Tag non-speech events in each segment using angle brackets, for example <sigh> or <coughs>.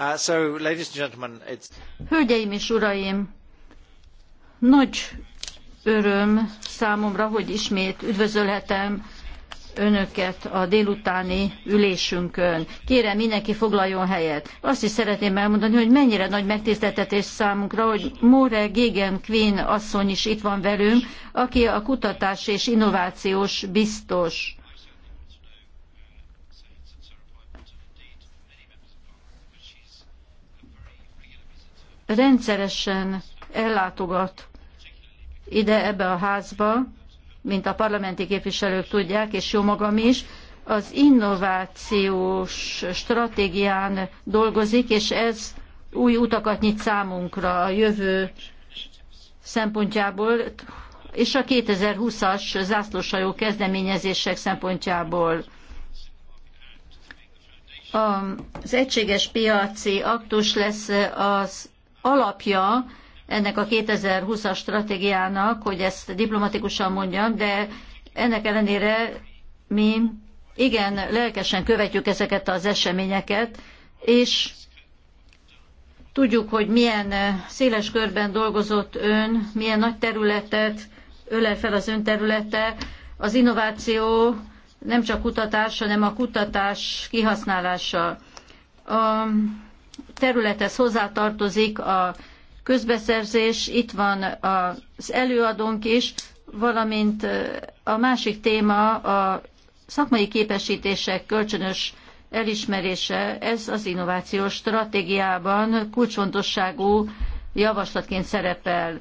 Uh, Hölgyeim és uraim, nagy öröm számomra, hogy ismét üdvözölhetem önöket a délutáni ülésünkön. Kérem, mindenki foglaljon helyet. Azt is szeretném elmondani, hogy mennyire nagy megtiszteltetés számunkra, hogy Móre Gégen Quinn asszony is itt van velünk, aki a kutatás és innovációs biztos. rendszeresen ellátogat ide ebbe a házba, mint a parlamenti képviselők tudják, és jó magam is, az innovációs stratégián dolgozik, és ez új utakat nyit számunkra a jövő szempontjából, és a 2020-as zászlósajó kezdeményezések szempontjából. Az egységes piaci aktus lesz az alapja ennek a 2020-as stratégiának, hogy ezt diplomatikusan mondjam, de ennek ellenére mi igen lelkesen követjük ezeket az eseményeket, és tudjuk, hogy milyen széles körben dolgozott ön, milyen nagy területet ölel fel az ön területe. Az innováció nem csak kutatás, hanem a kutatás kihasználása. A területhez hozzátartozik a közbeszerzés, itt van az előadónk is, valamint a másik téma a szakmai képesítések kölcsönös elismerése. Ez az innovációs stratégiában kulcsfontosságú javaslatként szerepel.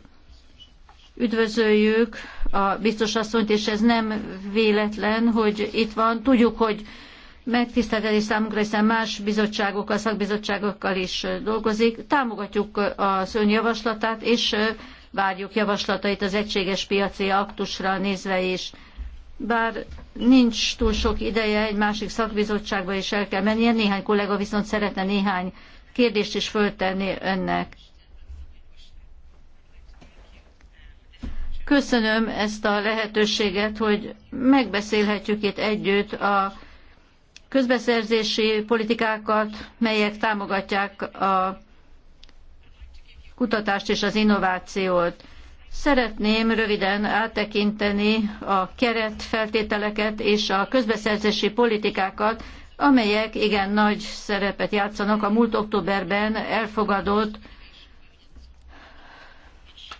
Üdvözöljük a biztos asszonyt, és ez nem véletlen, hogy itt van. Tudjuk, hogy megtiszteltetés számunkra, hiszen más bizottságokkal, szakbizottságokkal is dolgozik. Támogatjuk az ön javaslatát, és várjuk javaslatait az egységes piaci aktusra nézve is. Bár nincs túl sok ideje, egy másik szakbizottságba is el kell mennie, néhány kollega viszont szeretne néhány kérdést is föltenni önnek. Köszönöm ezt a lehetőséget, hogy megbeszélhetjük itt együtt a közbeszerzési politikákat, melyek támogatják a kutatást és az innovációt. Szeretném röviden áttekinteni a keretfeltételeket és a közbeszerzési politikákat, amelyek igen nagy szerepet játszanak a múlt októberben elfogadott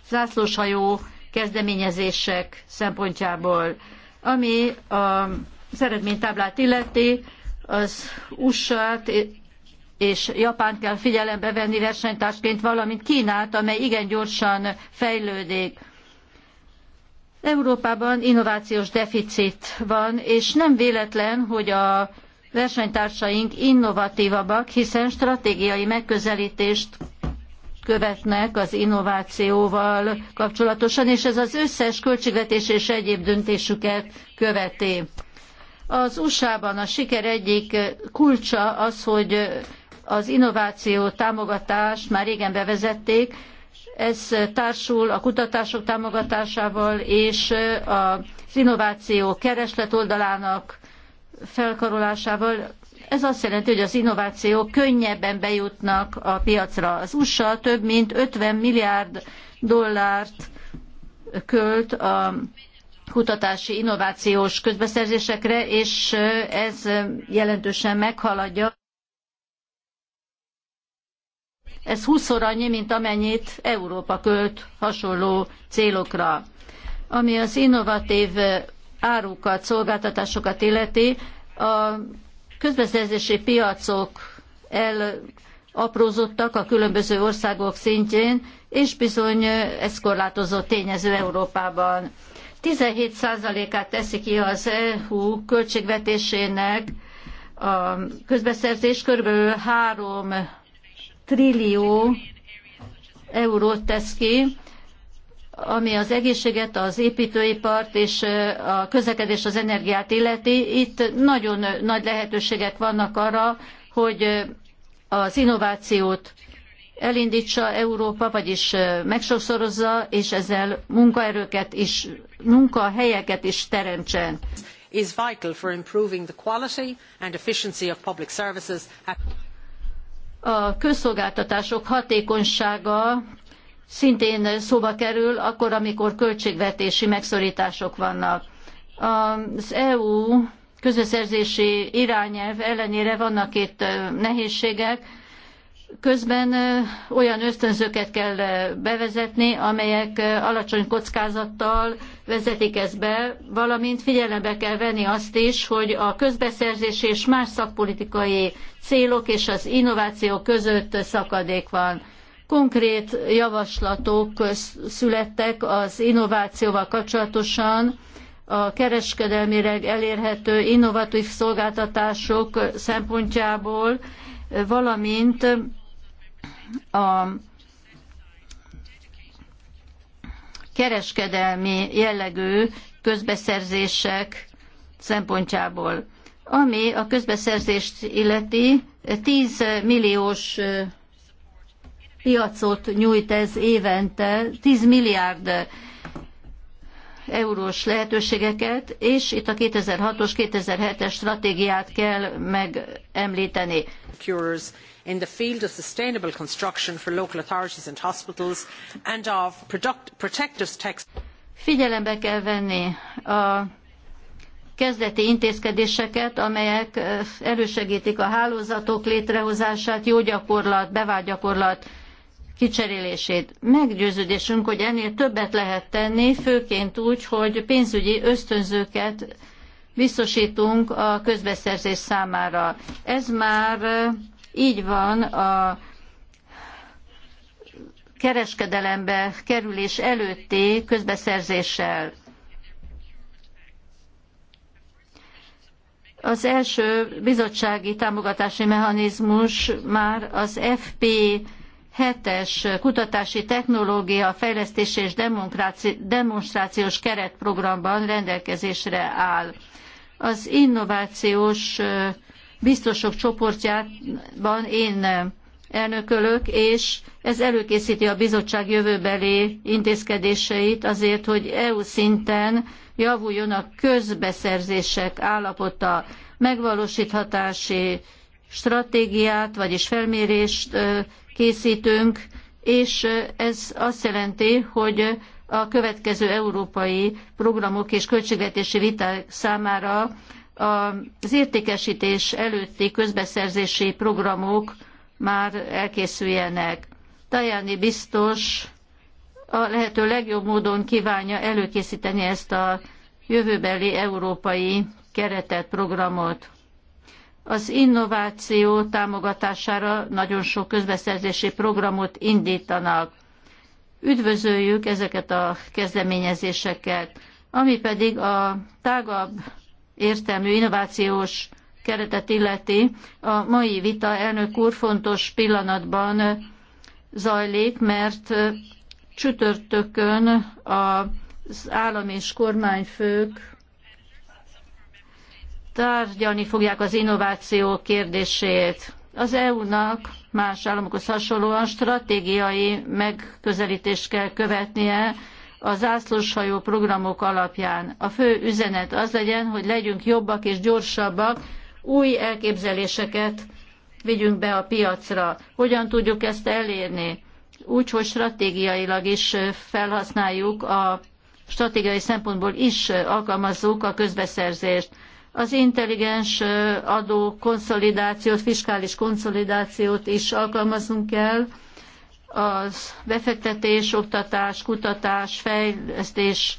zászlóshajó kezdeményezések szempontjából. Ami a eredménytáblát illeti, az usa és Japánt kell figyelembe venni versenytársként, valamint Kínát, amely igen gyorsan fejlődik. Európában innovációs deficit van, és nem véletlen, hogy a versenytársaink innovatívabbak, hiszen stratégiai megközelítést követnek az innovációval kapcsolatosan, és ez az összes költségvetés és egyéb döntésüket követi. Az USA-ban a siker egyik kulcsa az, hogy az innováció támogatást már régen bevezették, ez társul a kutatások támogatásával és az innováció kereslet oldalának felkarolásával. Ez azt jelenti, hogy az innovációk könnyebben bejutnak a piacra. Az USA több mint 50 milliárd dollárt költ a kutatási innovációs közbeszerzésekre, és ez jelentősen meghaladja. Ez 20 annyi, mint amennyit Európa költ hasonló célokra. Ami az innovatív árukat, szolgáltatásokat illeti, a közbeszerzési piacok elaprózottak a különböző országok szintjén, és bizony ez korlátozó tényező Európában. 17%-át teszi ki az EU költségvetésének a közbeszerzés, körülbelül 3 trillió eurót tesz ki, ami az egészséget, az építőipart és a közlekedés az energiát illeti. Itt nagyon nagy lehetőségek vannak arra, hogy az innovációt elindítsa Európa, vagyis megsokszorozza, és ezzel munkaerőket és munkahelyeket is teremtsen. Is vital for improving the quality and efficiency of public services. A közszolgáltatások hatékonysága szintén szóba kerül, akkor, amikor költségvetési megszorítások vannak. Az EU közbeszerzési irányelv ellenére vannak itt nehézségek, Közben olyan ösztönzőket kell bevezetni, amelyek alacsony kockázattal vezetik ezt be, valamint figyelembe kell venni azt is, hogy a közbeszerzés és más szakpolitikai célok és az innováció között szakadék van. Konkrét javaslatok születtek az innovációval kapcsolatosan, a kereskedelmileg elérhető innovatív szolgáltatások szempontjából, valamint a kereskedelmi jellegű közbeszerzések szempontjából. Ami a közbeszerzést illeti, 10 milliós piacot nyújt ez évente, 10 milliárd eurós lehetőségeket, és itt a 2006-os, 2007-es stratégiát kell megemlíteni in the field of sustainable construction for local authorities and hospitals and of product, protective text. Figyelembe kell venni a kezdeti intézkedéseket, amelyek elősegítik a hálózatok létrehozását, jó gyakorlat, bevált gyakorlat kicserélését. Meggyőződésünk, hogy ennél többet lehet tenni, főként úgy, hogy pénzügyi ösztönzőket biztosítunk a közbeszerzés számára. Ez már így van a kereskedelembe kerülés előtti közbeszerzéssel. Az első bizottsági támogatási mechanizmus már az FP 7-es kutatási technológia fejlesztési és demonstrációs keretprogramban rendelkezésre áll. Az innovációs biztosok csoportjában én eh, elnökölök, és ez előkészíti a bizottság jövőbeli intézkedéseit azért, hogy EU szinten javuljon a közbeszerzések állapota, megvalósíthatási stratégiát, vagyis felmérést eh, készítünk, és eh, ez azt jelenti, hogy a következő európai programok és költségvetési viták számára az értékesítés előtti közbeszerzési programok már elkészüljenek. Tajani biztos a lehető legjobb módon kívánja előkészíteni ezt a jövőbeli európai keretet, programot. Az innováció támogatására nagyon sok közbeszerzési programot indítanak. Üdvözöljük ezeket a kezdeményezéseket. Ami pedig a tágabb értelmű innovációs keretet illeti, a mai vita elnök úr fontos pillanatban zajlik, mert csütörtökön az állam és kormányfők tárgyalni fogják az innováció kérdését. Az EU-nak más államokhoz hasonlóan stratégiai megközelítést kell követnie, a zászlóshajó programok alapján. A fő üzenet az legyen, hogy legyünk jobbak és gyorsabbak, új elképzeléseket vigyünk be a piacra. Hogyan tudjuk ezt elérni? Úgy, hogy stratégiailag is felhasználjuk, a stratégiai szempontból is alkalmazzuk a közbeszerzést. Az intelligens adó konszolidációt, fiskális konszolidációt is alkalmazunk kell, az befektetés, oktatás, kutatás, fejlesztés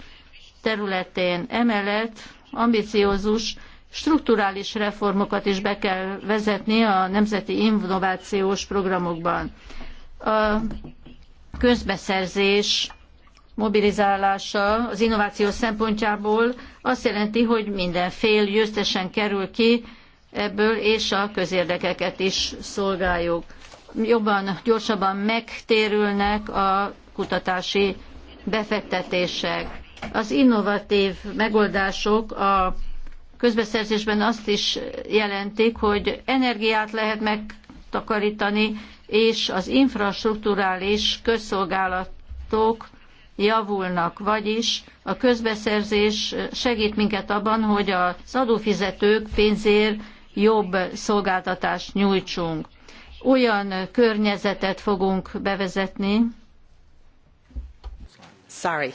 területén. Emellett ambiciózus strukturális reformokat is be kell vezetni a nemzeti innovációs programokban. A közbeszerzés mobilizálása az innováció szempontjából azt jelenti, hogy minden fél győztesen kerül ki ebből, és a közérdekeket is szolgáljuk jobban, gyorsabban megtérülnek a kutatási befektetések. Az innovatív megoldások a közbeszerzésben azt is jelentik, hogy energiát lehet megtakarítani, és az infrastruktúrális közszolgálatok javulnak, vagyis a közbeszerzés segít minket abban, hogy az adófizetők pénzért jobb szolgáltatást nyújtsunk olyan környezetet fogunk bevezetni. Sorry.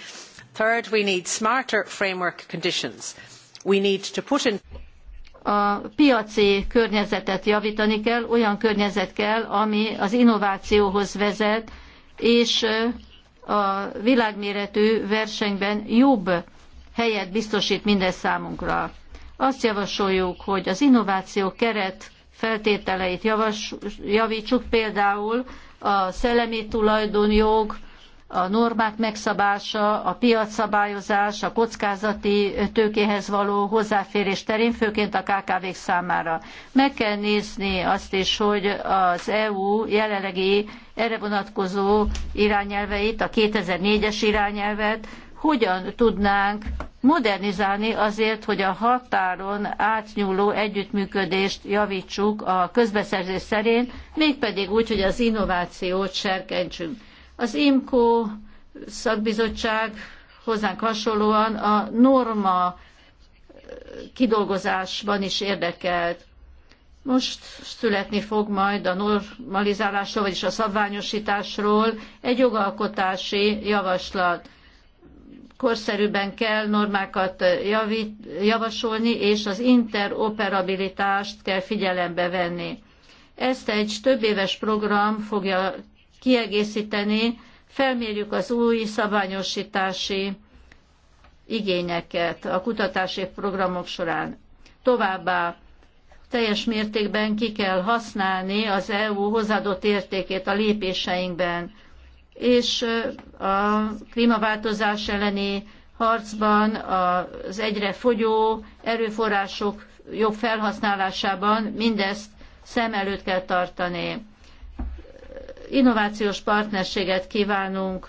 <laughs> Third, we need smarter framework conditions. We need to put in a piaci környezetet javítani kell, olyan környezet kell, ami az innovációhoz vezet, és a világméretű versenyben jobb helyet biztosít minden számunkra. Azt javasoljuk, hogy az innováció keret feltételeit javas, javítsuk, például a szellemi tulajdonjog, a normák megszabása, a piacszabályozás, a kockázati tőkéhez való hozzáférés terén, főként a KKV-k számára. Meg kell nézni azt is, hogy az EU jelenlegi erre vonatkozó irányelveit, a 2004-es irányelvet hogyan tudnánk modernizálni azért, hogy a határon átnyúló együttműködést javítsuk a közbeszerzés szerint, mégpedig úgy, hogy az innovációt serkentsünk. Az IMCO szakbizottság hozzánk hasonlóan a norma kidolgozásban is érdekelt. Most születni fog majd a normalizálásról, vagyis a szabványosításról egy jogalkotási javaslat korszerűben kell normákat javít, javasolni, és az interoperabilitást kell figyelembe venni. Ezt egy több éves program fogja kiegészíteni, felmérjük az új szabványosítási igényeket a kutatási programok során. Továbbá teljes mértékben ki kell használni az EU hozzáadott értékét a lépéseinkben és a klímaváltozás elleni harcban, az egyre fogyó erőforrások jobb felhasználásában mindezt szem előtt kell tartani. Innovációs partnerséget kívánunk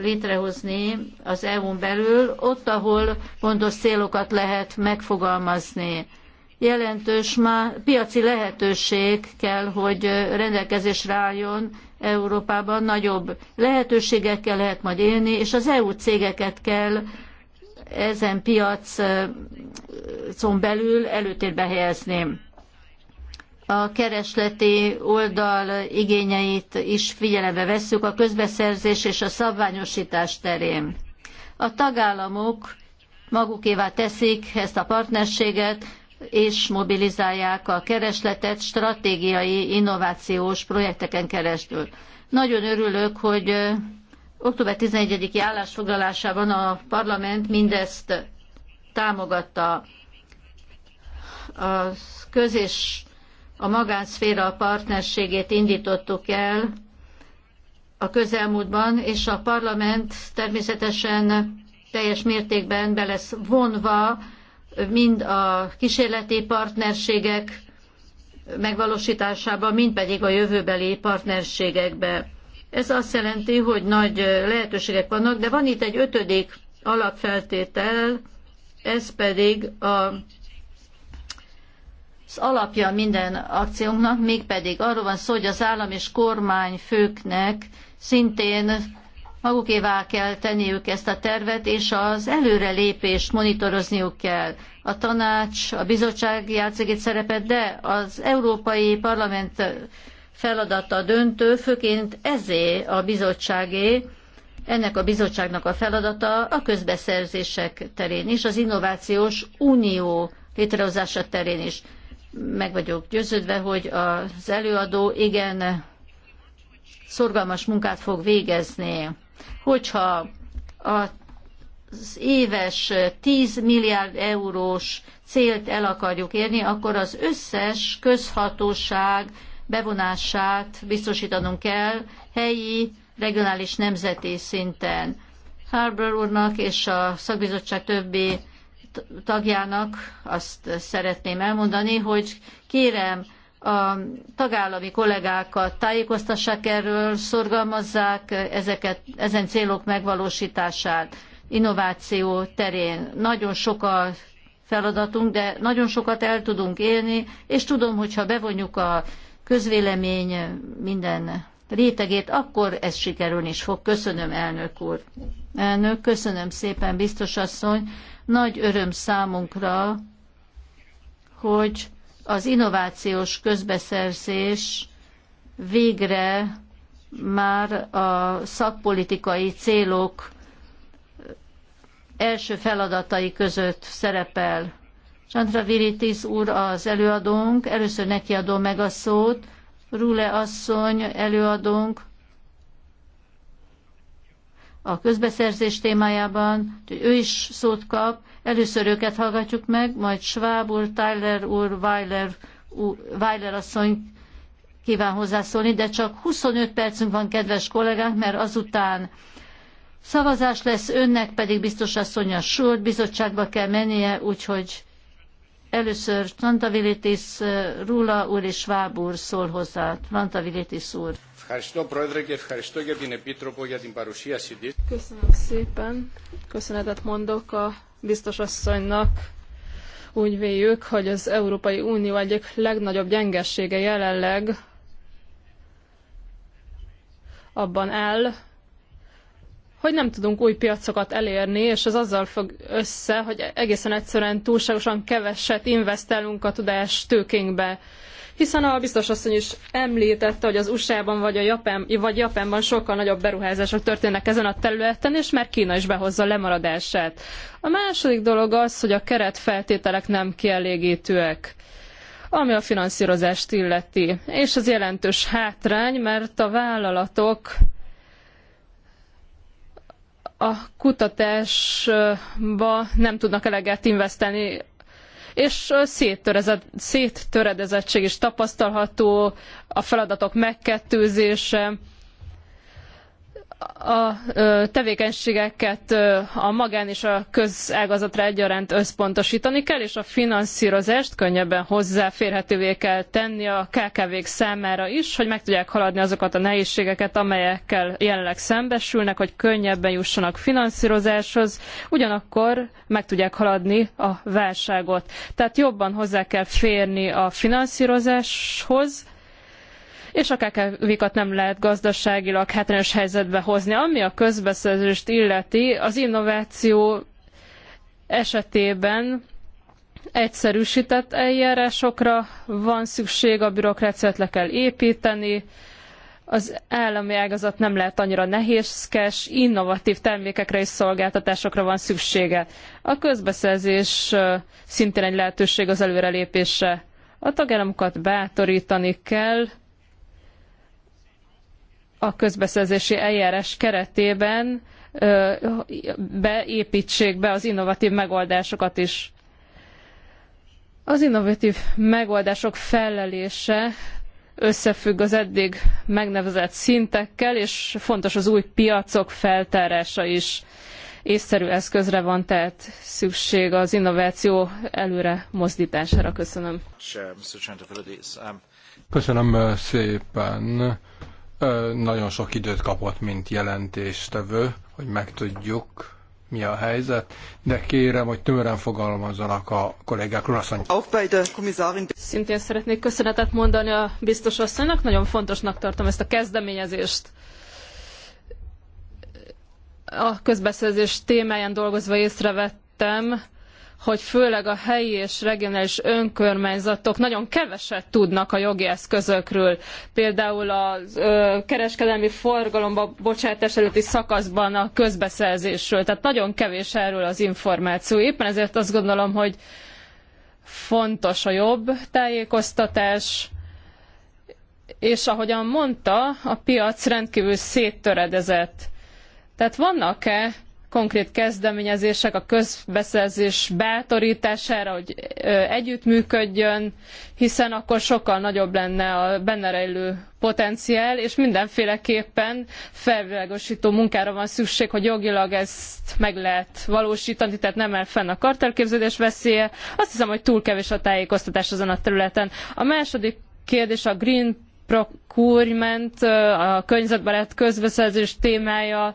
létrehozni az EU-n belül, ott, ahol pontos célokat lehet megfogalmazni. Jelentős már piaci lehetőség kell, hogy rendelkezésre álljon Európában nagyobb lehetőségekkel lehet majd élni, és az EU cégeket kell ezen piacon belül előtérbe helyezni. A keresleti oldal igényeit is figyelembe vesszük a közbeszerzés és a szabványosítás terén. A tagállamok magukévá teszik ezt a partnerséget, és mobilizálják a keresletet stratégiai innovációs projekteken keresztül. Nagyon örülök, hogy október 11-i állásfoglalásában a parlament mindezt támogatta. A köz és a magánszféra partnerségét indítottuk el a közelmúltban, és a parlament természetesen teljes mértékben be lesz vonva mind a kísérleti partnerségek megvalósításába, mind pedig a jövőbeli partnerségekbe. Ez azt jelenti, hogy nagy lehetőségek vannak, de van itt egy ötödik alapfeltétel, ez pedig a, az alapja minden akciónknak, mégpedig arról van szó, hogy az állam és kormányfőknek szintén magukévá kell tenniük ezt a tervet, és az előrelépést monitorozniuk kell. A tanács, a bizottság játszik egy szerepet, de az Európai Parlament feladata döntő, főként ezé a bizottságé, ennek a bizottságnak a feladata a közbeszerzések terén is, az innovációs unió létrehozása terén is. Meg vagyok győződve, hogy az előadó igen szorgalmas munkát fog végezni hogyha az éves 10 milliárd eurós célt el akarjuk érni, akkor az összes közhatóság bevonását biztosítanunk kell helyi, regionális, nemzeti szinten. Harbour úrnak és a szakbizottság többi tagjának azt szeretném elmondani, hogy kérem, a tagállami kollégákat tájékoztassák erről, szorgalmazzák ezeket, ezen célok megvalósítását innováció terén. Nagyon sok a feladatunk, de nagyon sokat el tudunk élni, és tudom, hogy ha bevonjuk a közvélemény minden rétegét, akkor ez sikerülni is fog. Köszönöm, elnök úr. Elnök, köszönöm szépen, biztos asszony. Nagy öröm számunkra, hogy az innovációs közbeszerzés végre már a szakpolitikai célok első feladatai között szerepel. Chandra Viritis úr az előadónk, először neki adom meg a szót, Rule asszony előadónk a közbeszerzés témájában, hogy ő is szót kap, Először őket hallgatjuk meg, majd Schwab úr, Tyler úr, Weiler, úr, Weiler asszony kíván hozzászólni, de csak 25 percünk van, kedves kollégánk, mert azután szavazás lesz, önnek pedig biztos asszony a Sult bizottságba kell mennie, úgyhogy először Trantavilitis eh, Rula úr és Schwab úr szól hozzá. Trantavilitis úr. Köszönöm szépen. Köszönetet mondok a biztos asszonynak. Úgy véljük, hogy az Európai Unió egyik legnagyobb gyengessége jelenleg abban áll, hogy nem tudunk új piacokat elérni, és ez azzal fog össze, hogy egészen egyszerűen túlságosan keveset investálunk a tudás tőkénkbe hiszen a biztos asszony is említette, hogy az USA-ban vagy, a Japán, vagy Japánban sokkal nagyobb beruházások történnek ezen a területen, és már Kína is behozza lemaradását. A második dolog az, hogy a keretfeltételek nem kielégítőek ami a finanszírozást illeti. És az jelentős hátrány, mert a vállalatok a kutatásba nem tudnak eleget investálni és széttöredezettség is tapasztalható, a feladatok megkettőzése, a tevékenységeket a magán és a közágazatra egyaránt összpontosítani kell, és a finanszírozást könnyebben hozzáférhetővé kell tenni a KKV-k számára is, hogy meg tudják haladni azokat a nehézségeket, amelyekkel jelenleg szembesülnek, hogy könnyebben jussanak finanszírozáshoz, ugyanakkor meg tudják haladni a válságot. Tehát jobban hozzá kell férni a finanszírozáshoz, és a KKV-kat nem lehet gazdaságilag hátrányos helyzetbe hozni. Ami a közbeszerzést illeti, az innováció esetében egyszerűsített eljárásokra van szükség, a bürokráciát le kell építeni, az állami ágazat nem lehet annyira nehézkes, innovatív termékekre és szolgáltatásokra van szüksége. A közbeszerzés szintén egy lehetőség az előrelépésre. A tagállamokat bátorítani kell, a közbeszerzési eljárás keretében beépítsék be az innovatív megoldásokat is. Az innovatív megoldások fellelése összefügg az eddig megnevezett szintekkel, és fontos az új piacok feltárása is. Észszerű eszközre van tehát szükség az innováció előre mozdítására. Köszönöm. Um, Köszönöm szépen nagyon sok időt kapott, mint jelentéstevő, hogy megtudjuk, mi a helyzet, de kérem, hogy tömören fogalmazzanak a kollégák. Asszony. Szintén szeretnék köszönetet mondani a biztos asszonynak, nagyon fontosnak tartom ezt a kezdeményezést. A közbeszerzés témáján dolgozva észrevettem, hogy főleg a helyi és regionális önkormányzatok nagyon keveset tudnak a jogi eszközökről. Például a kereskedelmi forgalomba bocsátás előtti szakaszban a közbeszerzésről. Tehát nagyon kevés erről az információ. Éppen ezért azt gondolom, hogy fontos a jobb tájékoztatás, és ahogyan mondta, a piac rendkívül széttöredezett. Tehát vannak-e konkrét kezdeményezések a közbeszerzés bátorítására, hogy együttműködjön, hiszen akkor sokkal nagyobb lenne a benne rejlő potenciál, és mindenféleképpen felvilágosító munkára van szükség, hogy jogilag ezt meg lehet valósítani, tehát nem áll fenn a kartelképződés veszélye. Azt hiszem, hogy túl kevés a tájékoztatás azon a területen. A második kérdés a Green Procurement, a környezetbarát közbeszerzés témája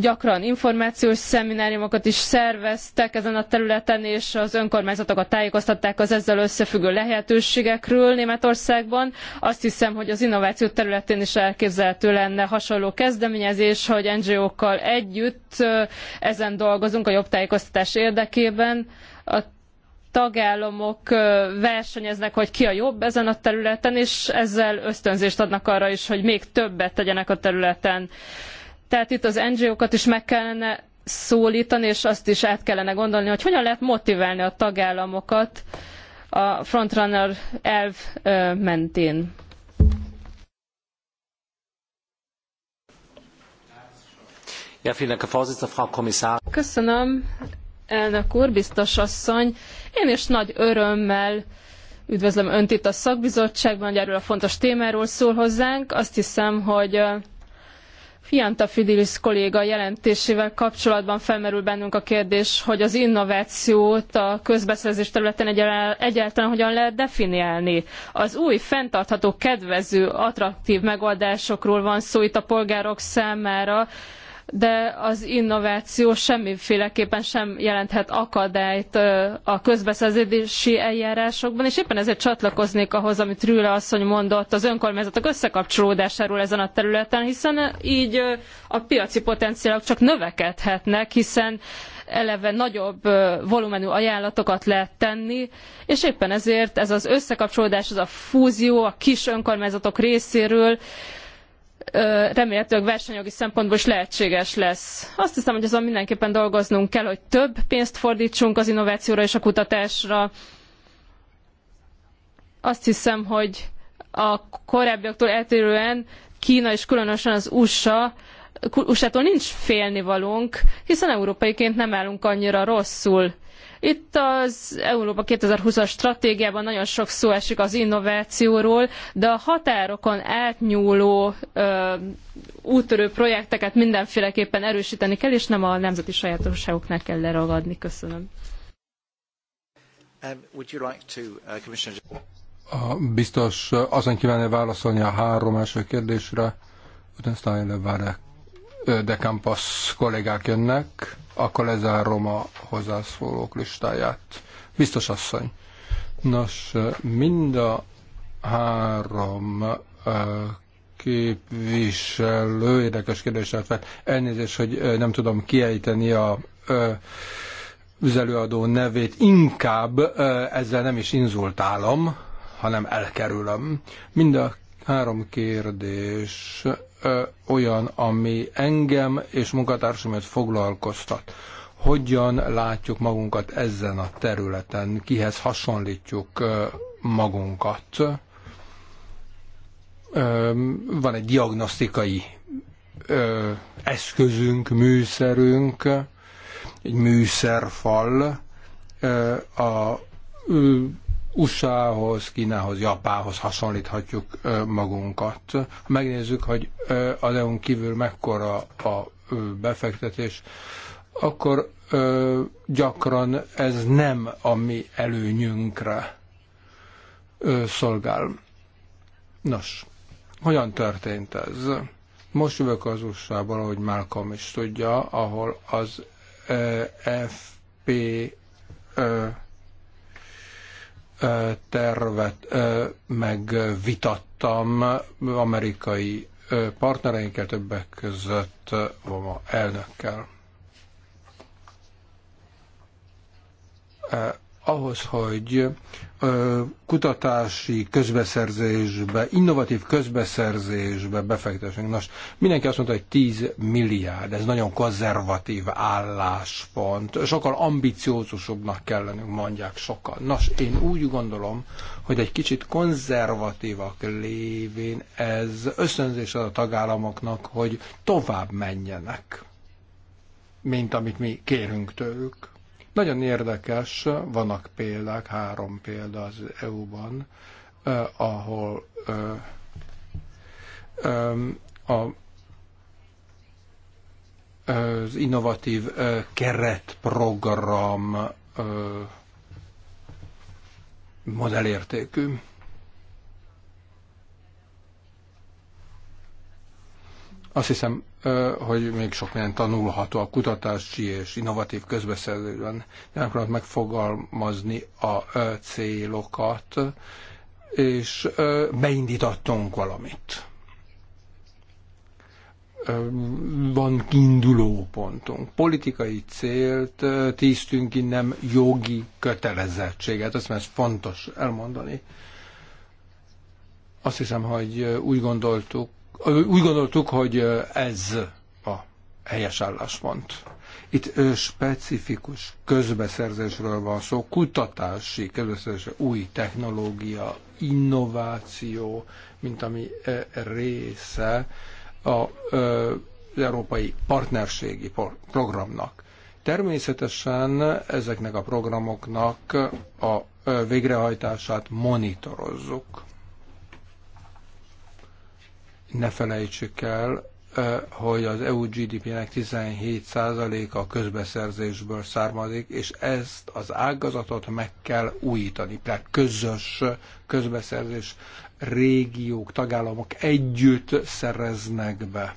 gyakran információs szemináriumokat is szerveztek ezen a területen, és az önkormányzatokat tájékoztatták az ezzel összefüggő lehetőségekről Németországban. Azt hiszem, hogy az innováció területén is elképzelhető lenne hasonló kezdeményezés, hogy NGO-kkal együtt ezen dolgozunk a jobb tájékoztatás érdekében. A tagállamok versenyeznek, hogy ki a jobb ezen a területen, és ezzel ösztönzést adnak arra is, hogy még többet tegyenek a területen. Tehát itt az NGO-kat is meg kellene szólítani, és azt is át kellene gondolni, hogy hogyan lehet motiválni a tagállamokat a frontrunner elv mentén. Köszönöm, elnök úr, biztos asszony. Én is nagy örömmel üdvözlöm Önt itt a szakbizottságban, hogy erről a fontos témáról szól hozzánk. Azt hiszem, hogy Fianta Fidilis kolléga jelentésével kapcsolatban felmerül bennünk a kérdés, hogy az innovációt a közbeszerzés területen egyáltalán hogyan lehet definiálni. Az új, fenntartható, kedvező, attraktív megoldásokról van szó itt a polgárok számára, de az innováció semmiféleképpen sem jelenthet akadályt a közbeszerzési eljárásokban, és éppen ezért csatlakoznék ahhoz, amit Rüle asszony mondott az önkormányzatok összekapcsolódásáról ezen a területen, hiszen így a piaci potenciálok csak növekedhetnek, hiszen eleve nagyobb volumenű ajánlatokat lehet tenni, és éppen ezért ez az összekapcsolódás, ez a fúzió a kis önkormányzatok részéről remélhetőleg versenyjogi szempontból is lehetséges lesz. Azt hiszem, hogy azon mindenképpen dolgoznunk kell, hogy több pénzt fordítsunk az innovációra és a kutatásra. Azt hiszem, hogy a korábbiaktól eltérően Kína és különösen az USA USA-tól nincs félnivalónk, hiszen európaiként nem állunk annyira rosszul. Itt az Európa 2020-as stratégiában nagyon sok szó esik az innovációról, de a határokon átnyúló ö, úttörő projekteket mindenféleképpen erősíteni kell, és nem a nemzeti sajátosságoknál kell leragadni. Köszönöm. Um, would you like to, uh, Commissioner... A biztos azon kívánja válaszolni a három első kérdésre, utána Steiner Várek de Campos kollégák jönnek, akkor lezárom a hozzászólók listáját. Biztos asszony. Nos, mind a három képviselő érdekes kérdéset fel Elnézést, hogy nem tudom kiejteni a az nevét. Inkább ezzel nem is inzultálom, hanem elkerülöm. Mind a három kérdés olyan, ami engem és munkatársaimat foglalkoztat. Hogyan látjuk magunkat ezen a területen, kihez hasonlítjuk magunkat. Van egy diagnosztikai eszközünk, műszerünk, egy műszerfal, a USA-hoz, Kínához, Japához hasonlíthatjuk magunkat. Megnézzük, hogy az EU-n kívül mekkora a befektetés, akkor gyakran ez nem a mi előnyünkre szolgál. Nos, hogyan történt ez? Most jövök az USA-ból, ahogy Malcolm is tudja, ahol az FP tervet megvitattam amerikai partnereinkkel, többek között Obama elnökkel ahhoz, hogy kutatási közbeszerzésbe, innovatív közbeszerzésbe befektessünk. Nos, mindenki azt mondta, hogy 10 milliárd, ez nagyon konzervatív álláspont, sokkal ambiciózusabbnak kell lennünk, mondják sokan. Nos, én úgy gondolom, hogy egy kicsit konzervatívak lévén ez ösztönzés az a tagállamoknak, hogy tovább menjenek, mint amit mi kérünk tőlük nagyon érdekes, vannak példák, három példa az EU-ban, eh, ahol eh, eh, a az innovatív keretprogram modellértékű. Azt hiszem, hogy még sok minden tanulható a kutatási és innovatív közbeszerzőben. Nem akarok megfogalmazni a célokat, és beindítottunk valamit. Van kiinduló pontunk. Politikai célt tíztünk ki, nem jogi kötelezettséget. Azt mert ez fontos elmondani. Azt hiszem, hogy úgy gondoltuk, úgy gondoltuk, hogy ez a helyes álláspont. Itt specifikus közbeszerzésről van szó, kutatási, közbeszerzés, új technológia, innováció, mint ami része a, az európai partnerségi programnak. Természetesen ezeknek a programoknak a végrehajtását monitorozzuk. Ne felejtsük el, hogy az EU GDP-nek 17%-a közbeszerzésből származik, és ezt az ágazatot meg kell újítani. Tehát közös közbeszerzés régiók, tagállamok együtt szereznek be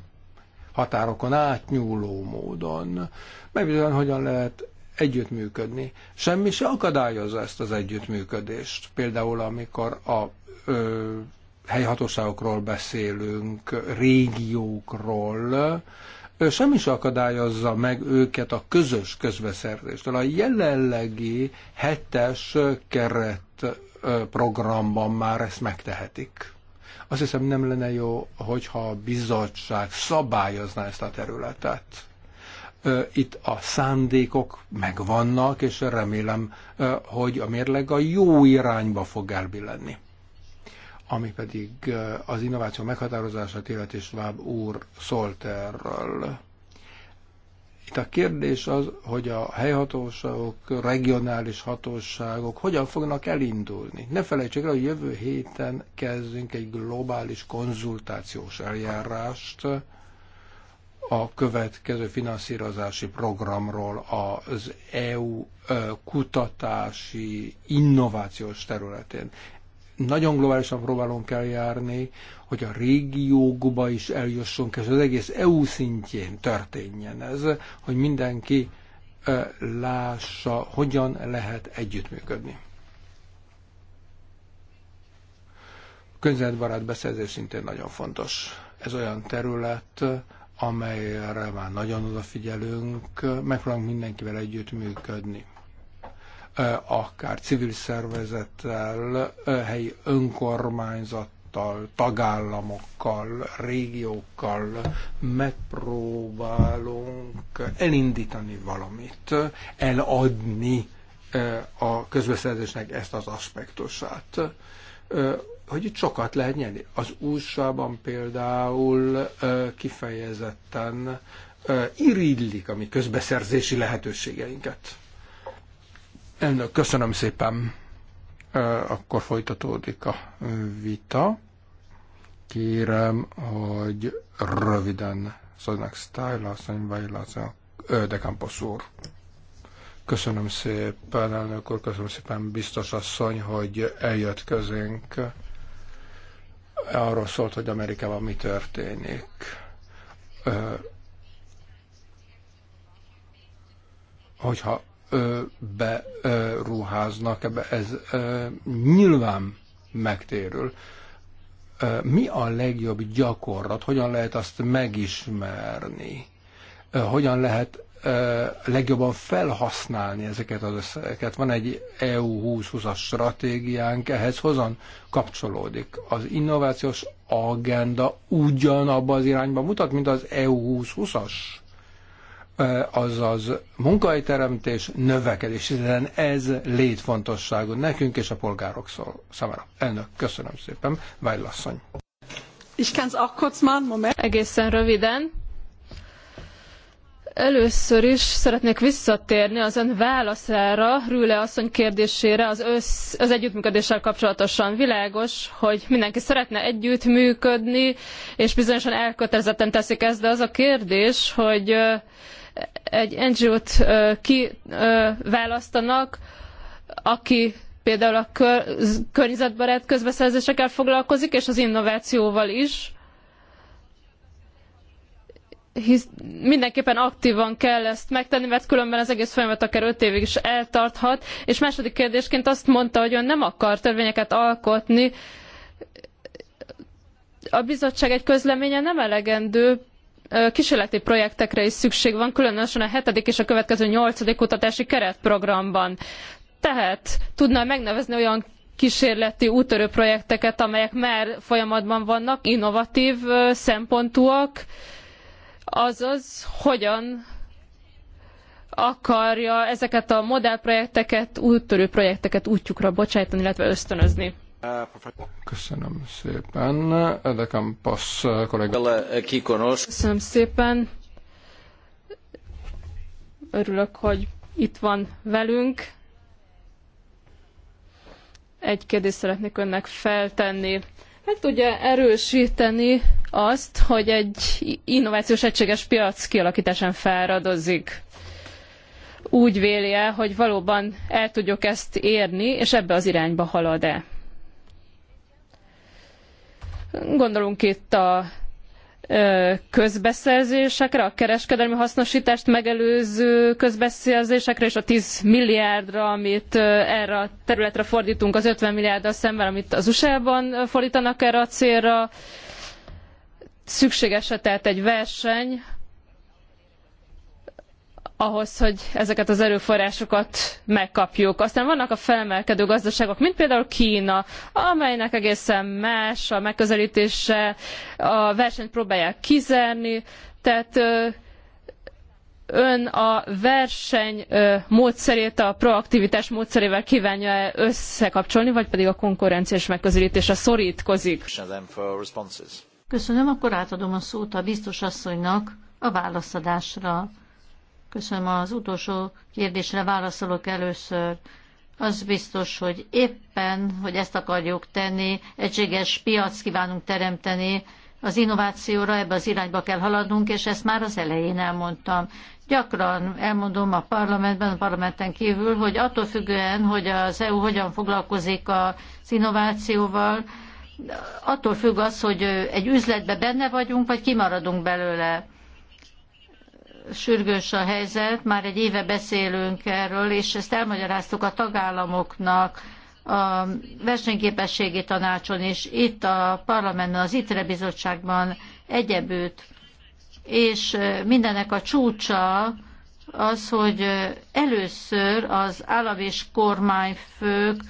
határokon átnyúló módon. Megvizsgálni, hogyan lehet együttműködni. Semmi se akadályozza ezt az együttműködést. Például, amikor a ö, helyhatóságokról beszélünk, régiókról, semmi sem akadályozza meg őket a közös közbeszerzéstől. A jelenlegi hetes keret programban már ezt megtehetik. Azt hiszem nem lenne jó, hogyha a bizottság szabályozná ezt a területet. Itt a szándékok megvannak, és remélem, hogy a mérleg a jó irányba fog elbillenni ami pedig az innováció meghatározását illet és Schwab úr szólt erről. Itt a kérdés az, hogy a helyhatóságok, regionális hatóságok hogyan fognak elindulni. Ne felejtsék el, hogy jövő héten kezdünk egy globális konzultációs eljárást a következő finanszírozási programról az EU kutatási innovációs területén nagyon globálisan próbálunk járni, hogy a régiókba is eljussunk, és az egész EU szintjén történjen ez, hogy mindenki lássa, hogyan lehet együttműködni. Környezetbarát beszerzés szintén nagyon fontos. Ez olyan terület, amelyre már nagyon odafigyelünk, megpróbálunk mindenkivel együttműködni akár civil szervezettel, helyi önkormányzattal, tagállamokkal, régiókkal megpróbálunk elindítani valamit, eladni a közbeszerzésnek ezt az aspektusát hogy itt sokat lehet nyerni. Az USA-ban például kifejezetten irigylik a mi közbeszerzési lehetőségeinket. Elnök, köszönöm szépen. Akkor folytatódik a vita. Kérem, hogy röviden szólnak Style vagy Vajla de Campos úr. Köszönöm szépen, elnök úr, köszönöm szépen, biztos asszony, hogy eljött közénk. Arról szólt, hogy Amerikában mi történik. Hogyha beruháznak ebbe, ez nyilván megtérül. Mi a legjobb gyakorlat, hogyan lehet azt megismerni, hogyan lehet legjobban felhasználni ezeket az összegeket. Van egy EU 2020-as stratégiánk, ehhez hozan kapcsolódik. Az innovációs agenda ugyanabba az irányba mutat, mint az EU 2020-as azaz munkahelyteremtés, növekedés, hiszen ez létfontosságú nekünk és a polgárok számára. Elnök, köszönöm szépen, Vájlasszony. Ich auch kurz machen, Moment. Egészen röviden. Először is szeretnék visszatérni az ön válaszára, Rüle asszony kérdésére az, össz, az együttműködéssel kapcsolatosan. Világos, hogy mindenki szeretne együttműködni, és bizonyosan elkötelezetten teszik ezt, de az a kérdés, hogy egy NGO-t kiválasztanak, aki például a környezetbarát közbeszerzésekkel foglalkozik, és az innovációval is. Hisz mindenképpen aktívan kell ezt megtenni, mert különben az egész folyamat akár öt évig is eltarthat. És második kérdésként azt mondta, hogy ön nem akar törvényeket alkotni. A bizottság egy közleménye nem elegendő, kísérleti projektekre is szükség van, különösen a hetedik és a következő nyolcadik kutatási keretprogramban. Tehát tudna megnevezni olyan kísérleti útörő projekteket, amelyek már folyamatban vannak, innovatív szempontúak, azaz hogyan akarja ezeket a modellprojekteket, úttörő projekteket útjukra bocsájtani, illetve ösztönözni. Köszönöm szépen. de passz kollega. Köszönöm szépen. Örülök, hogy itt van velünk. Egy kérdést szeretnék önnek feltenni. Meg tudja erősíteni azt, hogy egy innovációs egységes piac kialakításán feladozik úgy véli -e, hogy valóban el tudjuk ezt érni, és ebbe az irányba halad-e? Gondolunk itt a közbeszerzésekre, a kereskedelmi hasznosítást megelőző közbeszerzésekre, és a 10 milliárdra, amit erre a területre fordítunk, az 50 milliárddal szemben, amit az USA-ban fordítanak erre a célra. Szükséges -e tehát egy verseny, ahhoz, hogy ezeket az erőforrásokat megkapjuk. Aztán vannak a felemelkedő gazdaságok, mint például Kína, amelynek egészen más a megközelítése, a versenyt próbálják kizárni, tehát ön a verseny módszerét a proaktivitás módszerével kívánja -e összekapcsolni, vagy pedig a konkurenciás megközelítésre szorítkozik? Köszönöm, akkor átadom a szót a biztos asszonynak a válaszadásra. Köszönöm az utolsó kérdésre válaszolok először. Az biztos, hogy éppen, hogy ezt akarjuk tenni, egységes piac kívánunk teremteni, az innovációra ebbe az irányba kell haladnunk, és ezt már az elején elmondtam. Gyakran elmondom a parlamentben, a parlamenten kívül, hogy attól függően, hogy az EU hogyan foglalkozik az innovációval, attól függ az, hogy egy üzletbe benne vagyunk, vagy kimaradunk belőle sürgős a helyzet, már egy éve beszélünk erről, és ezt elmagyaráztuk a tagállamoknak, a versenyképességi tanácson és itt a parlamentben, az ITRE bizottságban egyebőt, és mindennek a csúcsa az, hogy először az állam és kormányfők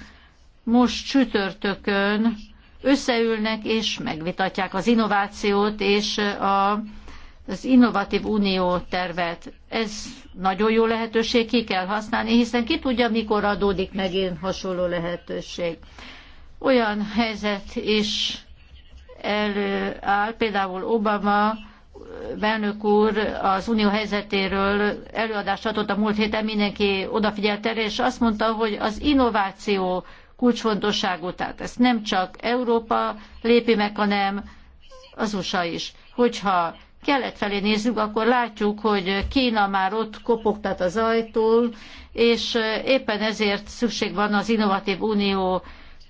most csütörtökön összeülnek és megvitatják az innovációt és a az Innovatív Unió tervet. Ez nagyon jó lehetőség, ki kell használni, hiszen ki tudja, mikor adódik megint hasonló lehetőség. Olyan helyzet is előáll, például Obama elnök úr az unió helyzetéről előadást adott a múlt héten, mindenki odafigyelt erre, és azt mondta, hogy az innováció kulcsfontosságú, tehát ezt nem csak Európa lépi meg, hanem az USA is. Hogyha kelet felé nézzük, akkor látjuk, hogy Kína már ott kopogtat az ajtól, és éppen ezért szükség van az Innovatív Unió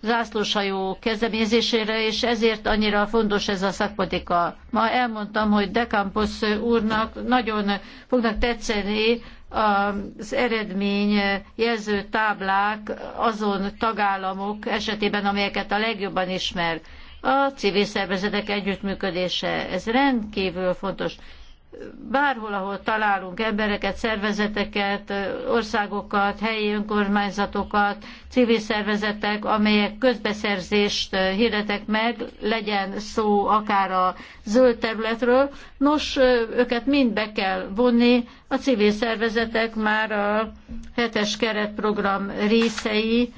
zászlóshajó kezdeményezésére, és ezért annyira fontos ez a szakpolitika. Ma elmondtam, hogy Dekampos úrnak nagyon fognak tetszeni az eredmény jelző táblák azon tagállamok esetében, amelyeket a legjobban ismer a civil szervezetek együttműködése. Ez rendkívül fontos. Bárhol, ahol találunk embereket, szervezeteket, országokat, helyi önkormányzatokat, civil szervezetek, amelyek közbeszerzést hirdetek meg, legyen szó akár a zöld területről, nos, őket mind be kell vonni, a civil szervezetek már a hetes keretprogram részei,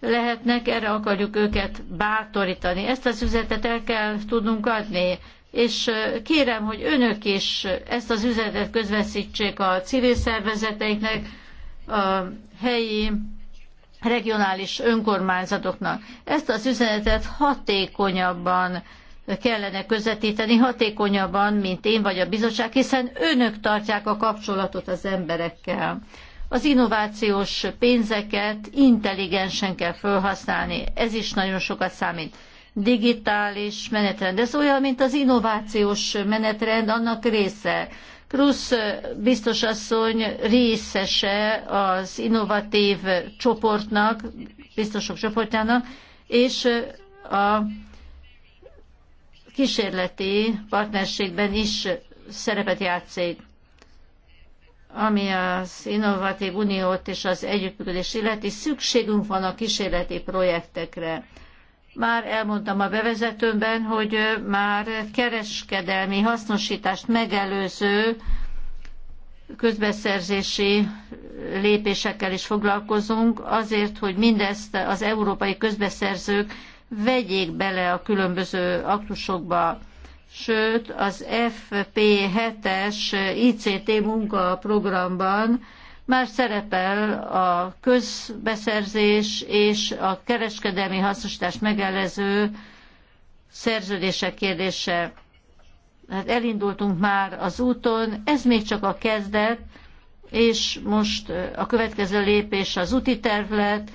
lehetnek, erre akarjuk őket bátorítani. Ezt az üzenetet el kell tudnunk adni, és kérem, hogy önök is ezt az üzenetet közveszítsék a civil szervezeteiknek, a helyi regionális önkormányzatoknak. Ezt az üzenetet hatékonyabban kellene közvetíteni, hatékonyabban, mint én vagy a bizottság, hiszen önök tartják a kapcsolatot az emberekkel az innovációs pénzeket intelligensen kell felhasználni. Ez is nagyon sokat számít. Digitális menetrend. Ez olyan, mint az innovációs menetrend, annak része. Krusz biztos asszony részese az innovatív csoportnak, biztosok csoportjának, és a kísérleti partnerségben is szerepet játszik ami az Innovatív Uniót és az együttműködés illeti, szükségünk van a kísérleti projektekre. Már elmondtam a bevezetőmben, hogy már kereskedelmi hasznosítást megelőző közbeszerzési lépésekkel is foglalkozunk, azért, hogy mindezt az európai közbeszerzők vegyék bele a különböző aktusokba sőt az FP7-es ICT munkaprogramban már szerepel a közbeszerzés és a kereskedelmi hasznosítás megelező szerződések kérdése. Hát elindultunk már az úton, ez még csak a kezdet, és most a következő lépés az úti terv lett,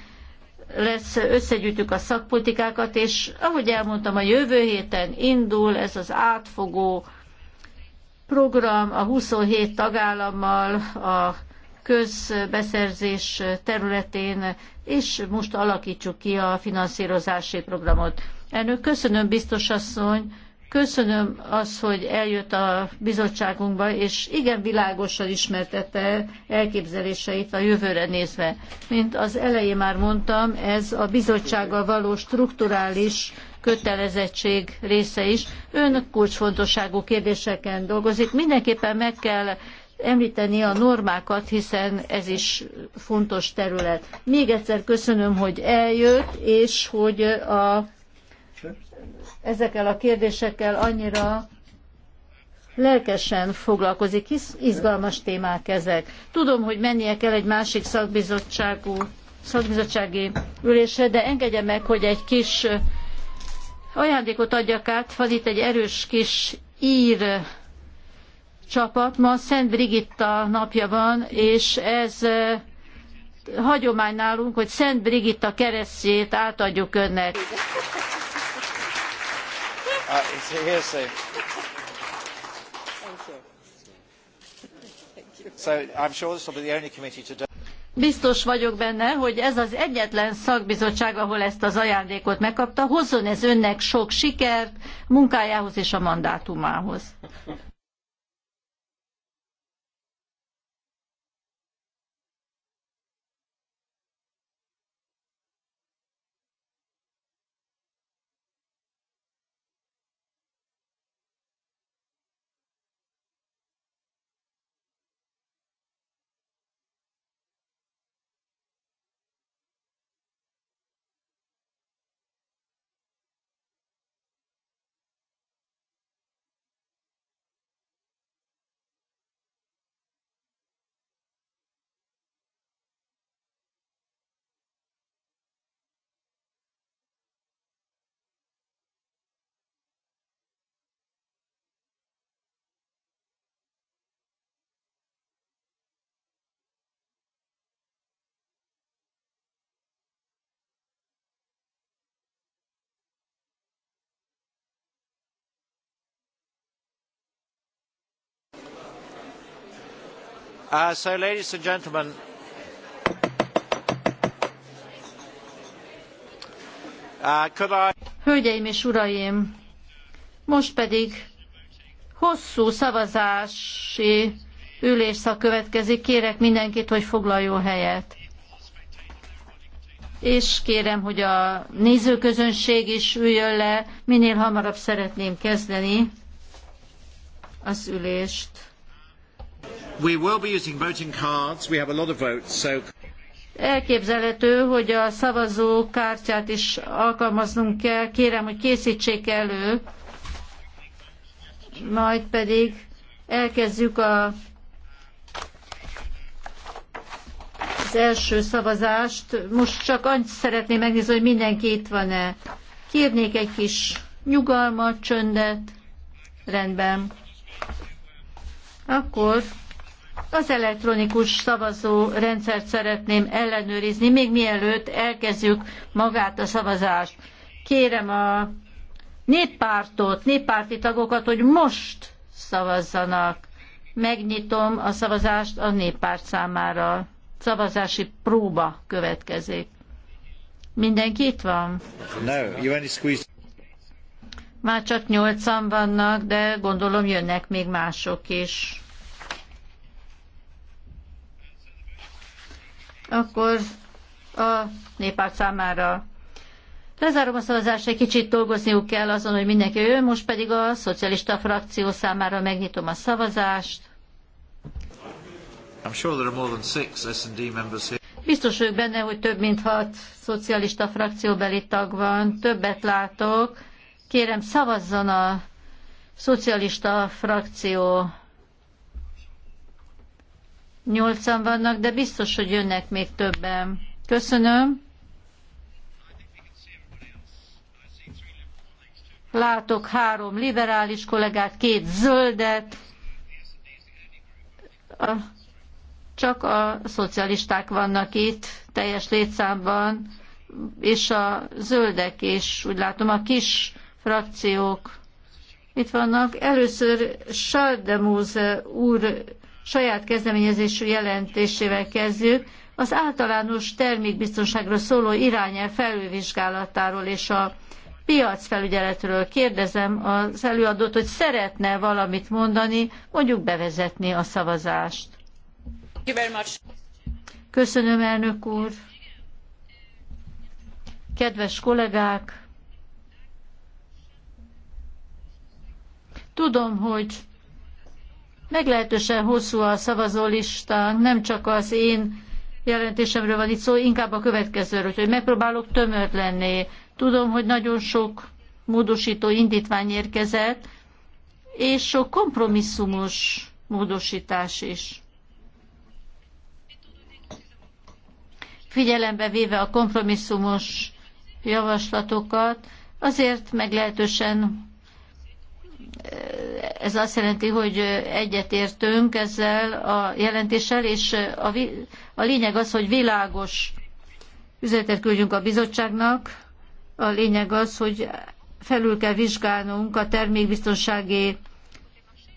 lesz, összegyűjtük a szakpolitikákat, és ahogy elmondtam, a jövő héten indul ez az átfogó program a 27 tagállammal a közbeszerzés területén, és most alakítsuk ki a finanszírozási programot. Elnök, köszönöm, biztos asszony, Köszönöm az, hogy eljött a bizottságunkba, és igen világosan ismertette elképzeléseit a jövőre nézve. Mint az elején már mondtam, ez a bizottsággal való strukturális kötelezettség része is. Ön kulcsfontosságú kérdéseken dolgozik. Mindenképpen meg kell említeni a normákat, hiszen ez is fontos terület. Még egyszer köszönöm, hogy eljött, és hogy a ezekkel a kérdésekkel annyira lelkesen foglalkozik, hisz izgalmas témák ezek. Tudom, hogy mennie kell egy másik szakbizottságú, szakbizottsági ülésre, de engedje meg, hogy egy kis ajándékot adjak át. Van itt egy erős kis ír csapat. Ma Szent Brigitta napja van, és ez hagyomány nálunk, hogy Szent Brigitta keresztjét átadjuk önnek. Uh, it's hearsay. Thank you. So I'm sure this will be the only committee Biztos vagyok benne, hogy ez az egyetlen szakbizottság, ahol ezt az ajándékot megkapta, hozzon ez önnek sok sikert munkájához és a mandátumához. Uh, so, ladies and gentlemen, uh, Hölgyeim és uraim, most pedig hosszú szavazási ülésszak következik. Kérek mindenkit, hogy foglaljon helyet. És kérem, hogy a nézőközönség is üljön le. Minél hamarabb szeretném kezdeni az ülést. We will be using voting cards. We have a lot of votes, so... Elképzelhető, hogy a szavazó kártyát is alkalmaznunk kell. Kérem, hogy készítsék elő, majd pedig elkezdjük a, az első szavazást. Most csak annyit szeretném megnézni, hogy mindenki itt van-e. Kérnék egy kis nyugalmat, csöndet. Rendben. Akkor az elektronikus szavazó rendszert szeretném ellenőrizni, még mielőtt elkezdjük magát a szavazást. Kérem a néppártot, néppárti tagokat, hogy most szavazzanak. Megnyitom a szavazást a néppárt számára. Szavazási próba következik. Mindenki itt van? No, you only squeeze... Már csak nyolcan vannak, de gondolom jönnek még mások is. Akkor a néppárt számára Lezárom a szavazást, egy kicsit dolgozniuk kell azon, hogy mindenki ő. most pedig a szocialista frakció számára megnyitom a szavazást. I'm sure there are more than six S&D members here. Biztos vagyok benne, hogy több mint hat szocialista frakcióbeli tag van, többet látok. Kérem, szavazzon a szocialista frakció. Nyolcan vannak, de biztos, hogy jönnek még többen. Köszönöm. Látok három liberális kollégát, két zöldet. A, csak a szocialisták vannak itt, teljes létszámban, és a zöldek, és úgy látom a kis frakciók itt vannak. Először Saldemóze úr saját kezdeményezésű jelentésével kezdjük. Az általános termékbiztonságra szóló irányel felülvizsgálatáról és a piacfelügyeletről kérdezem az előadót, hogy szeretne valamit mondani, mondjuk bevezetni a szavazást. Köszönöm, elnök úr! Kedves kollégák! Tudom, hogy meglehetősen hosszú a szavazólista, nem csak az én jelentésemről van itt szó, inkább a következőről, hogy megpróbálok tömör lenni. Tudom, hogy nagyon sok módosító indítvány érkezett, és sok kompromisszumos módosítás is. Figyelembe véve a kompromisszumos javaslatokat, azért meglehetősen ez azt jelenti, hogy egyetértünk ezzel a jelentéssel, és a, a lényeg az, hogy világos üzenetet küldjünk a bizottságnak. A lényeg az, hogy felül kell vizsgálnunk a termékbiztonsági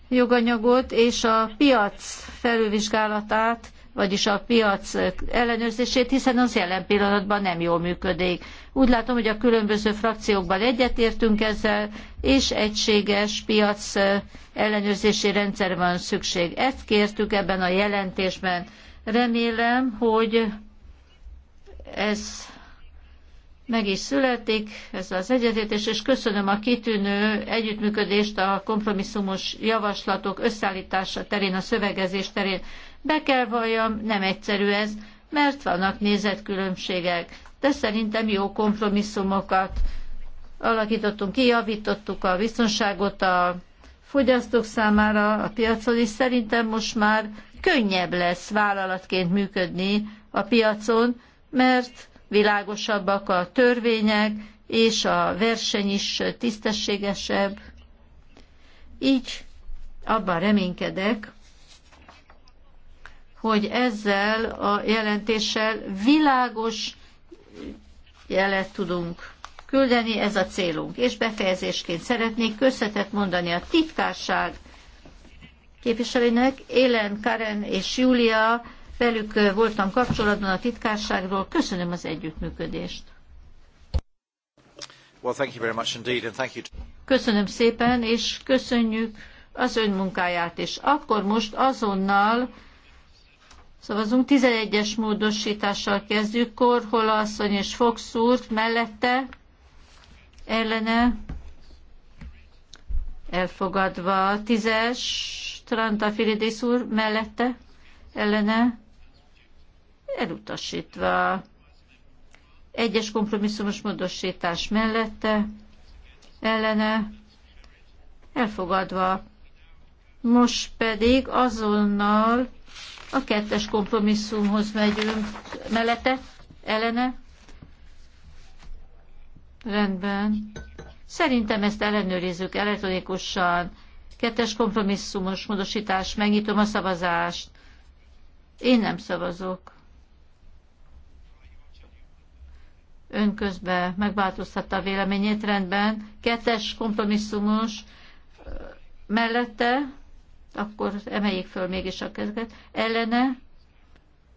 joganyagot és a piac felülvizsgálatát vagyis a piac ellenőrzését, hiszen az jelen pillanatban nem jól működik. Úgy látom, hogy a különböző frakciókban egyetértünk ezzel, és egységes piac ellenőrzési rendszer van szükség. Ezt kértük ebben a jelentésben. Remélem, hogy ez meg is születik, ez az egyetértés, és köszönöm a kitűnő együttműködést a kompromisszumos javaslatok összeállítása terén, a szövegezés terén. Be kell valljam, nem egyszerű ez, mert vannak nézetkülönbségek, de szerintem jó kompromisszumokat alakítottunk, kijavítottuk a biztonságot a fogyasztók számára a piacon, és szerintem most már könnyebb lesz vállalatként működni a piacon, mert világosabbak a törvények, és a verseny is tisztességesebb. Így abban reménykedek, hogy ezzel a jelentéssel világos jelet tudunk küldeni, ez a célunk. És befejezésként szeretnék köszönetet mondani a titkárság képviselőinek Élen, Karen és Júlia, velük voltam kapcsolatban a titkárságról. Köszönöm az együttműködést. Well, thank you very much indeed, and thank you. Köszönöm szépen, és köszönjük az ön munkáját és Akkor most azonnal Szavazunk 11-es módosítással kezdjük. Korhola asszony és Fox úr mellette ellene elfogadva. 10-es Trantafilidis úr mellette ellene elutasítva. Egyes kompromisszumos módosítás mellette ellene elfogadva. Most pedig azonnal a kettes kompromisszumhoz megyünk mellette, ellene. Rendben. Szerintem ezt ellenőrizzük elektronikusan. Kettes kompromisszumos módosítás, megnyitom a szavazást. Én nem szavazok. Ön közben megváltoztatta a véleményét, rendben. Kettes kompromisszumos mellette akkor emeljék föl mégis a kezeket, ellene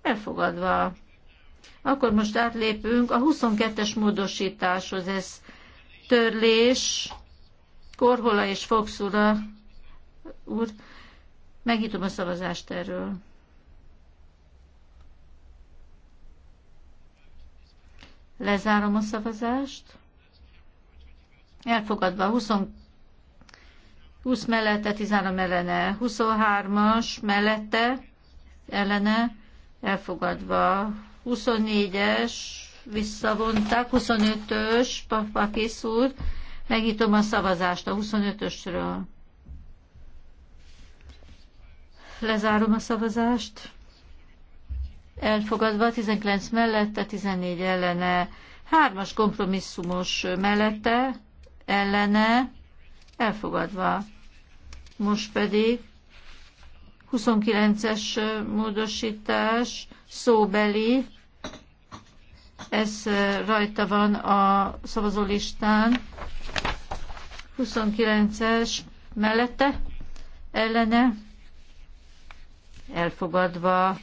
elfogadva. Akkor most átlépünk a 22-es módosításhoz, ez törlés, Korhola és fogszura, úr, megnyitom a szavazást erről. Lezárom a szavazást. Elfogadva 22 20 mellette, 13 ellene, 23-as mellette, ellene, elfogadva. 24-es visszavonták, 25-ös, Papakis úr, megnyitom a szavazást a 25-ösről. Lezárom a szavazást. Elfogadva 19 mellette, 14 ellene, 3-as kompromisszumos mellette, ellene, elfogadva. Most pedig 29-es módosítás, szóbeli, ez rajta van a szavazólistán. 29-es mellette, ellene, elfogadva.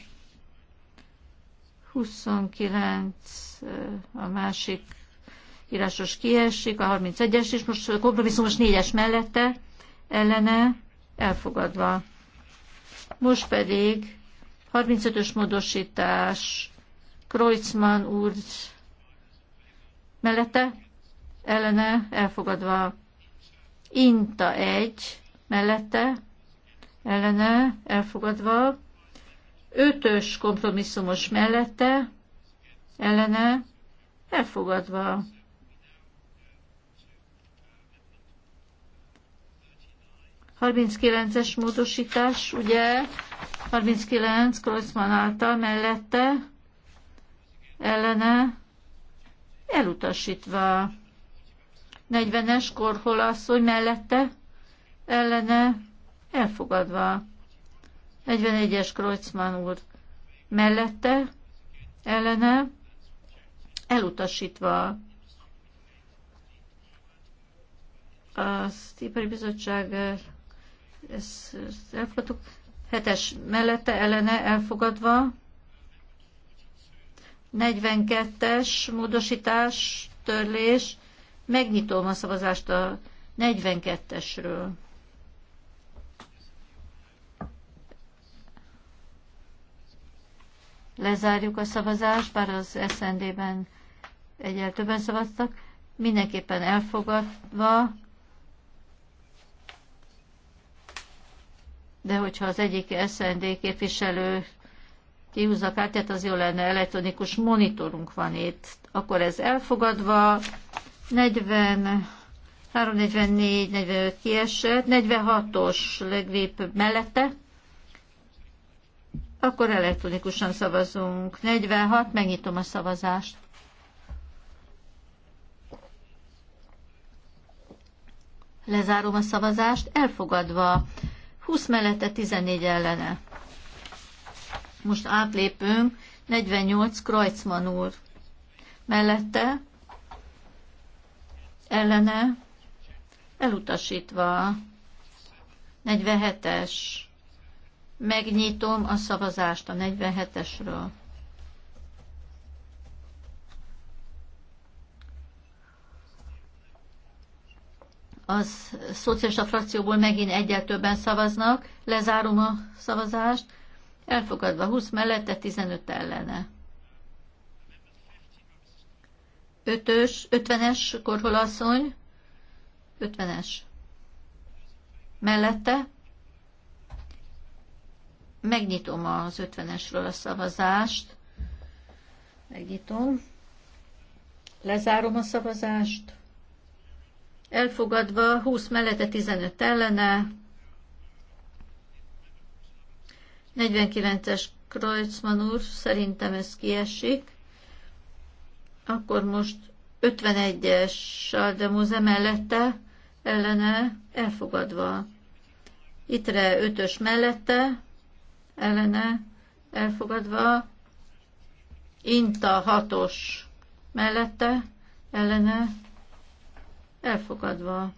29 a másik írásos kiesik, a 31-es is, most kompromisszumos 4-es mellette ellene elfogadva. Most pedig 35-ös módosítás Kreuzmann úr mellette ellene elfogadva. Inta 1 mellette ellene elfogadva. 5-ös kompromisszumos mellette ellene elfogadva. 39-es módosítás, ugye? 39 Kreuzmann által mellette, ellene, elutasítva. 40-es Korhol asszony mellette, ellene, elfogadva. 41-es Kreuzmann úr mellette, ellene, elutasítva. A Stipari Bizottság ezt, ezt elfogadtuk. Hetes mellette ellene elfogadva. 42-es módosítás, törlés. Megnyitom a szavazást a 42-esről. Lezárjuk a szavazást, bár az SND-ben egyel többen szavaztak. Mindenképpen elfogadva. de hogyha az egyik SND képviselő kihúzza kártyát, az jó lenne, elektronikus monitorunk van itt. Akkor ez elfogadva, 40, 344, 45 kiesett, 46-os legvép mellette, akkor elektronikusan szavazunk. 46, megnyitom a szavazást. Lezárom a szavazást, elfogadva 20 mellette 14 ellene. Most átlépünk, 48 Krajcman úr. Mellette, ellene, elutasítva. 47-es. Megnyitom a szavazást a 47-esről. az szocialista frakcióból megint egyel többen szavaznak. Lezárom a szavazást. Elfogadva 20 mellette, 15 ellene. 5-ös, 50-es korholasszony. 50-es. Mellette. Megnyitom az 50-esről a szavazást. Megnyitom. Lezárom a szavazást elfogadva, 20 mellette 15 ellene, 49-es Kreuzmann úr, szerintem ez kiesik. Akkor most 51-es Sardemuse mellette, ellene, elfogadva. Itre 5-ös mellette, ellene, elfogadva. Inta 6-os mellette, ellene, elfogadva.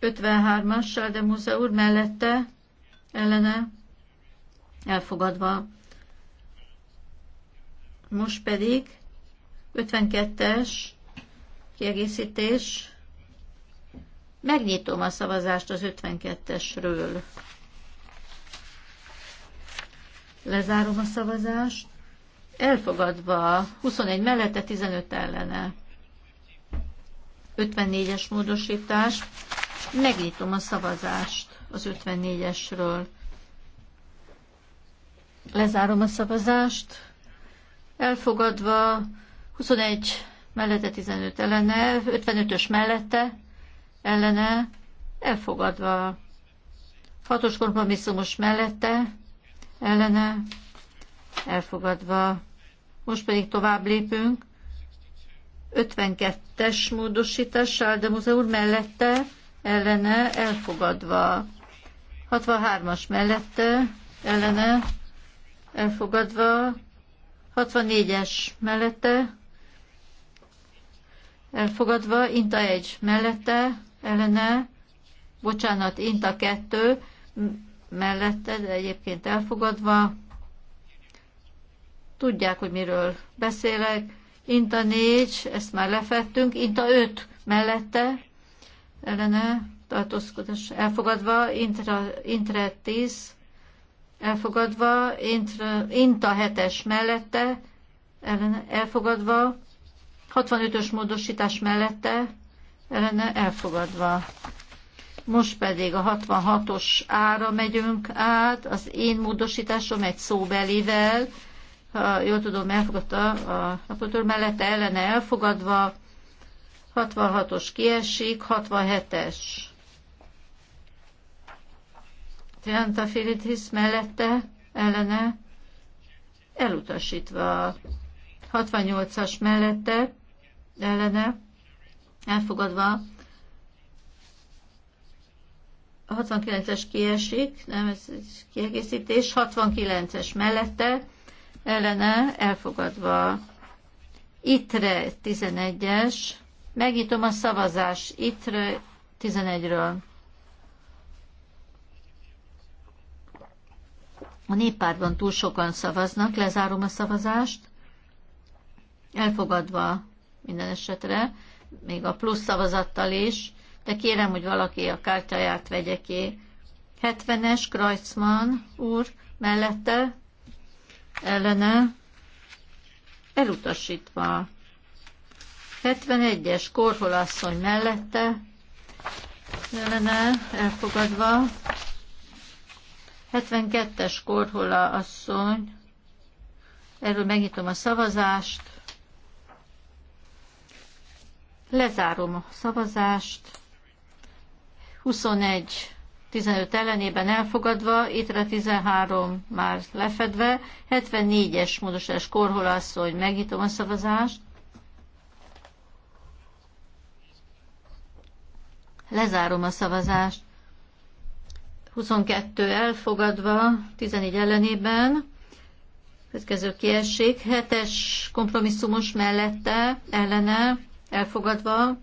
53-as Sáldemúze úr mellette, ellene, elfogadva. Most pedig 52-es kiegészítés. Megnyitom a szavazást az 52-esről. Lezárom a szavazást. Elfogadva 21 mellette, 15 ellene. 54-es módosítás. Megnyitom a szavazást az 54-esről. Lezárom a szavazást. Elfogadva 21 mellette 15 ellene, 55-ös mellette ellene, elfogadva 6-os kompromisszumos mellette ellene, elfogadva. Most pedig tovább lépünk. 52-es módosítás Sáldemuze úr mellette ellene elfogadva. 63-as mellette ellene elfogadva. 64-es mellette elfogadva. Inta 1 mellette ellene. Bocsánat, Inta 2 mellette, de egyébként elfogadva. Tudják, hogy miről beszélek. Inta 4, ezt már lefettünk. Inta 5 mellette, ellene tartózkodás elfogadva. Intra, Intra 10 elfogadva. Intra, inta 7-es mellette, ellene elfogadva. 65-ös módosítás mellette, ellene elfogadva. Most pedig a 66-os ára megyünk át, az én módosításom egy szóbelivel, ha jól tudom, elfogadta a raportőr mellette ellene elfogadva, 66-os kiesik, 67-es. Trianta Filitis mellette ellene elutasítva, 68-as mellette ellene elfogadva, 69-es kiesik, nem ez egy kiegészítés, 69-es mellette ellene elfogadva. Itre 11-es, megnyitom a szavazás Itre 11-ről. A néppártban túl sokan szavaznak, lezárom a szavazást. Elfogadva minden esetre, még a plusz szavazattal is, de kérem, hogy valaki a kártyáját vegye ki. 70-es Kreutzmann úr mellette ellene elutasítva. 71-es korholasszony mellette ellene elfogadva. 72-es korhola asszony, erről megnyitom a szavazást. Lezárom a szavazást. 21 15 ellenében elfogadva, ittre 13 már lefedve, 74-es módosás Korhol hogy megnyitom a szavazást. Lezárom a szavazást. 22 elfogadva, 14 ellenében. Következő kiesség, 7-es kompromisszumos mellette, ellene, elfogadva.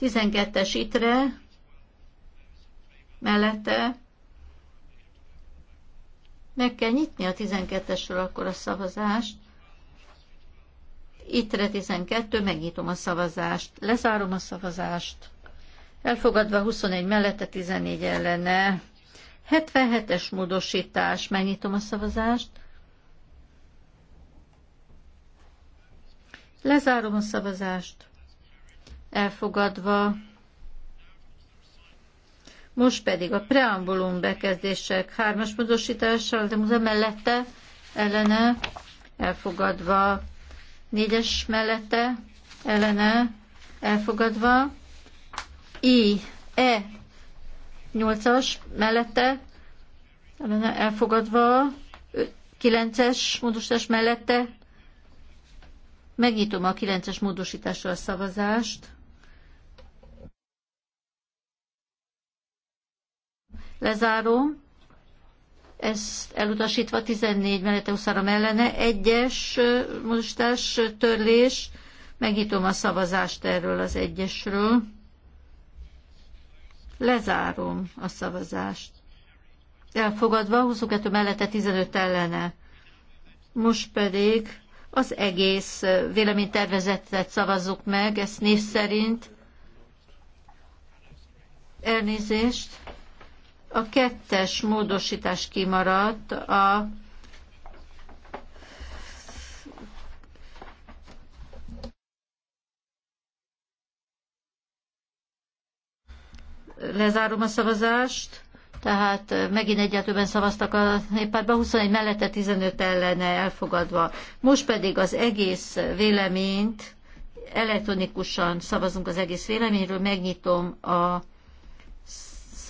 12-es itre, mellette meg kell nyitni a 12-esről akkor a szavazást. Ittre 12, megnyitom a szavazást, lezárom a szavazást. Elfogadva 21 mellette 14 ellene. 77-es módosítás, megnyitom a szavazást. Lezárom a szavazást. Elfogadva most pedig a preambulum bekezdések hármas módosítással, de múzeum mellette ellene elfogadva, négyes mellette ellene elfogadva, I, E, nyolcas mellette ellene elfogadva, kilences módosítás mellette megnyitom a kilences módosításra a szavazást. Lezárom. Ezt elutasítva 14 mellette 23 ellene. Egyes mostás törlés. Megnyitom a szavazást erről az egyesről. Lezárom a szavazást. Elfogadva 22 mellette 15 ellene. Most pedig az egész véleménytervezetet szavazzuk meg, ezt név szerint. Elnézést. A kettes módosítás kimaradt, a lezárom a szavazást, tehát megint egyetőben szavaztak a néppártban, 21 mellette 15 ellene elfogadva. Most pedig az egész véleményt elektronikusan szavazunk az egész véleményről, megnyitom a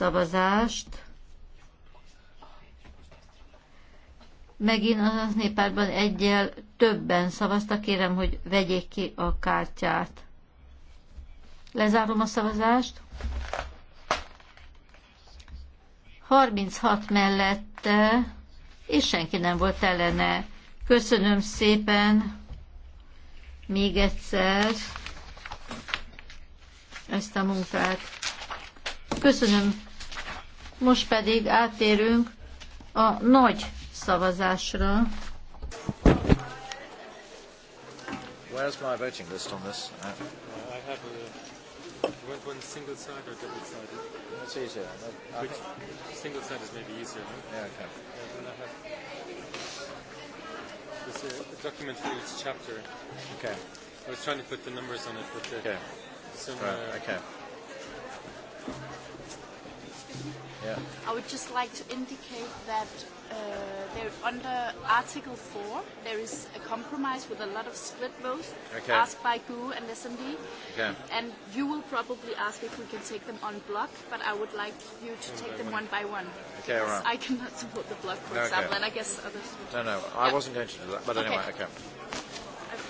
szavazást. Megint a néppártban egyel többen szavaztak, kérem, hogy vegyék ki a kártyát. Lezárom a szavazást. 36 mellette, és senki nem volt ellene. Köszönöm szépen még egyszer ezt a munkát. Köszönöm most pedig átérünk a nagy szavazásra. Where's my voting list on this? Uh, I have a, one single side or double sided. That's easier. Which, single side is maybe easier. No? Yeah, okay. Yeah, then I have this is uh, a document for each chapter. Okay. I was trying to put the numbers on it, but the, okay. Some, right, uh, okay. Yeah. I would just like to indicate that uh, there, under Article 4, there is a compromise with a lot of split votes okay. asked by GU and SMD. Okay. And you will probably ask if we can take them on block, but I would like you to take them one by one. Okay, all right. I cannot support the block, for no, example, okay. and I guess others would. No, no, I yeah. wasn't going to do that, but okay. anyway, okay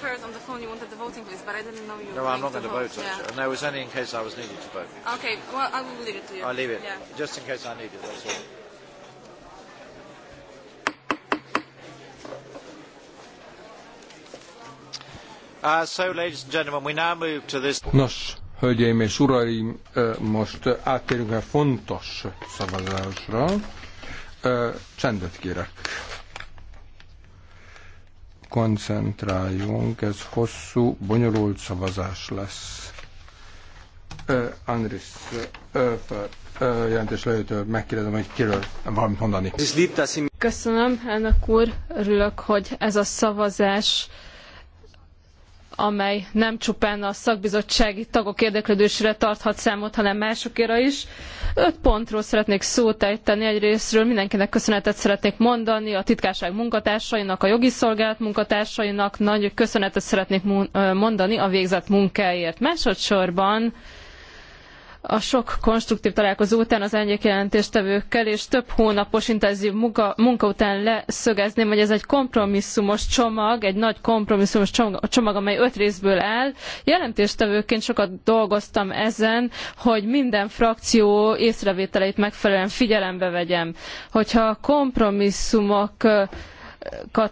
heard on the phone you wanted the voting list, but I didn't know you. No, I'm not going to vote. vote yeah. No, it was only in case I was needed to vote. Okay, well, I will leave it to you. I'll leave it, yeah. just in case I need it. That's okay. all. Uh, Nos, hölgyeim és uraim, most áttérünk a fontos szavazásra. Csendet kérek koncentráljunk, ez hosszú, bonyolult szavazás lesz. Ö, Andris, jelentés lejöttől megkérdezem, hogy kiről valamit mondani. Köszönöm, elnök úr, örülök, hogy ez a szavazás amely nem csupán a szakbizottsági tagok érdeklődésére tarthat számot, hanem másokéra is. Öt pontról szeretnék szót ejteni részről. Mindenkinek köszönetet szeretnék mondani, a titkárság munkatársainak, a jogi szolgálat munkatársainak nagy köszönetet szeretnék mondani a végzett munkáért. Másodszorban a sok konstruktív találkozó után az jelentéstevőkkel és több hónapos intenzív munka, munka után leszögezném, hogy ez egy kompromisszumos csomag, egy nagy kompromisszumos csomag, amely öt részből áll. Jelentéstevőként sokat dolgoztam ezen, hogy minden frakció észrevételeit megfelelően figyelembe vegyem. Hogyha kompromisszumok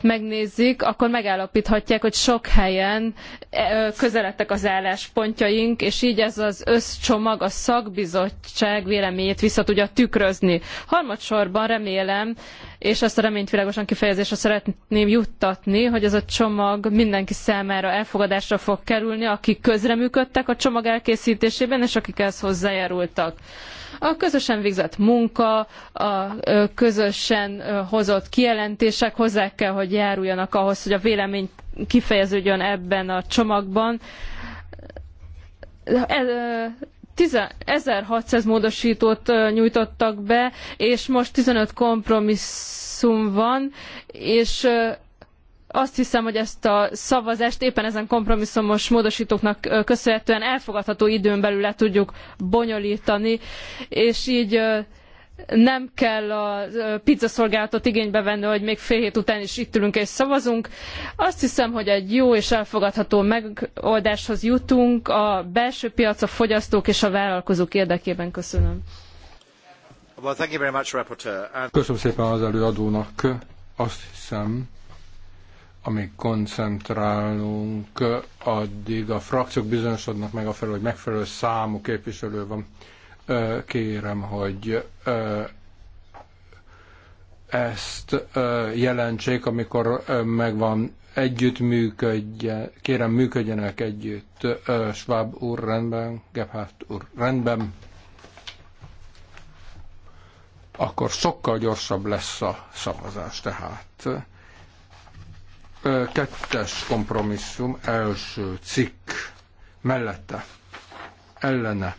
megnézik, akkor megállapíthatják, hogy sok helyen e, közeledtek az álláspontjaink, és így ez az összcsomag a szakbizottság véleményét vissza tudja tükrözni. Harmadsorban remélem, és ezt a reményt világosan kifejezésre szeretném juttatni, hogy ez a csomag mindenki számára elfogadásra fog kerülni, akik közreműködtek a csomag elkészítésében, és akik ehhez hozzájárultak. A közösen végzett munka, a közösen hozott kijelentések hozzá kell, hogy járuljanak ahhoz, hogy a vélemény kifejeződjön ebben a csomagban. 1600 e, módosítót nyújtottak be, és most 15 kompromisszum van, és azt hiszem, hogy ezt a szavazást éppen ezen kompromisszumos módosítóknak köszönhetően elfogadható időn belül le tudjuk bonyolítani, és így nem kell a pizzaszolgálatot igénybe venni, hogy még fél hét után is itt ülünk és szavazunk. Azt hiszem, hogy egy jó és elfogadható megoldáshoz jutunk a belső piac, a fogyasztók és a vállalkozók érdekében. Köszönöm. Köszönöm szépen az előadónak. Azt hiszem, amíg koncentrálunk, addig a frakciók bizonyosodnak meg a felül, hogy megfelelő számú képviselő van. Kérem, hogy ezt jelentsék, amikor megvan együtt működjen, kérem működjenek együtt. Schwab úr rendben, Gebhardt úr rendben. Akkor sokkal gyorsabb lesz a szavazás tehát. Kettes kompromisszum, első cikk mellette, ellene,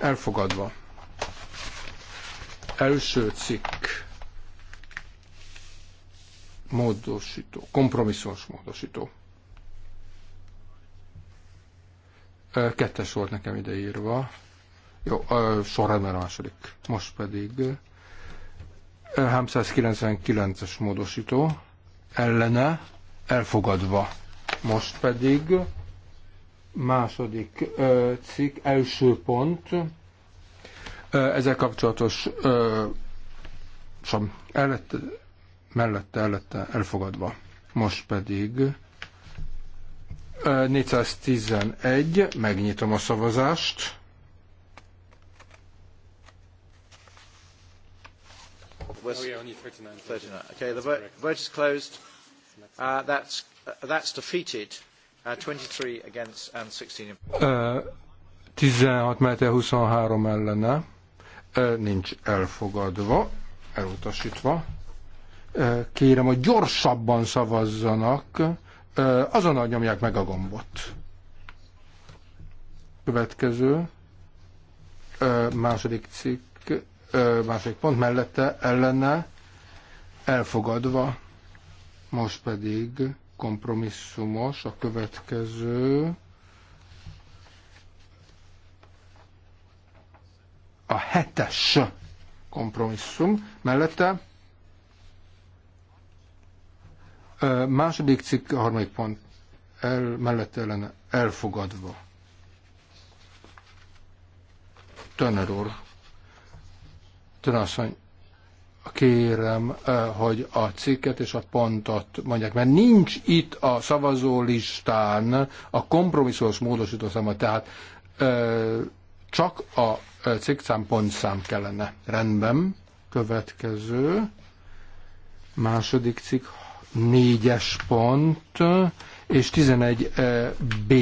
elfogadva. Első cikk, módosító, kompromisszumos módosító. Kettes volt nekem ide írva. Jó, sorrendben a második. Most pedig 399-es módosító ellene elfogadva. Most pedig második ö, cikk, első pont, ö, ezzel kapcsolatos ö, sem, szóval ellette, mellette, ellette elfogadva. Most pedig ö, 411, megnyitom a szavazást. was oh, yeah, only 39. 39. Okay, the vote, vote is closed. Uh, that's, uh, that's defeated. Uh, 23 against and 16. Uh, 16 mellette 23 ellene. Uh, nincs elfogadva, elutasítva. Uh, kérem, hogy gyorsabban szavazzanak. Uh, azonnal nyomják meg a gombot. Következő. Uh, második cikk másik pont mellette ellene elfogadva, most pedig kompromisszumos a következő a hetes kompromisszum mellette második cikk, a harmadik pont el, mellette ellene elfogadva. Tanner úr Tönasszony, kérem, eh, hogy a cikket és a pontot mondják, mert nincs itt a szavazó listán a kompromisszós módosító száma, tehát eh, csak a eh, cikkszám, pontszám kellene. Rendben, következő, második cikk, négyes pont, és 11b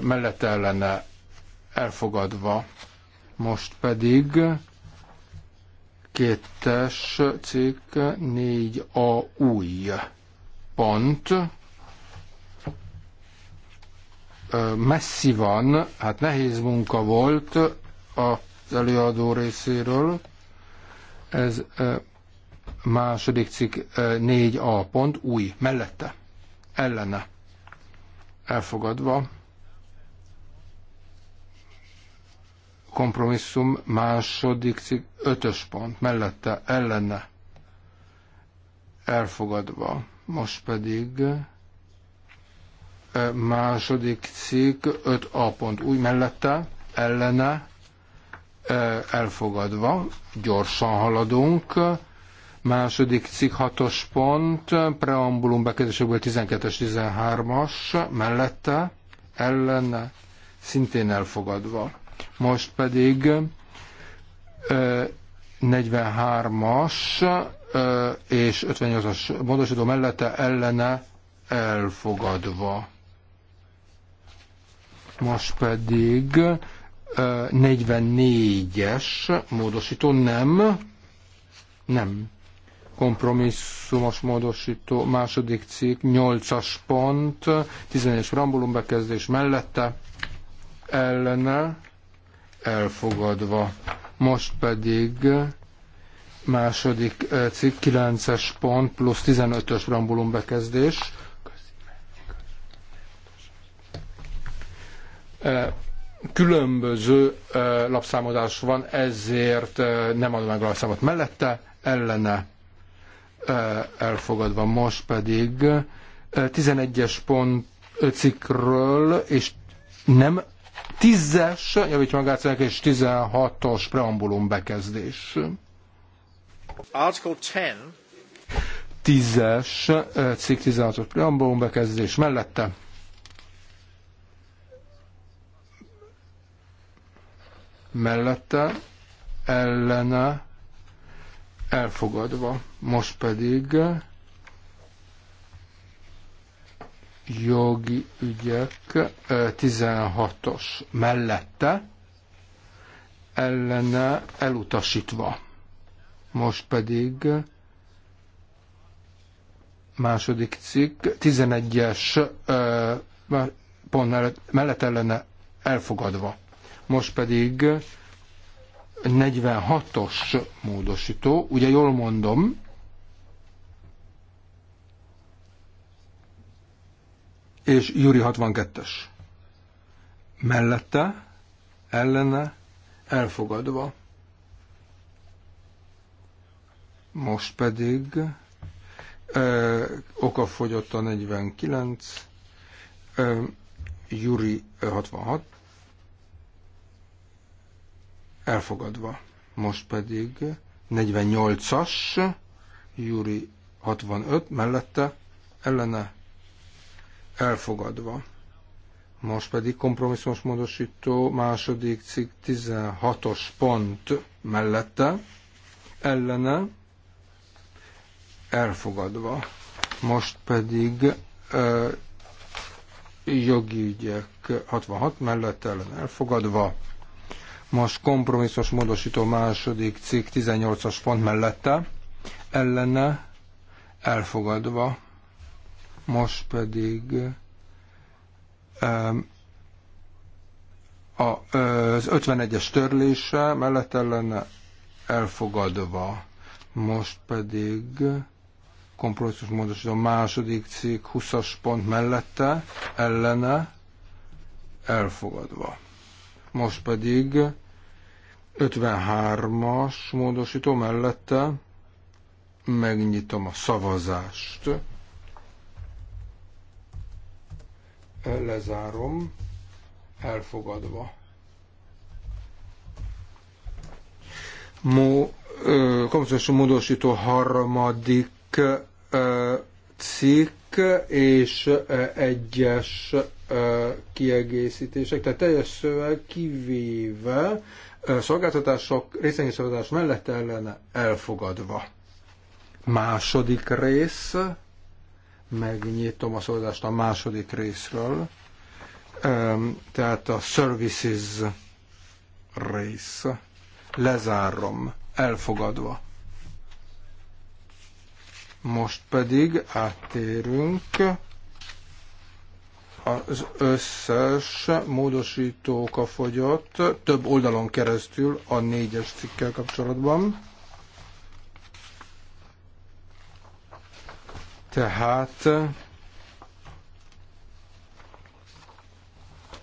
mellett ellene elfogadva. Most pedig kettes cikk 4a új pont messzi van, hát nehéz munka volt az előadó részéről. Ez második cikk 4a pont új, mellette, ellene elfogadva. kompromisszum második cikk ötös pont mellette ellene elfogadva. Most pedig második cikk 5a pont új mellette ellene elfogadva. Gyorsan haladunk. Második cikk 6-os pont, preambulum bekezdésekből 12-es, 13-as mellette ellene szintén elfogadva most pedig 43-as és 58-as módosító mellette ellene elfogadva. Most pedig 44-es módosító nem, nem. Kompromisszumos módosító, második cikk, 8-as pont, 11-es rambulum bekezdés mellette, ellene, elfogadva. Most pedig második eh, cikk, 9-es pont plusz 15-ös rambulum bekezdés. Eh, különböző eh, lapszámodás van, ezért nem adom meg a lapszámot mellette, ellene elfogadva. Most pedig 11-es pont cikkről, és nem tízes, javítja meg színek, szóval és 16-os preambulum bekezdés. Article 10. Tízes, cikk 16-os preambulum bekezdés mellette. Mellette, ellene, elfogadva. Most pedig jogi ügyek 16-os mellette ellene elutasítva. Most pedig második cikk 11-es pont mellett, ellene elfogadva. Most pedig 46-os módosító, ugye jól mondom, és Júri 62-es. Mellette, ellene, elfogadva. Most pedig ö, fogyott a 49, ö, Júri 66, elfogadva. Most pedig 48-as, Júri 65, mellette, ellene, elfogadva. Most pedig kompromisszumos módosító második cikk 16-os pont mellette, ellene, elfogadva. Most pedig ö, jogi ügyek 66 mellett ellen elfogadva. Most kompromisszos módosító második cikk 18-as pont mellette, ellene, elfogadva most pedig az 51-es törlése mellett ellene elfogadva. Most pedig kompromisszus módosító második cikk 20-as pont mellette ellene elfogadva. Most pedig 53-as módosító mellette megnyitom a szavazást. Lezárom. Elfogadva. Mó, kompenzáció módosító harmadik cikk és egyes kiegészítések, tehát teljes szöveg kivéve szolgáltatások, részvényi szolgáltatás mellett ellene elfogadva. Második rész megnyitom a szavazást a második részről, tehát a services rész. Lezárom, elfogadva. Most pedig áttérünk az összes módosítók a fogyott, több oldalon keresztül a négyes cikkel kapcsolatban. Tehát eh,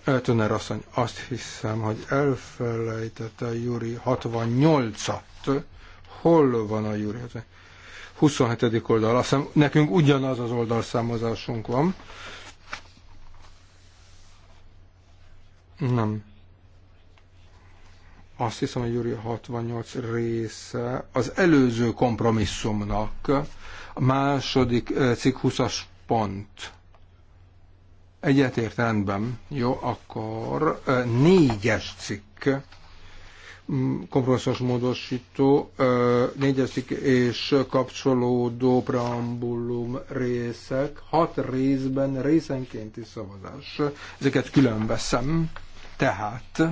Eltöner asszony, azt hiszem, hogy elfelejtette a Júri 68-at. Hol van a Júri 27. oldal. Azt hiszem, nekünk ugyanaz az oldalszámozásunk van. Nem. Azt hiszem, hogy Júri 68 része az előző kompromisszumnak, a második cikk 20-as pont. Egyetért rendben. Jó, akkor négyes cikk mm, kompromisszos módosító, négyes cikk és kapcsolódó preambulum részek, hat részben részenkénti szavazás. Ezeket külön veszem. Tehát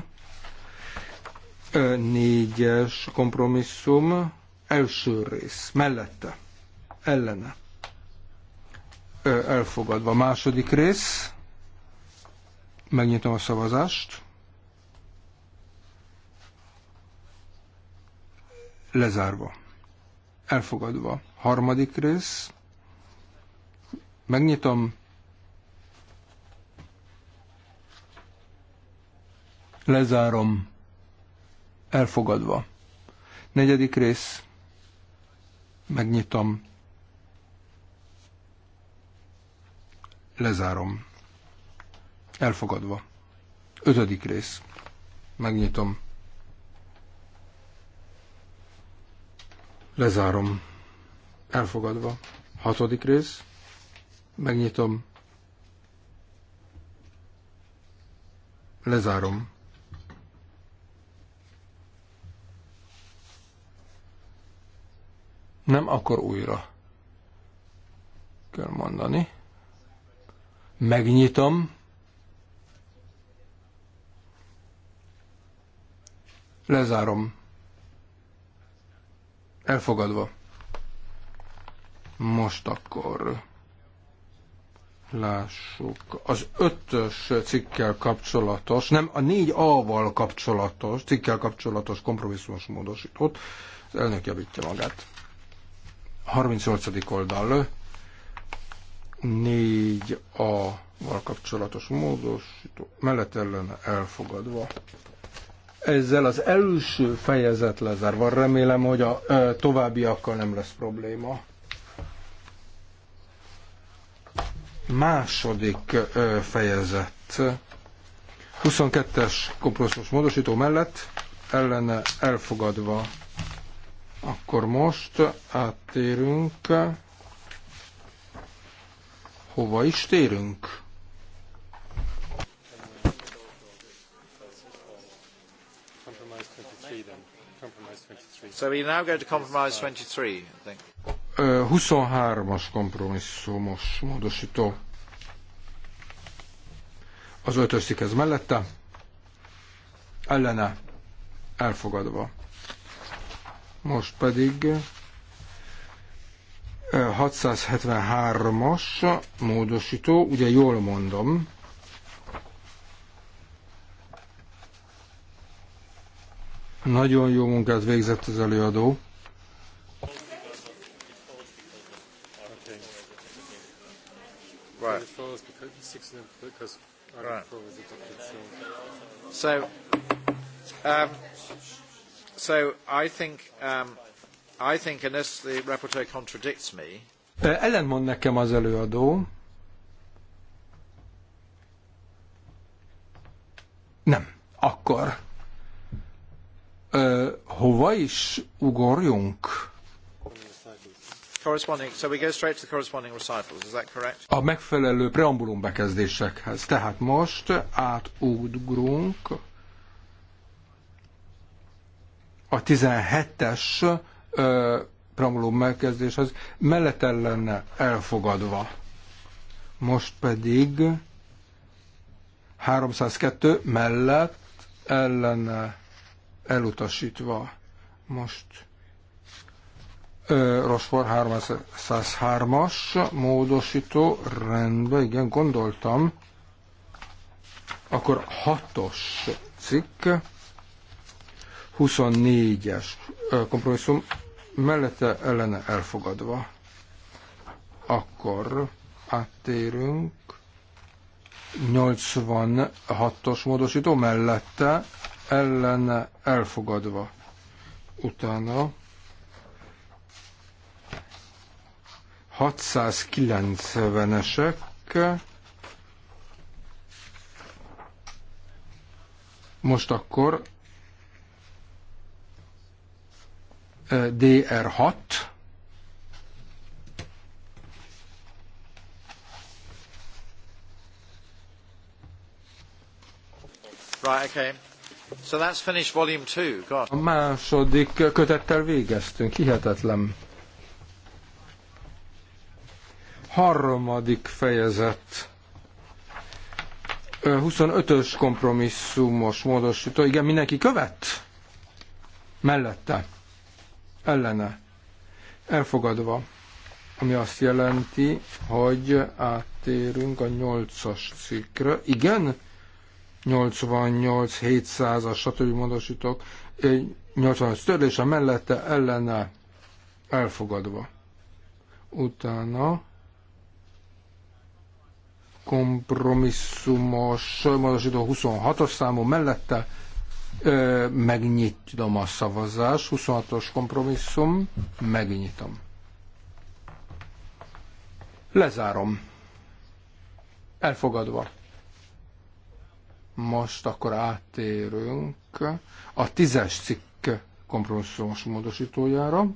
Négyes kompromisszum, első rész, mellette, ellene. Elfogadva. Második rész, megnyitom a szavazást. Lezárva. Elfogadva. Harmadik rész, megnyitom, lezárom, Elfogadva. Negyedik rész. Megnyitom. Lezárom. Elfogadva. Ötödik rész. Megnyitom. Lezárom. Elfogadva. Hatodik rész. Megnyitom. Lezárom. Nem, akkor újra kell mondani. Megnyitom. Lezárom. Elfogadva. Most akkor lássuk. Az ötös cikkel kapcsolatos, nem, a négy a val kapcsolatos, cikkel kapcsolatos kompromisszumos módosítót. Az elnök javítja magát. 38. oldal, 4 a val kapcsolatos módosító, mellett ellen elfogadva. Ezzel az első fejezet lezárva, remélem, hogy a ö, továbbiakkal nem lesz probléma. Második ö, fejezet. 22-es kompromisszumos módosító mellett ellene elfogadva akkor most áttérünk. Hova is térünk? So we now go to compromise 23, I think. 23-as kompromisszumos módosító. Az ötös ez mellette. Ellene elfogadva. Most pedig 673-as módosító, ugye jól mondom, Nagyon jó munkát végzett az előadó. Right. So, um, So I think, um, I think unless the rapporteur contradicts me. Ellentmond nekem az előadó. Nem. Akkor ö, hova is ugorjunk? A megfelelő preambulum bekezdésekhez. Tehát most átugrunk a 17-es preambulum megkezdéshez mellette lenne elfogadva. Most pedig 302 mellett ellene elutasítva. Most Rosfor 303-as módosító, rendben, igen, gondoltam. Akkor 6-os cikk 24-es kompromisszum mellette ellene elfogadva. Akkor áttérünk 86-os módosító mellette ellene elfogadva. Utána 690-esek Most akkor DR6, Right, okay. So that's finished volume two. God. A második kötettel végeztünk, hihetetlen. Harmadik fejezet. 25-ös kompromisszumos módosító. Igen, mindenki követ? Mellette ellene elfogadva, ami azt jelenti, hogy áttérünk a 8-as cikkre. Igen, 88, 700-as, stb. módosítok, 85 törlése mellette ellene elfogadva. Utána kompromisszumos módosító 26-as számú mellette megnyitom a szavazás, 26-os kompromisszum, megnyitom. Lezárom. Elfogadva. Most akkor áttérünk a tízes cikk kompromisszumos módosítójára.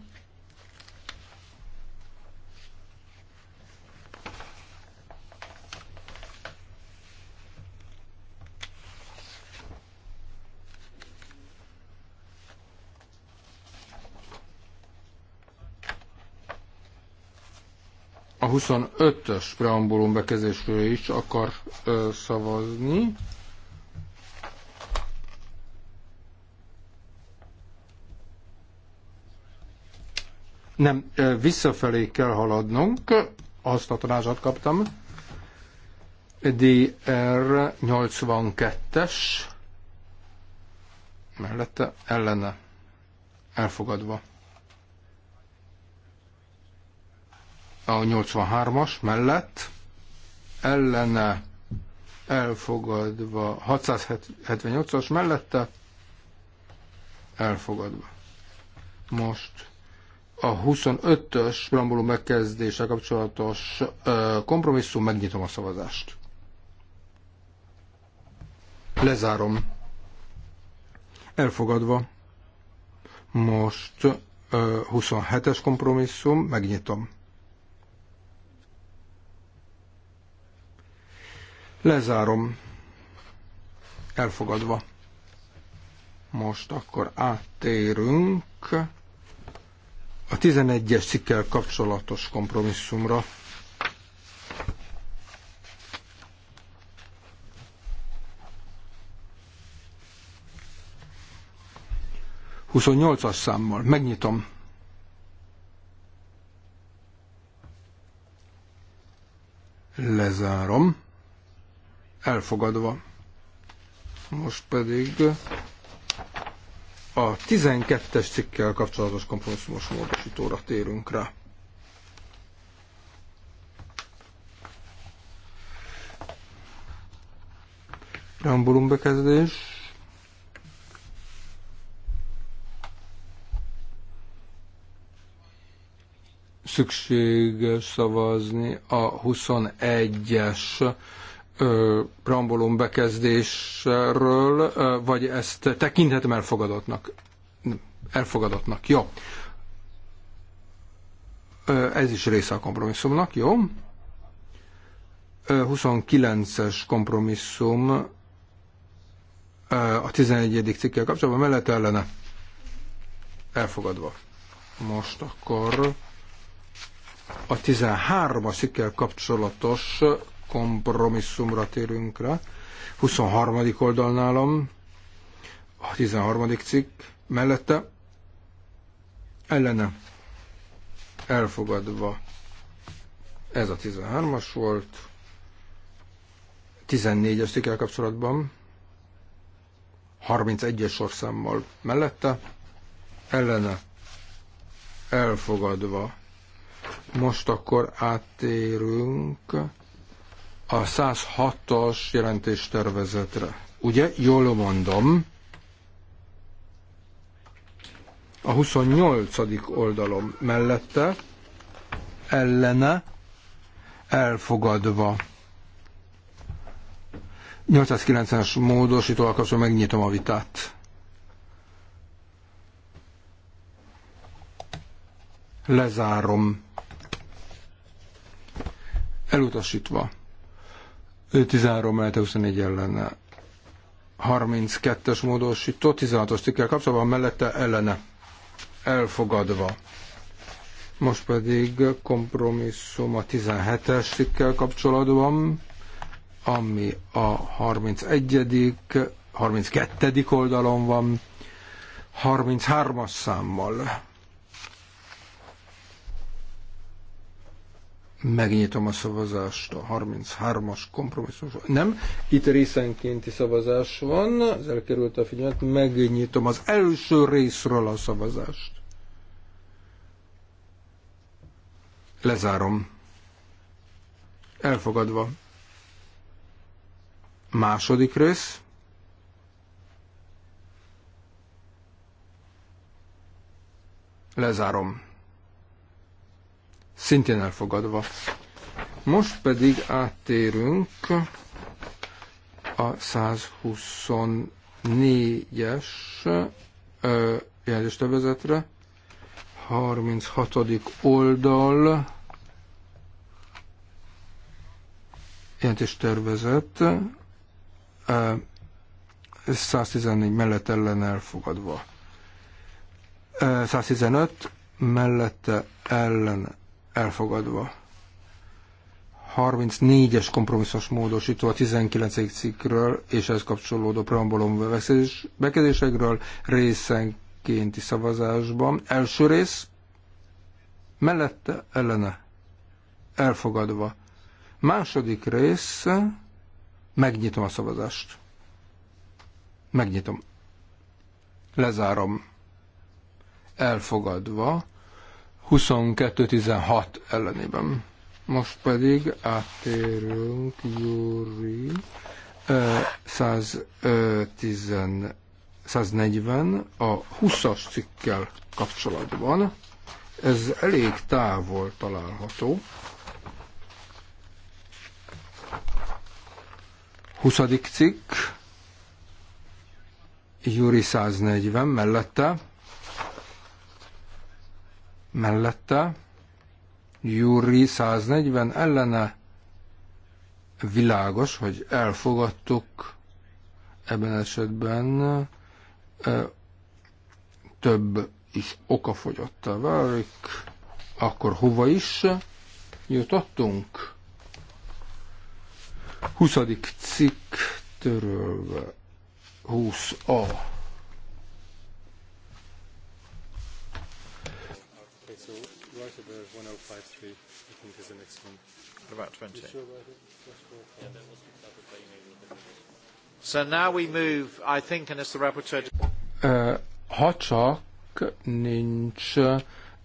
25-ös preambulum bekezésről is akar ö, szavazni. Nem, visszafelé kell haladnunk, azt a tanácsot kaptam. DR 82-es mellette ellene elfogadva. a 83-as mellett ellene elfogadva, 678-as mellette elfogadva. Most a 25-ös preambulum megkezdése kapcsolatos ö, kompromisszum, megnyitom a szavazást. Lezárom. Elfogadva. Most 27-es kompromisszum, megnyitom. Lezárom. Elfogadva. Most akkor áttérünk a 11-es cikkel kapcsolatos kompromisszumra. Huszonnyolcas számmal. Megnyitom. Lezárom elfogadva. Most pedig a 12-es cikkkel kapcsolatos kompromisszumos módosítóra térünk rá. Rambulum bekezdés. Szükséges szavazni a 21-es brambolom bekezdésről, vagy ezt tekinthetem elfogadottnak? Elfogadottnak, jó. Ez is része a kompromisszumnak, jó. 29-es kompromisszum a 11. cikkel kapcsolatban mellett ellene elfogadva. Most akkor a 13-as cikkel kapcsolatos kompromisszumra térünk rá. 23. oldal nálam, a 13. cikk mellette, ellene elfogadva. Ez a 13-as volt. 14-es cikkel kapcsolatban, 31-es sorszámmal mellette, ellene elfogadva. Most akkor áttérünk a 106 as jelentéstervezetre. Ugye? Jól mondom. A 28. oldalom mellette ellene elfogadva. 890-es módosítóval kapcsolatban megnyitom a vitát. Lezárom. Elutasítva. 13 mellett 24 ellene. 32-es módosító 16-os cikkel kapcsolatban mellette ellene. Elfogadva. Most pedig kompromisszum a 17-es cikkel kapcsolatban, ami a 31 32. oldalon van, 33-as számmal Megnyitom a szavazást a 33-as kompromisszus. Nem, itt részenkénti szavazás van, ez elkerült a figyelmet, megnyitom az első részről a szavazást. Lezárom. Elfogadva. Második rész. Lezárom szintén elfogadva. Most pedig áttérünk a 124-es jelzéstevezetre, 36. oldal jelentéstervezet, 114 mellett ellen elfogadva. 115 mellette ellen elfogadva. 34-es kompromisszos módosító a 19. cikkről és ez kapcsolódó preambulum bekezdésekről részenkénti szavazásban. Első rész mellette ellene elfogadva. Második rész megnyitom a szavazást. Megnyitom. Lezárom. Elfogadva 22-16 ellenében. Most pedig áttérünk Júri 110, 140 a 20-as cikkel kapcsolatban. Ez elég távol található. 20. cikk, Júri 140 mellette mellette, Júri 140 ellene világos, hogy elfogadtuk ebben esetben több is a válik, akkor hova is jutottunk? 20. cikk törölve 20a What about 20? So now we move, I think, and as the rapporteur... Ha csak nincs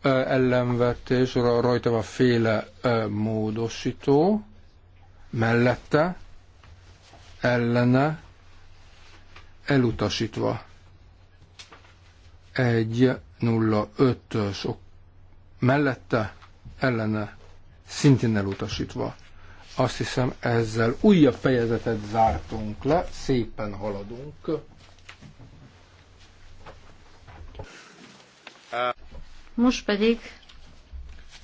ellenvetés, rajta van féle módosító, mellette, ellene, elutasítva. Egy 05-ös mellette, ellene szintén elutasítva. Azt hiszem ezzel újabb fejezetet zártunk le, szépen haladunk. Most pedig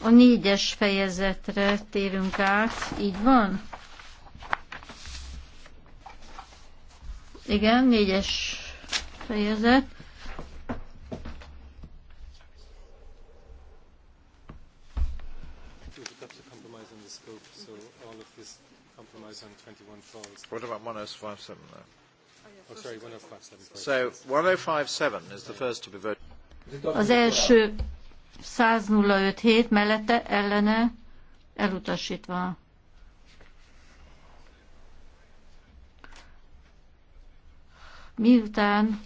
a négyes fejezetre térünk át, így van? Igen, négyes fejezet. 121 falls. What about 1057 Oh, oh, oh sorry, 1057. So 1057 is the first to be voted. Az első 1005 mellette ellene elutasítva. Miután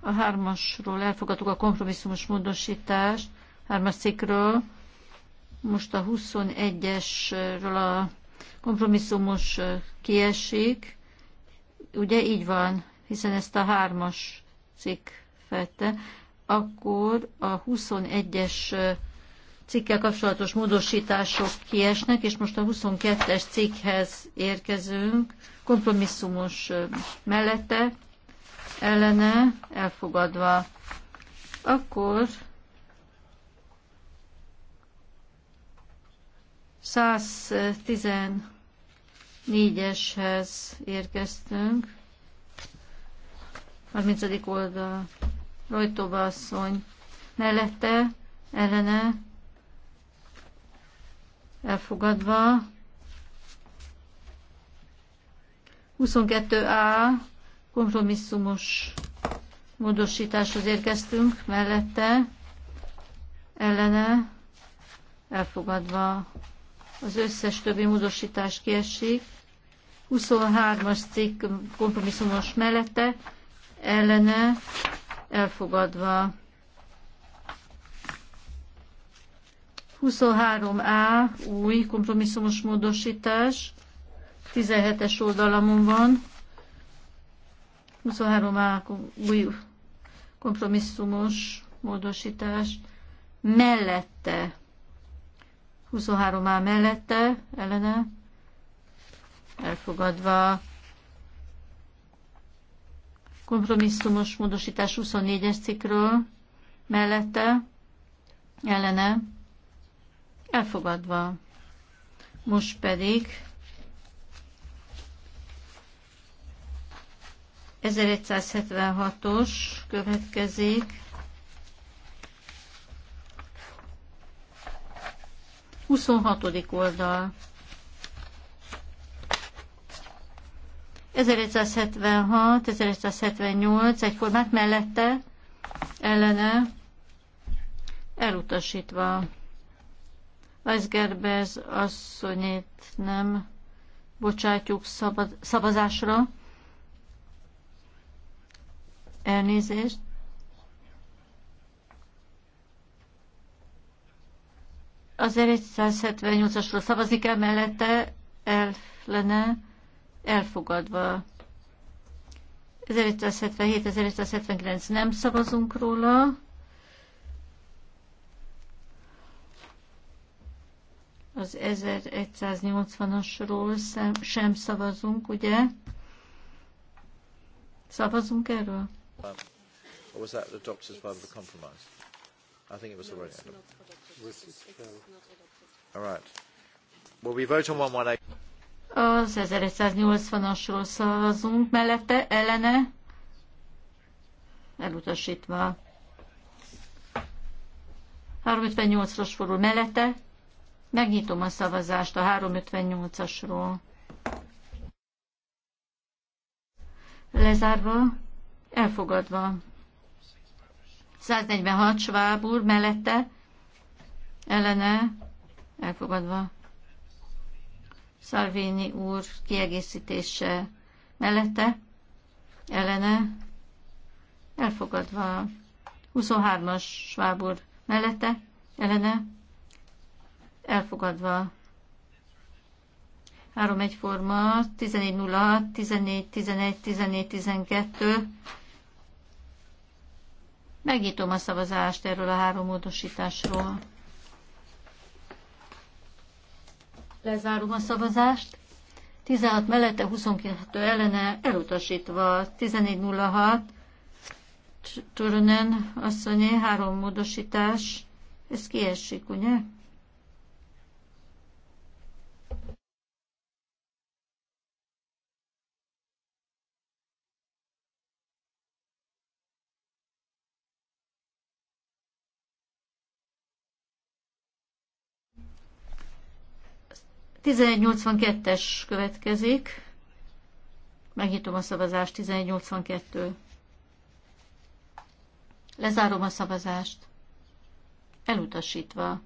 a hármasról elfogadtuk a kompromisszumos módosítást, hármas cikkről, most a 21-esről a kompromisszumos kiesik, ugye így van, hiszen ezt a hármas cikk fette, akkor a 21-es cikkel kapcsolatos módosítások kiesnek, és most a 22-es cikkhez érkezünk, kompromisszumos mellette, ellene elfogadva. Akkor 114-eshez érkeztünk. 30. oldal. Rojtóba asszony. Mellette, ellene, elfogadva. 22A kompromisszumos módosításhoz érkeztünk, mellette, ellene, elfogadva az összes többi módosítás kiesik. 23-as cikk kompromisszumos mellette ellene elfogadva. 23A új kompromisszumos módosítás, 17-es oldalamon van. 23A új kompromisszumos módosítás mellette 23 áll mellette, ellene, elfogadva. Kompromisszumos módosítás 24-es cikkről, mellette, ellene, elfogadva. Most pedig 1176-os következik, 26. oldal. 1176, 1178 egyformák mellette, ellene, elutasítva. Weisgerbez asszonyét nem bocsátjuk szabazásra. szavazásra. Elnézést. Az 178-asról szavazni kell mellette, el lenne elfogadva. 1577-1579 nem szavazunk róla. Az 1180-asról sem szavazunk, ugye? Szavazunk erről? Um, was that adopted as part of the compromise? I think it was already adopted. Az 1180-asról szavazunk mellette, ellene, elutasítva. 358 as forul mellette, megnyitom a szavazást a 358-asról. Lezárva, elfogadva. 146 Schwab úr mellette, ellene elfogadva. Salvini úr kiegészítése mellette ellene elfogadva. 23-as Schwab úr mellette ellene elfogadva. 3 egyforma, 14 0, 14, 11, 14, 12. Megnyitom a szavazást erről a három módosításról. Lezárom a szavazást. 16 mellette, 22 ellene, elutasítva 1406, Törönen asszonyé, három módosítás, ez kiesik, ugye? 1182-es következik. Megnyitom a szavazást, 1182. Lezárom a szavazást. Elutasítva.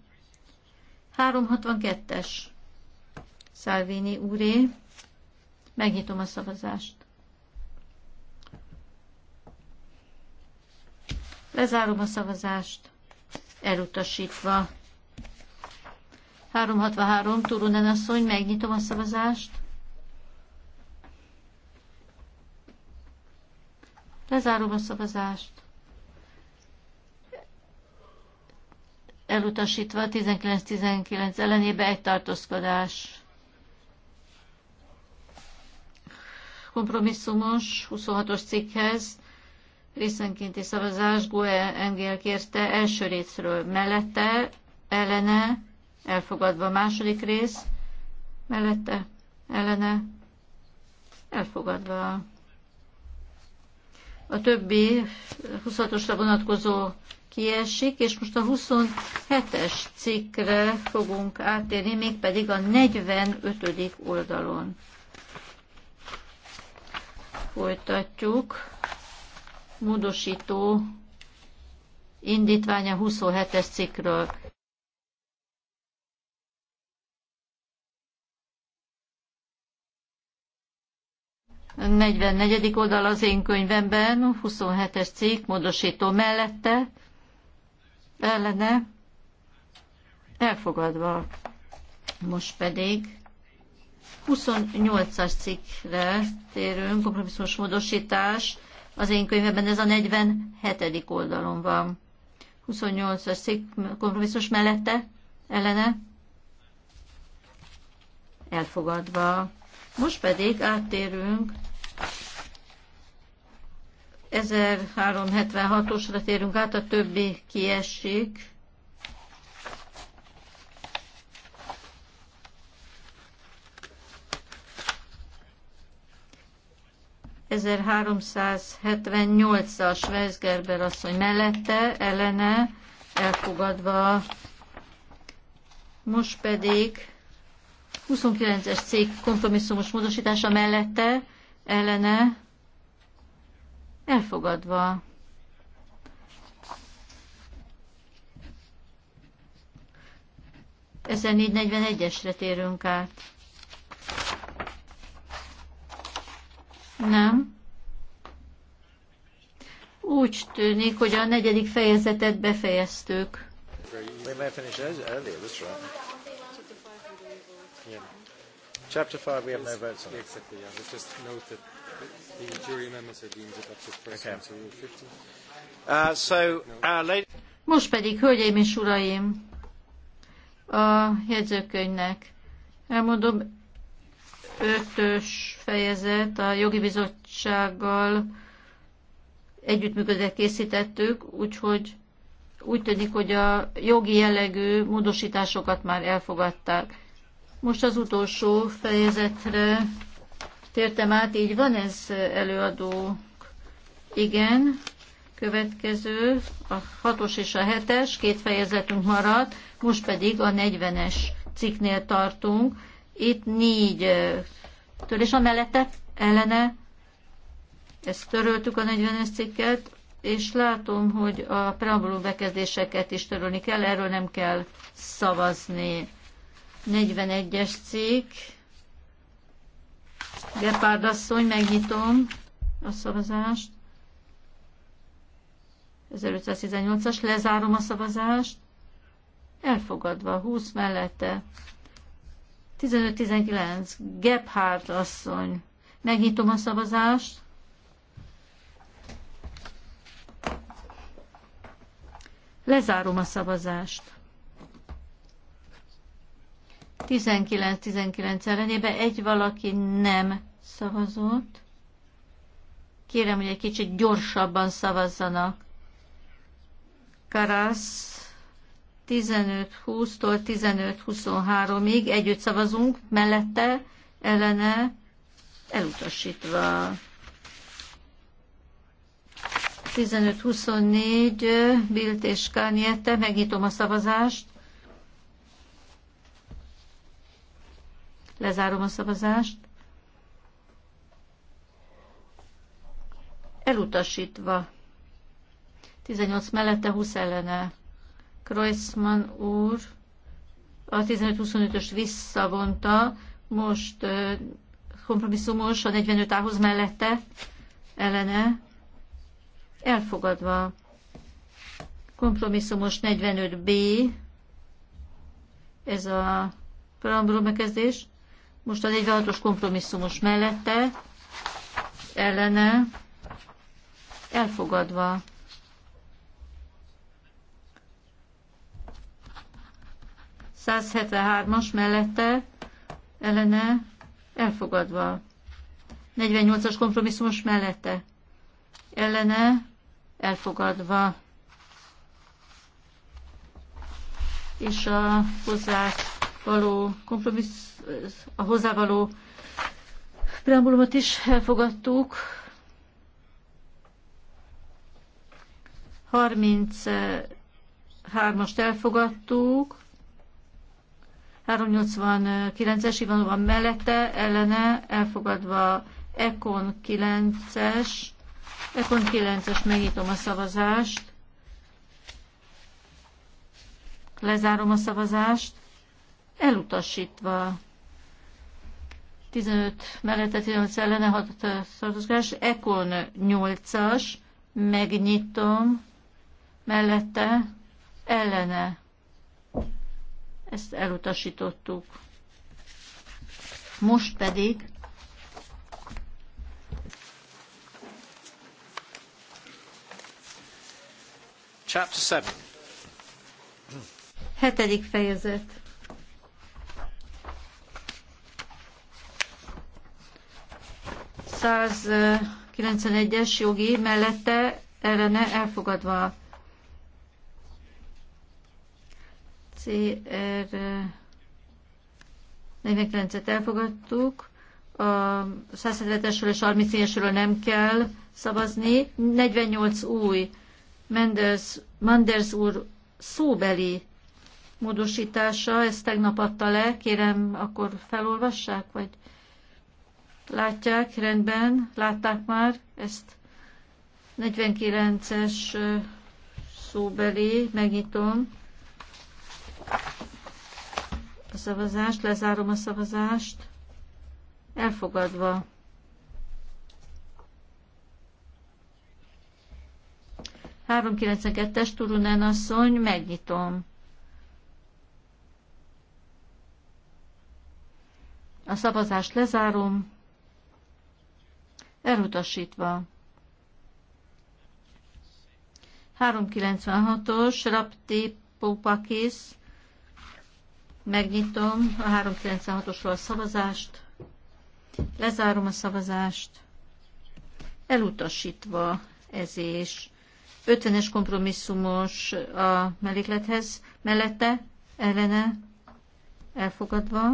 362-es. Salvini úré. Megnyitom a szavazást. Lezárom a szavazást. Elutasítva. 363, Turunen asszony, megnyitom a szavazást. Lezárom a szavazást. Elutasítva 19-19 ellenébe egy tartózkodás. Kompromisszumos 26-os cikkhez részenkénti szavazás Goe Engel kérte első részről mellette, ellene elfogadva. Második rész mellette ellene elfogadva. A többi 26-osra vonatkozó kiesik, és most a 27-es cikkre fogunk átérni, mégpedig a 45. oldalon. Folytatjuk. Módosító indítványa 27-es cikkről. 44. oldal az én könyvemben, 27-es cikk, módosító mellette, ellene, elfogadva. Most pedig 28-as cikkre térünk, kompromisszumos módosítás, az én könyvemben ez a 47. oldalon van. 28-as cikk kompromisszumos mellette, ellene, elfogadva. Most pedig áttérünk 1376-osra térünk át, a többi kiesik. 1378 as Weisgerber asszony mellette, ellene, elfogadva. Most pedig 29-es cég kompromisszumos módosítása mellette, ellene, elfogadva. Ezen 41 esre térünk át. Nem. Úgy tűnik, hogy a negyedik fejezetet befejeztük. Chapter 5 we have no votes on. Exactly, yeah. We just noted most pedig, hölgyeim és uraim, a jegyzőkönyvnek elmondom, ötös fejezet a jogi bizottsággal együttműködve készítettük, úgyhogy úgy tűnik, hogy a jogi jellegű módosításokat már elfogadták. Most az utolsó fejezetre tértem át, így van ez előadó. Igen, következő, a hatos és a hetes, két fejezetünk maradt, most pedig a 40-es cikknél tartunk. Itt négy törés a mellette ellene, ezt töröltük a 40-es cikket, és látom, hogy a preambulum bekezdéseket is törölni kell, erről nem kell szavazni. 41-es cikk, Gepárd asszony, megnyitom a szavazást. 1518-as, lezárom a szavazást. Elfogadva, 20 mellette. 15-19, Gebhardt asszony. Megnyitom a szavazást. Lezárom a szavazást. 19-19 ellenében egy valaki nem szavazott. Kérem, hogy egy kicsit gyorsabban szavazzanak. Karasz 15-20-tól 15-23-ig együtt szavazunk, mellette, ellene, elutasítva. 15-24, Bilt és Kárnyette, megnyitom a szavazást. Lezárom a szavazást. Elutasítva. 18 mellette, 20 ellene. Kreuzmann úr a 15-25-öst visszavonta, most kompromisszumos a 45 ához mellette, ellene, elfogadva. Kompromisszumos 45B, ez a preambulum megkezdés, most a 46-os kompromisszumos mellette ellene elfogadva. as mellette ellene elfogadva. 48-as kompromisszumos mellette ellene elfogadva. És a hozzá való kompromissz, a hozzávaló preambulumot is elfogadtuk. 33-ast elfogadtuk. 389-es van mellette, ellene elfogadva Ekon 9-es. Ekon 9-es, megnyitom a szavazást. Lezárom a szavazást elutasítva. 15 mellette 15 ellene 6 tartozás, Ekon 8-as, megnyitom, mellette ellene. Ezt elutasítottuk. Most pedig Chapter 7. Hetedik fejezet. 191-es jogi mellette ellene elfogadva. CR 49-et elfogadtuk. A 170-esről és 34-esről nem kell szavazni. 48 új Menders, Manders úr szóbeli módosítása, ezt tegnap adta le, kérem, akkor felolvassák, vagy... Látják, rendben, látták már ezt. 49-es szóbeli, megnyitom a szavazást, lezárom a szavazást. Elfogadva. Három es Turunen asszony, megnyitom. A szavazást lezárom elutasítva. 396-os Rapti Popakis, megnyitom a 396-osról a szavazást, lezárom a szavazást, elutasítva ez is. 50-es kompromisszumos a melléklethez, mellette, ellene, elfogadva.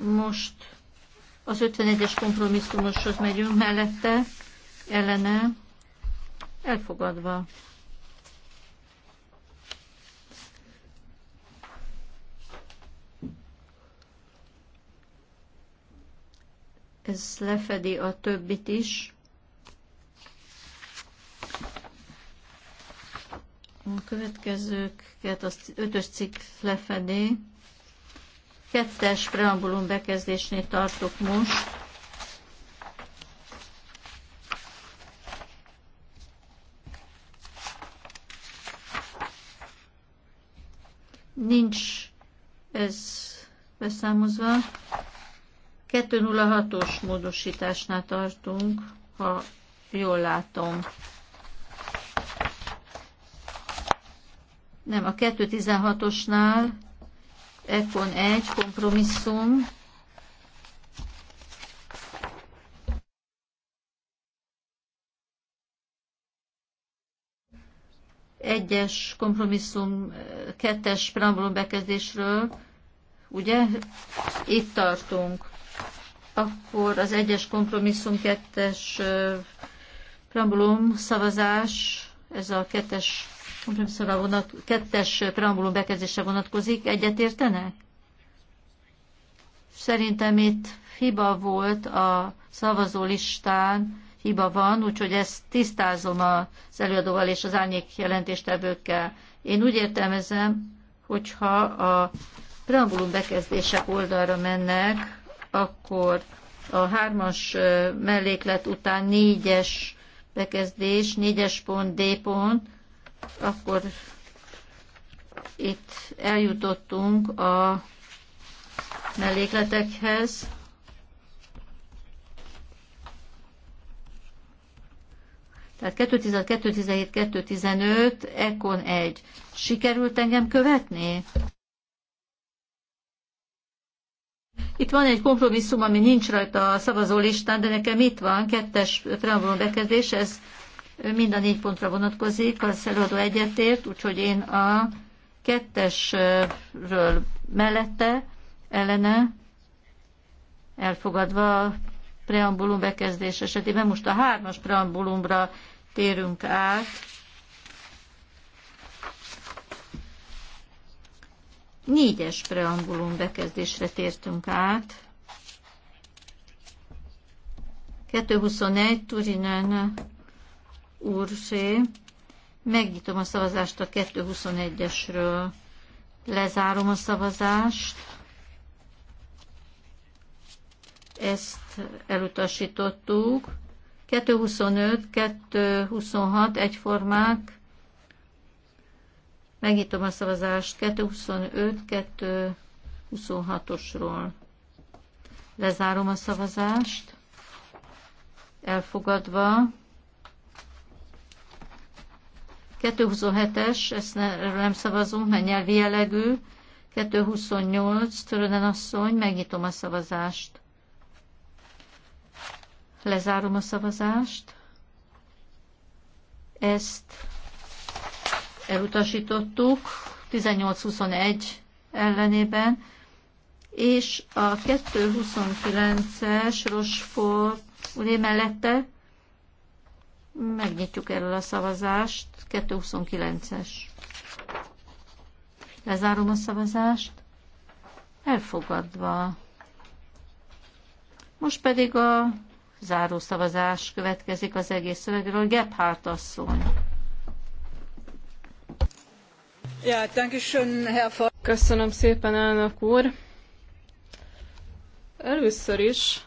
Most az 51-es kompromisszumoshoz megyünk mellette, ellene, elfogadva. Ez lefedi a többit is. A következőket az ötös cikk lefedi kettes preambulum bekezdésnél tartok most. Nincs ez beszámozva. 206-os módosításnál tartunk, ha jól látom. Nem, a 216-osnál Ekon egy kompromisszum. Egyes kompromisszum, kettes preambulum bekezdésről, ugye? Itt tartunk. Akkor az egyes kompromisszum, kettes preambulum szavazás, ez a kettes kompromisszumra vonat, kettes preambulum bekezdése vonatkozik, egyetértenek? Szerintem itt hiba volt a szavazó listán, hiba van, úgyhogy ezt tisztázom az előadóval és az árnyék jelentéstevőkkel. Én úgy értelmezem, hogyha a preambulum bekezdések oldalra mennek, akkor a hármas melléklet után négyes bekezdés, négyes pont, D pont, akkor itt eljutottunk a mellékletekhez. Tehát 2016, 2017, 2015, Ekon 1. Sikerült engem követni? Itt van egy kompromisszum, ami nincs rajta a szavazólistán, de nekem itt van, kettes preambulum bekezdés, ez mind a négy pontra vonatkozik, az előadó egyetért, úgyhogy én a kettesről mellette, ellene, elfogadva a preambulum bekezdés esetében. Most a hármas preambulumra térünk át. Négyes preambulum bekezdésre tértünk át. 221 Turinen úrsé. Megnyitom a szavazást a 221-esről. Lezárom a szavazást. Ezt elutasítottuk. 225, 226 egyformák. Megnyitom a szavazást 225, 226-osról. Lezárom a szavazást. Elfogadva. 227-es, ezt ne, nem szavazunk, mert nyelvi jellegű. 228, Törönen asszony, megnyitom a szavazást. Lezárom a szavazást. Ezt elutasítottuk 18-21 ellenében, és a 229-es ugye mellette Megnyitjuk erről a szavazást. 229-es. Lezárom a szavazást. Elfogadva. Most pedig a záró szavazás következik az egész szövegről. Gebhardt asszony. Ja, Köszönöm szépen, elnök úr. Először is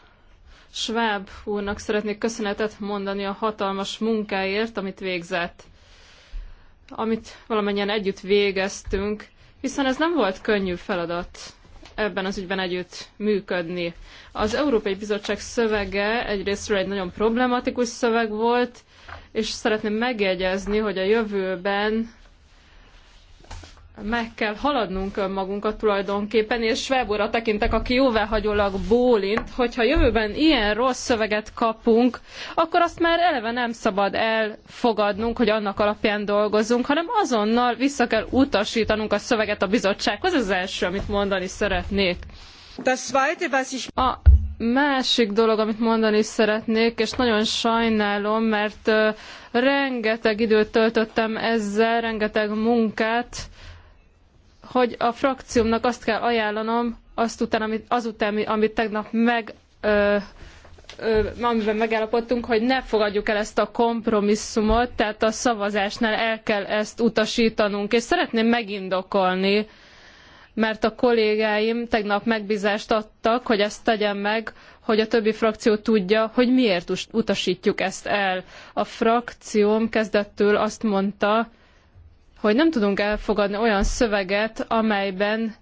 Schwab úrnak szeretnék köszönetet mondani a hatalmas munkáért, amit végzett, amit valamennyien együtt végeztünk, hiszen ez nem volt könnyű feladat ebben az ügyben együtt működni. Az Európai Bizottság szövege egyrészt egy nagyon problematikus szöveg volt, és szeretném megjegyezni, hogy a jövőben meg kell haladnunk önmagunkat tulajdonképpen, és Schwaborra tekintek, aki jóváhagyólag bólint, hogyha jövőben ilyen rossz szöveget kapunk, akkor azt már eleve nem szabad elfogadnunk, hogy annak alapján dolgozunk, hanem azonnal vissza kell utasítanunk a szöveget a bizottsághoz. Ez az első, amit mondani szeretnék. A másik dolog, amit mondani szeretnék, és nagyon sajnálom, mert rengeteg időt töltöttem ezzel, rengeteg munkát, hogy a frakciómnak azt kell ajánlanom, azt után, amit, azután, amit tegnap meg, ö, ö, amiben megállapodtunk, hogy ne fogadjuk el ezt a kompromisszumot, tehát a szavazásnál el kell ezt utasítanunk. És szeretném megindokolni, mert a kollégáim tegnap megbízást adtak, hogy ezt tegyem meg, hogy a többi frakció tudja, hogy miért utasítjuk ezt el. A frakcióm kezdettől azt mondta, hogy nem tudunk elfogadni olyan szöveget, amelyben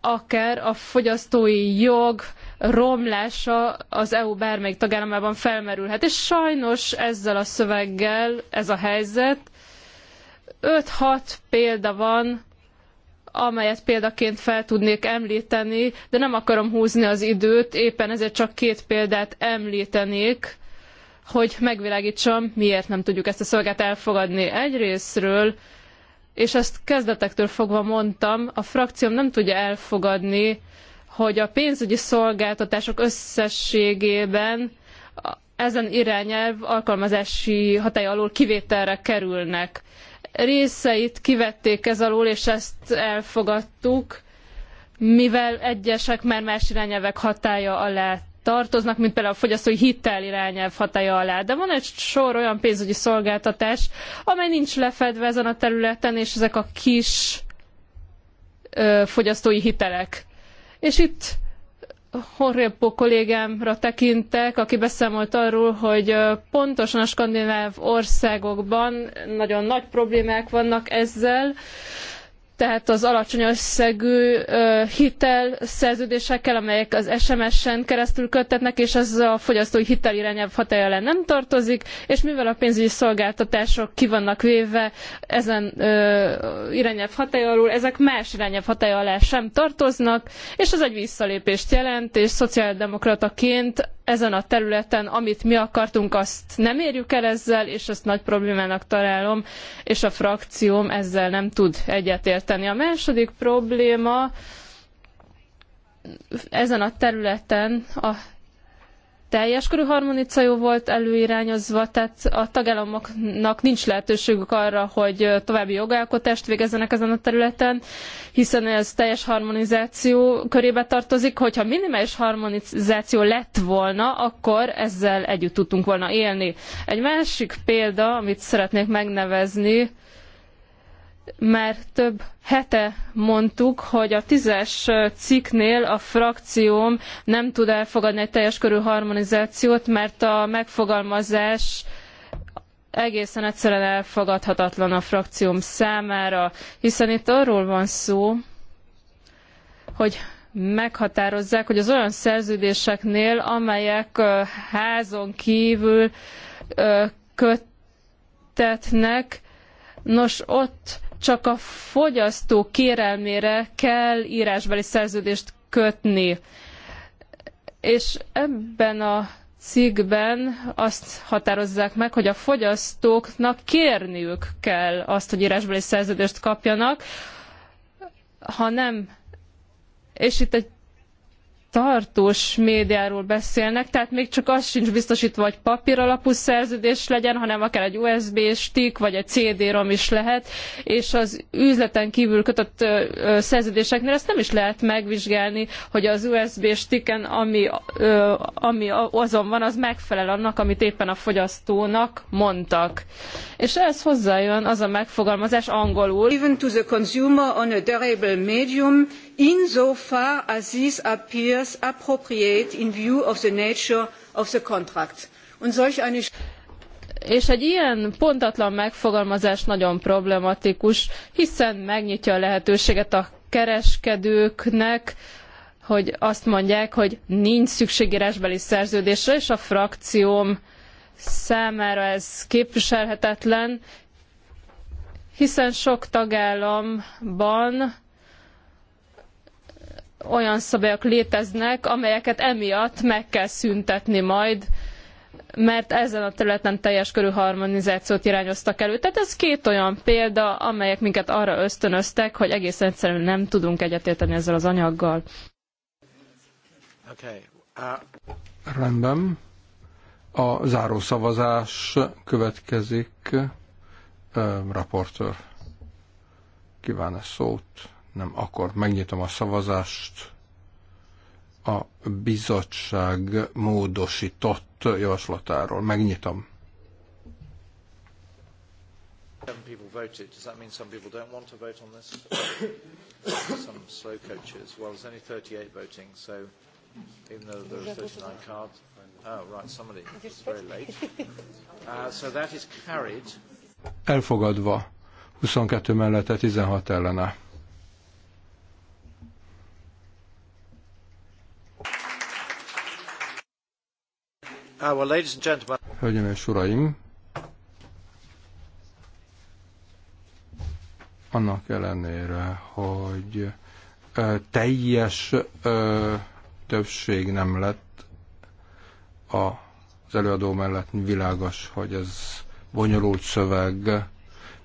akár a fogyasztói jog romlása az EU bármelyik tagállamában felmerülhet. És sajnos ezzel a szöveggel ez a helyzet. 5-6 példa van, amelyet példaként fel tudnék említeni, de nem akarom húzni az időt, éppen ezért csak két példát említenék hogy megvilágítsam, miért nem tudjuk ezt a szolgát elfogadni. Egyrésztről, és ezt kezdetektől fogva mondtam, a frakcióm nem tudja elfogadni, hogy a pénzügyi szolgáltatások összességében ezen irányelv alkalmazási hatály alól kivételre kerülnek. Részeit kivették ez alól, és ezt elfogadtuk, mivel egyesek már más irányelvek hatája alá tartoznak, mint például a fogyasztói hitel irányelv hatája alá. De van egy sor olyan pénzügyi szolgáltatás, amely nincs lefedve ezen a területen, és ezek a kis ö, fogyasztói hitelek. És itt Horrepo kollégámra tekintek, aki beszámolt arról, hogy pontosan a skandináv országokban nagyon nagy problémák vannak ezzel, tehát az alacsony összegű hitel szerződésekkel, amelyek az SMS-en keresztül köttetnek, és ez a fogyasztói hitel irányelv alá nem tartozik, és mivel a pénzügyi szolgáltatások ki vannak véve ezen irányelv hatája alól, ezek más irányelv hatája alá sem tartoznak, és ez egy visszalépést jelent, és szociáldemokrataként ezen a területen, amit mi akartunk, azt nem érjük el ezzel, és azt nagy problémának találom, és a frakcióm ezzel nem tud egyetérteni. A második probléma ezen a területen a teljes körű harmonizáció volt előirányozva, tehát a tagállamoknak nincs lehetőségük arra, hogy további jogalkotást végezzenek ezen a területen, hiszen ez teljes harmonizáció körébe tartozik. Hogyha minimális harmonizáció lett volna, akkor ezzel együtt tudtunk volna élni. Egy másik példa, amit szeretnék megnevezni, már több hete mondtuk, hogy a tízes cikknél a frakcióm nem tud elfogadni egy teljes körű harmonizációt, mert a megfogalmazás egészen egyszerűen elfogadhatatlan a frakcióm számára, hiszen itt arról van szó, hogy meghatározzák, hogy az olyan szerződéseknél, amelyek házon kívül kötetnek, nos ott csak a fogyasztó kérelmére kell írásbeli szerződést kötni. És ebben a cikkben azt határozzák meg, hogy a fogyasztóknak kérniük kell azt, hogy írásbeli szerződést kapjanak, ha nem. És itt egy tartós médiáról beszélnek, tehát még csak az sincs biztosítva, hogy papír alapú szerződés legyen, hanem akár egy USB stick vagy egy CD-rom is lehet, és az üzleten kívül kötött ö, ö, szerződéseknél ezt nem is lehet megvizsgálni, hogy az USB sticken, ami, ö, ami azon van, az megfelel annak, amit éppen a fogyasztónak mondtak. És ehhez hozzájön az a megfogalmazás angolul. Even to the consumer on a durable medium insofar as this appears appropriate in view of the nature of the contract. Und solch eine és egy ilyen pontatlan megfogalmazás nagyon problematikus, hiszen megnyitja a lehetőséget a kereskedőknek, hogy azt mondják, hogy nincs szükség írásbeli szerződésre, és a frakcióm számára ez képviselhetetlen, hiszen sok tagállamban olyan szabályok léteznek, amelyeket emiatt meg kell szüntetni majd, mert ezen a területen teljes körű harmonizációt irányoztak elő. Tehát ez két olyan példa, amelyek minket arra ösztönöztek, hogy egész egyszerűen nem tudunk egyetérteni ezzel az anyaggal. Okay. Uh... Rendben. A záró szavazás következik. Ö, raportőr. kíván szót? Nem, akkor megnyitom a szavazást. A bizottság módosított javaslatáról. Megnyitom. Seven people voted. Does that mean some people don't want to vote on this? <coughs> some slow coaches. Well, there's only 38 voting, so even though there are 39 cards. Oh, right, somebody. It's very late. Uh, so that is carried. Elfogadva. 22 mellette 16 ellene. Hölgyeim és uraim, annak ellenére, hogy ö, teljes ö, többség nem lett a, az előadó mellett világos, hogy ez bonyolult szöveg,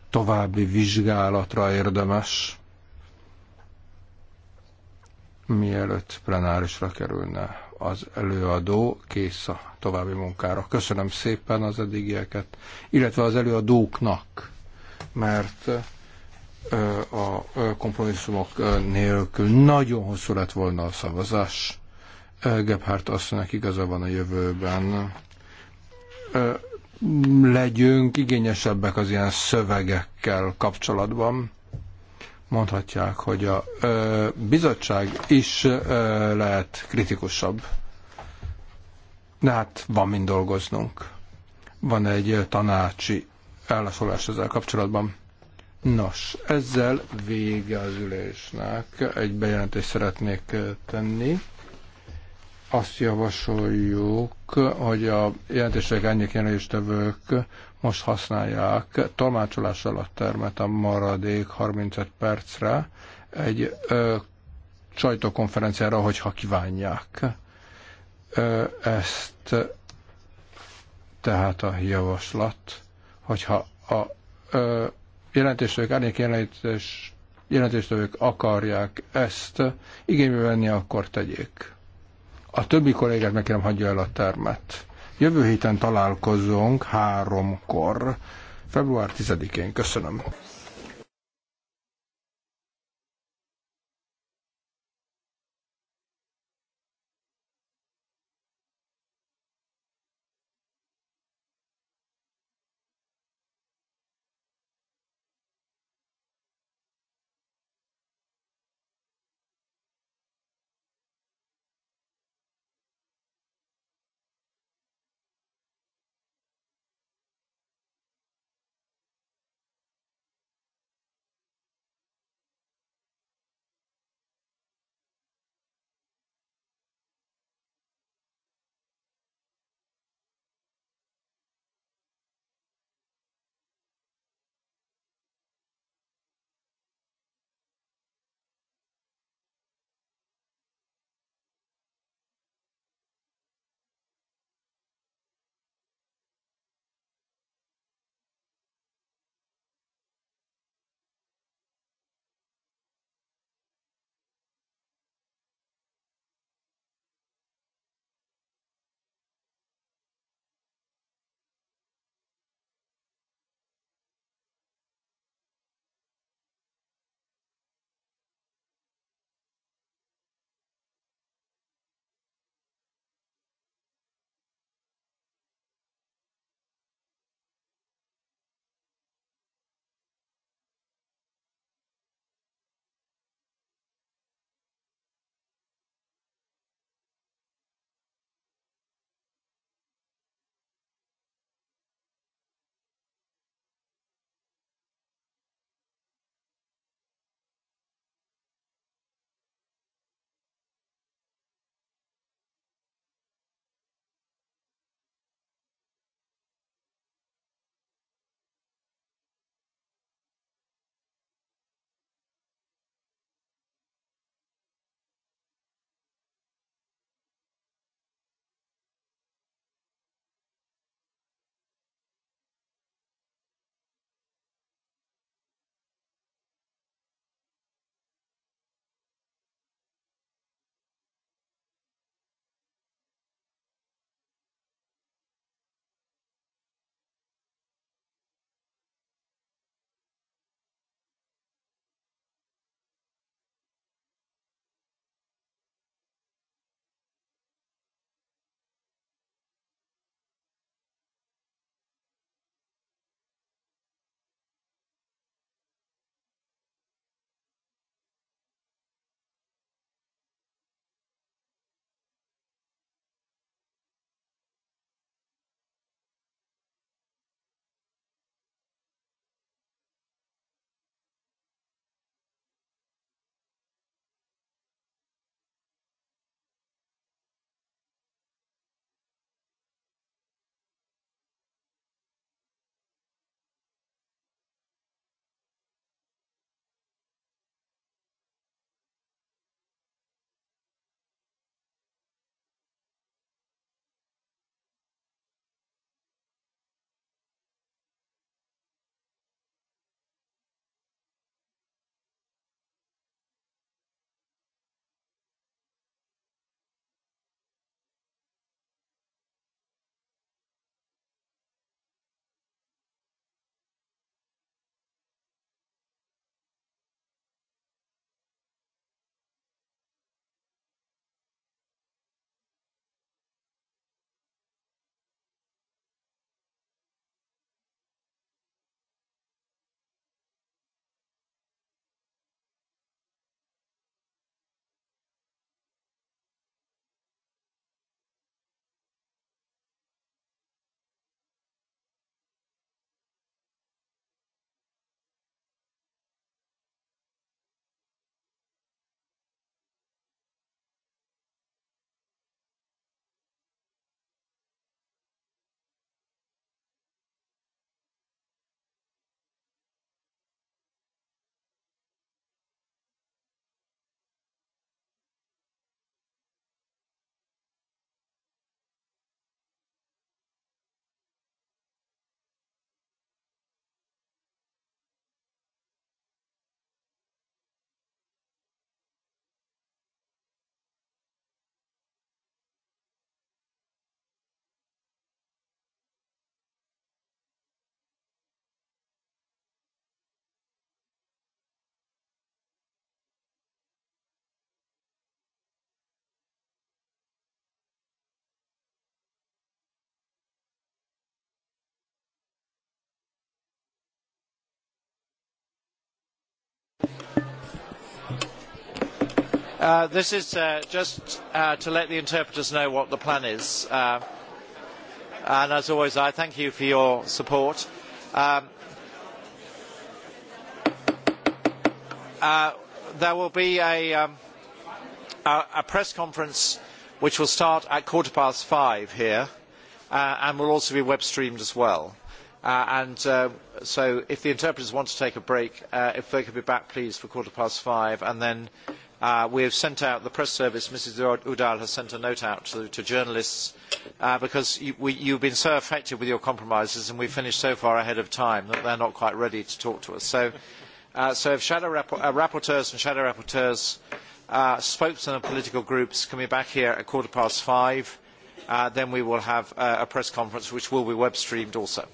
további vizsgálatra érdemes, mielőtt plenárisra kerülne az előadó kész a további munkára. Köszönöm szépen az eddigieket, illetve az előadóknak, mert a kompromisszumok nélkül nagyon hosszú lett volna a szavazás. Gebhardt asszonynak igaza van a jövőben. Legyünk igényesebbek az ilyen szövegekkel kapcsolatban mondhatják, hogy a ö, bizottság is ö, lehet kritikusabb. De hát van mind dolgoznunk. Van egy tanácsi állásfoglalás ezzel kapcsolatban. Nos, ezzel vége az ülésnek. Egy bejelentést szeretnék tenni. Azt javasoljuk, hogy a jelentések ennyi jelentéstevők most használják tolmácsolás alatt termet a maradék 35 percre egy ö, sajtókonferenciára, hogyha kívánják. Ö, ezt tehát a javaslat, hogyha a ö, jelentéstők, árnyék jelentés, jelentéstők akarják ezt igénybe venni, akkor tegyék. A többi kollégát meg kérem hagyja el a termet. Jövő héten találkozunk háromkor, február 10-én. Köszönöm. Uh, this is uh, just uh, to let the interpreters know what the plan is. Uh, and as always, I thank you for your support. Um, uh, there will be a, um, a, a press conference which will start at quarter past five here uh, and will also be web streamed as well. Uh, and uh, so if the interpreters want to take a break, uh, if they could be back please for quarter past five and then Uh, we have sent out, the press service, Mrs. Udall has sent a note out to, to journalists uh, because you, have been so effective with your compromises and we finished so far ahead of time that they are not quite ready to talk to us. So, uh, so if shadow rappo uh, rapporteurs and shadow rapporteurs, uh, spokesmen of political groups can be back here at quarter past five, uh, then we will have uh, a press conference which will be web streamed also.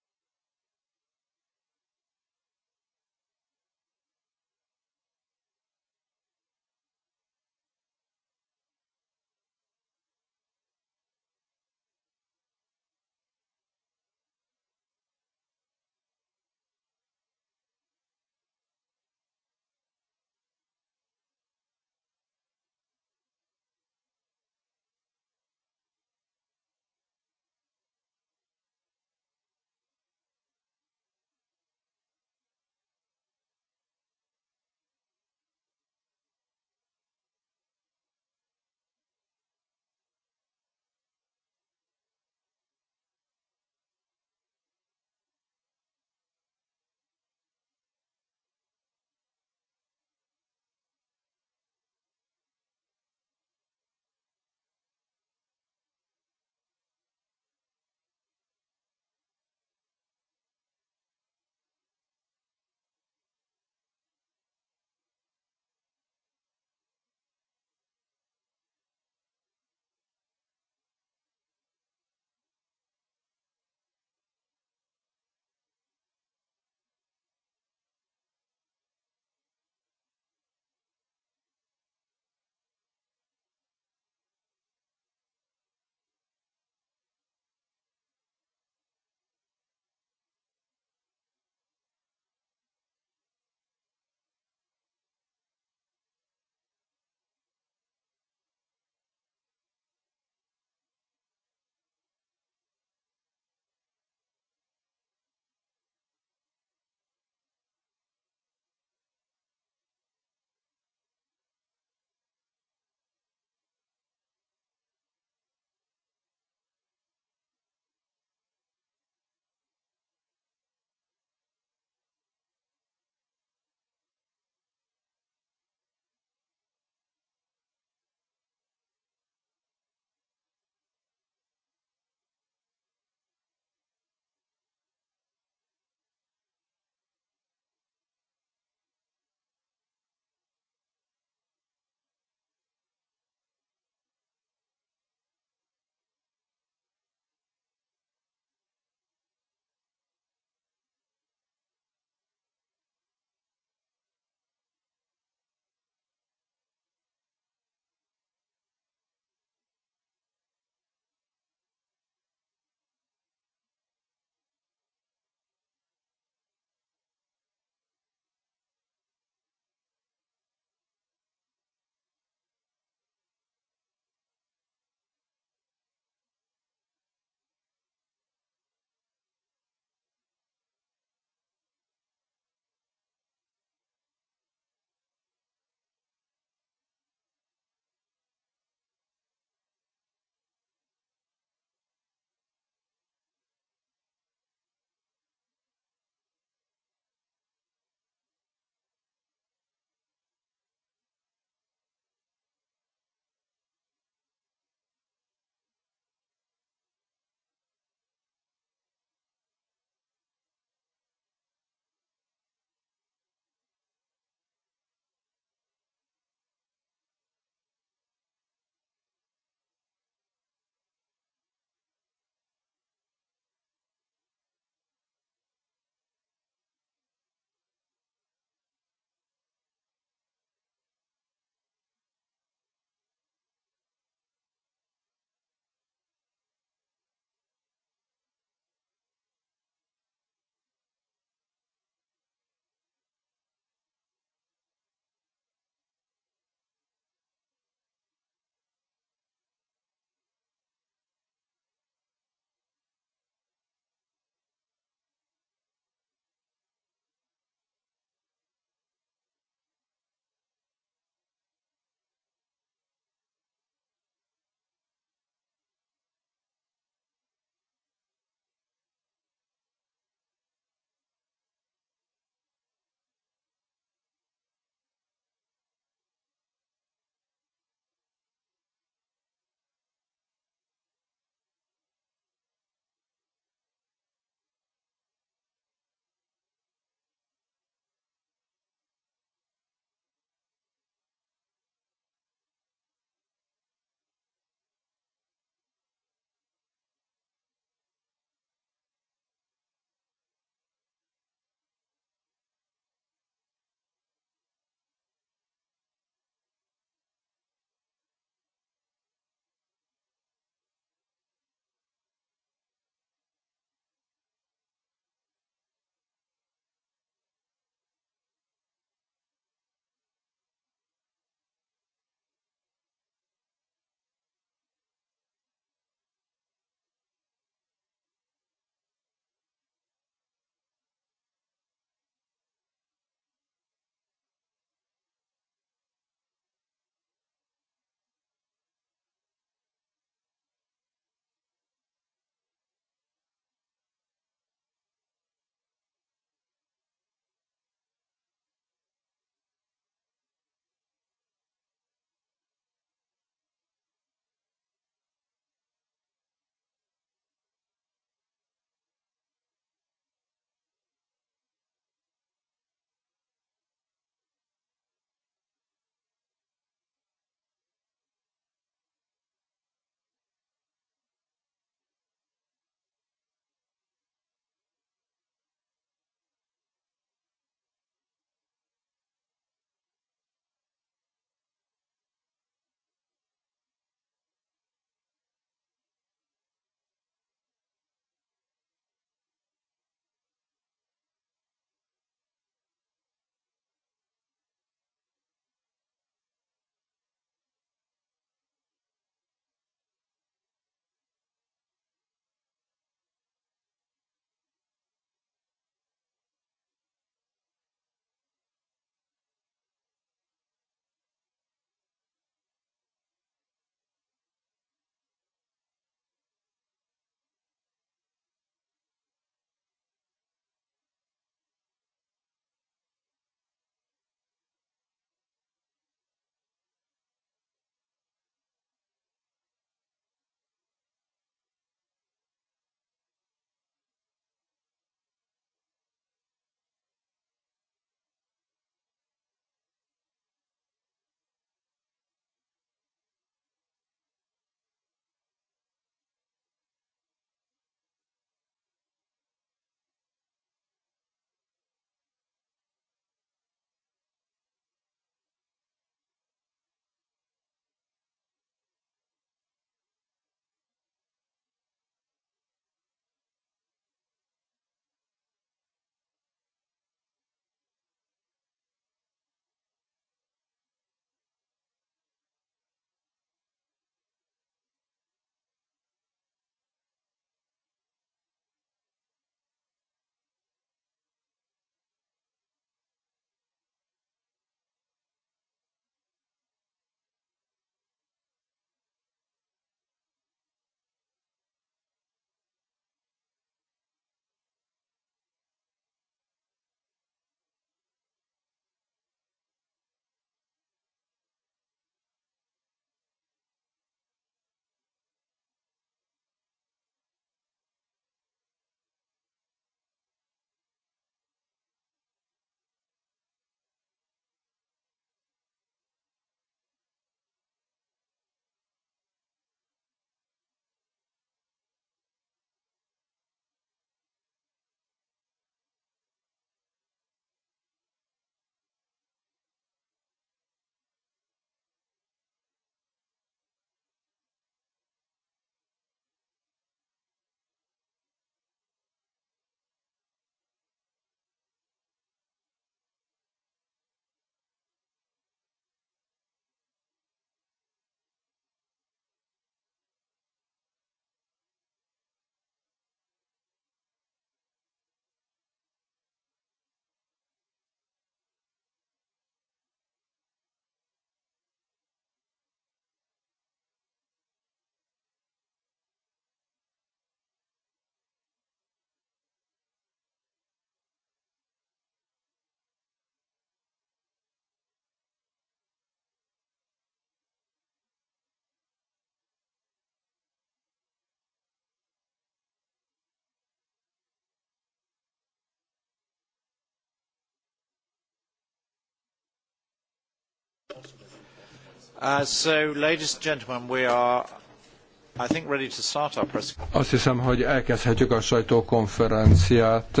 Azt hiszem, hogy elkezdhetjük a sajtókonferenciát.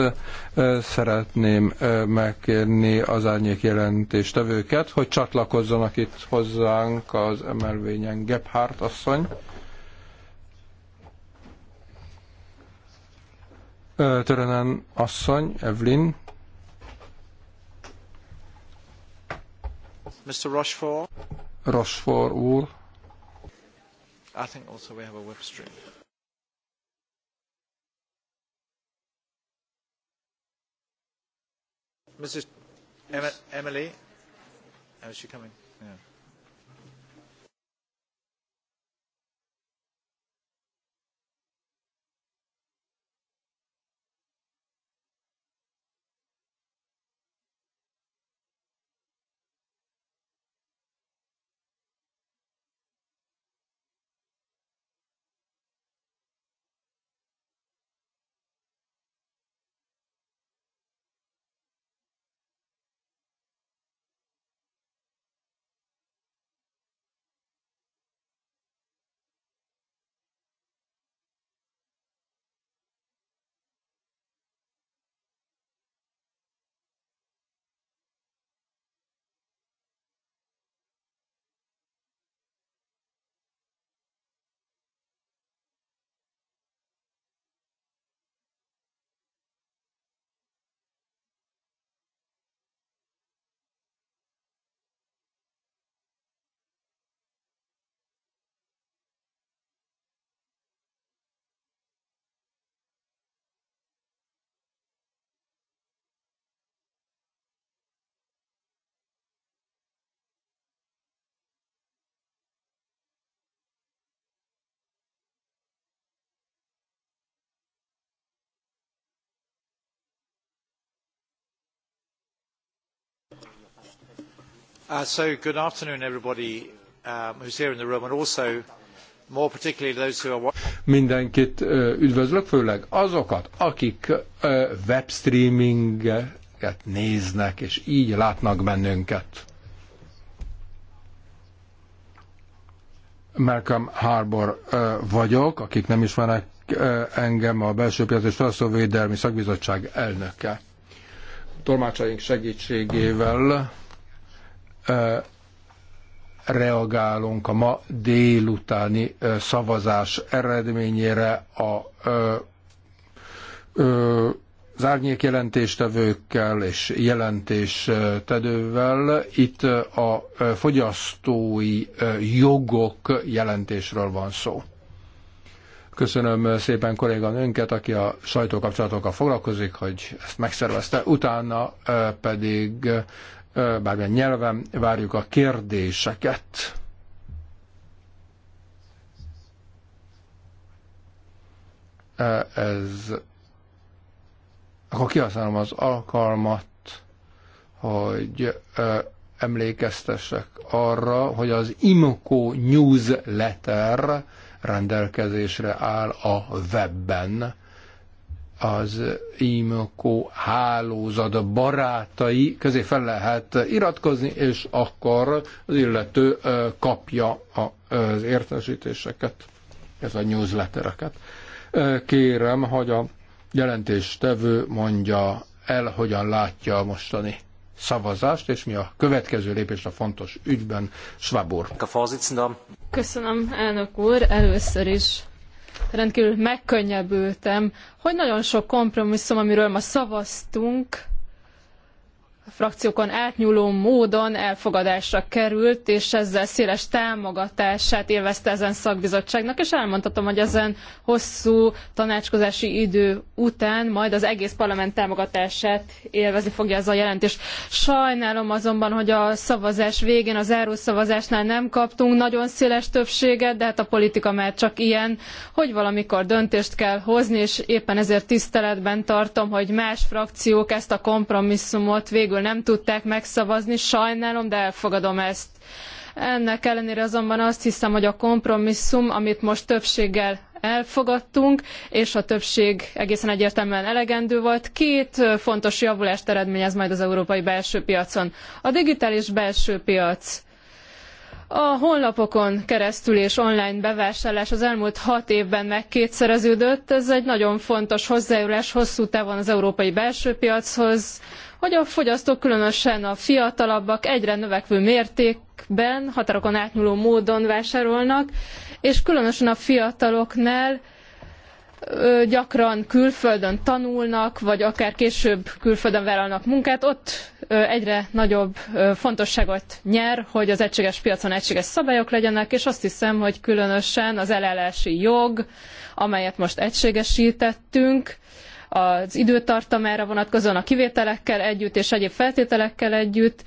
Uh, szeretném uh, megkérni az árnyék jelentéstevőket, hogy csatlakozzanak itt hozzánk az emelvényen Gebhardt asszony. Uh, Törenen asszony, Evelyn. Mr. Rochefort. Rosfor úr. I think also we have a web stream. Mrs. Emily, how oh, is she coming? Yeah. Uh, so good afternoon everybody um, who's here in the room and also more particularly those who are watching. Mindenkit uh, üdvözlök, főleg azokat, akik uh, webstreaminget néznek, és így látnak bennünket. Malcolm Harbour uh, vagyok, akik nem ismernek engem a Belső Piac és Felszóvédelmi Szakbizottság elnöke. Tolmácsaink segítségével reagálunk a ma délutáni szavazás eredményére a az árnyék jelentéstevőkkel és jelentéstedővel. Itt a fogyasztói jogok jelentésről van szó. Köszönöm szépen kolléganőnket, aki a sajtókapcsolatokkal foglalkozik, hogy ezt megszervezte. Utána pedig bármilyen nyelven várjuk a kérdéseket. Ez akkor kihasználom az alkalmat, hogy emlékeztessek arra, hogy az Imco newsletter rendelkezésre áll a webben az IMCO hálózat barátai közé fel lehet iratkozni, és akkor az illető kapja az értesítéseket, ez a newslettereket. Kérem, hogy a jelentéstevő mondja el, hogyan látja a mostani szavazást, és mi a következő lépés a fontos ügyben, Schwab Köszönöm, elnök úr. Először is rendkívül megkönnyebbültem, hogy nagyon sok kompromisszum, amiről ma szavaztunk, frakciókon átnyúló módon elfogadásra került, és ezzel széles támogatását élvezte ezen szakbizottságnak, és elmondhatom, hogy ezen hosszú tanácskozási idő után majd az egész parlament támogatását élvezni fogja ez a jelentés. Sajnálom azonban, hogy a szavazás végén, az szavazásnál nem kaptunk nagyon széles többséget, de hát a politika már csak ilyen, hogy valamikor döntést kell hozni, és éppen ezért tiszteletben tartom, hogy más frakciók ezt a kompromisszumot végül végül nem tudták megszavazni, sajnálom, de elfogadom ezt. Ennek ellenére azonban azt hiszem, hogy a kompromisszum, amit most többséggel elfogadtunk, és a többség egészen egyértelműen elegendő volt. Két fontos javulást eredményez majd az európai belső piacon. A digitális belső piac. A honlapokon keresztül és online bevásárlás az elmúlt hat évben megkétszereződött. Ez egy nagyon fontos hozzájárulás hosszú távon az európai belső piachoz, hogy a fogyasztók, különösen a fiatalabbak egyre növekvő mértékben, határokon átnyúló módon vásárolnak, és különösen a fiataloknál gyakran külföldön tanulnak, vagy akár később külföldön vállalnak munkát, ott egyre nagyobb fontosságot nyer, hogy az egységes piacon egységes szabályok legyenek, és azt hiszem, hogy különösen az elállási jog, amelyet most egységesítettünk, az időtartamára vonatkozóan a kivételekkel együtt és egyéb feltételekkel együtt.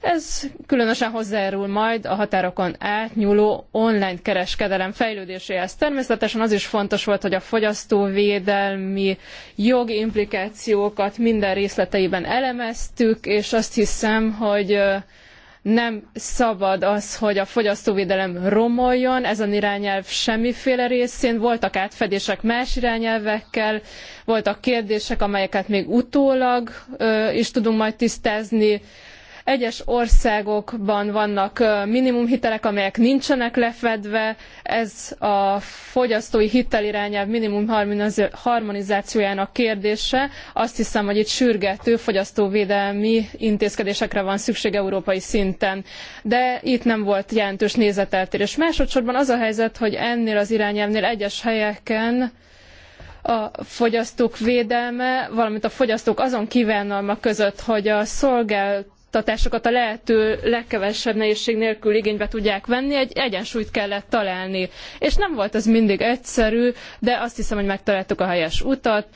Ez különösen hozzájárul majd a határokon átnyúló online kereskedelem fejlődéséhez. Természetesen az is fontos volt, hogy a fogyasztóvédelmi jogi implikációkat minden részleteiben elemeztük, és azt hiszem, hogy nem szabad az, hogy a fogyasztóvédelem romoljon, Ez a irányelv semmiféle részén. Voltak átfedések más irányelvekkel, voltak kérdések, amelyeket még utólag ö, is tudunk majd tisztázni, egyes országokban vannak minimumhitelek, amelyek nincsenek lefedve. Ez a fogyasztói hitelirányelv minimum harmonizációjának kérdése. Azt hiszem, hogy itt sürgető fogyasztóvédelmi intézkedésekre van szükség európai szinten. De itt nem volt jelentős nézeteltérés. Másodszorban az a helyzet, hogy ennél az irányelvnél egyes helyeken a fogyasztók védelme, valamint a fogyasztók azon kívánalma között, hogy a szolgáltatók juttatásokat a lehető legkevesebb nehézség nélkül igénybe tudják venni, egy egyensúlyt kellett találni. És nem volt ez mindig egyszerű, de azt hiszem, hogy megtaláltuk a helyes utat,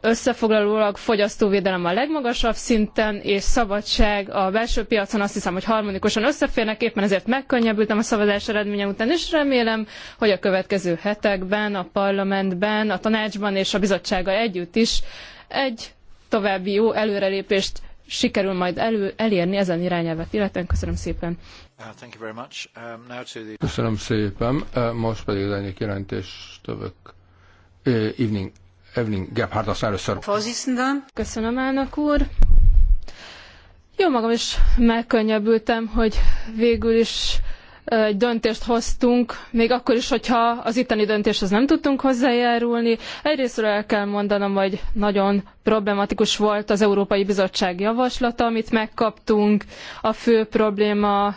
összefoglalólag fogyasztóvédelem a legmagasabb szinten, és szabadság a belső piacon, azt hiszem, hogy harmonikusan összeférnek, éppen ezért megkönnyebbültem a szavazás eredménye után, és remélem, hogy a következő hetekben, a parlamentben, a tanácsban és a bizottsággal együtt is egy további jó előrelépést sikerül majd elő, elérni ezen irányelvet illetően. Köszönöm szépen. Uh, um, Köszönöm szépen. Uh, most pedig lennék jelentéstövök. Uh, evening, Evening Gebhardt azt először. Köszönöm, elnök úr. Jó magam is megkönnyebbültem, hogy végül is egy döntést hoztunk, még akkor is, hogyha az itteni döntéshez nem tudtunk hozzájárulni. Egyrésztről el kell mondanom, hogy nagyon problematikus volt az Európai Bizottság javaslata, amit megkaptunk. A fő probléma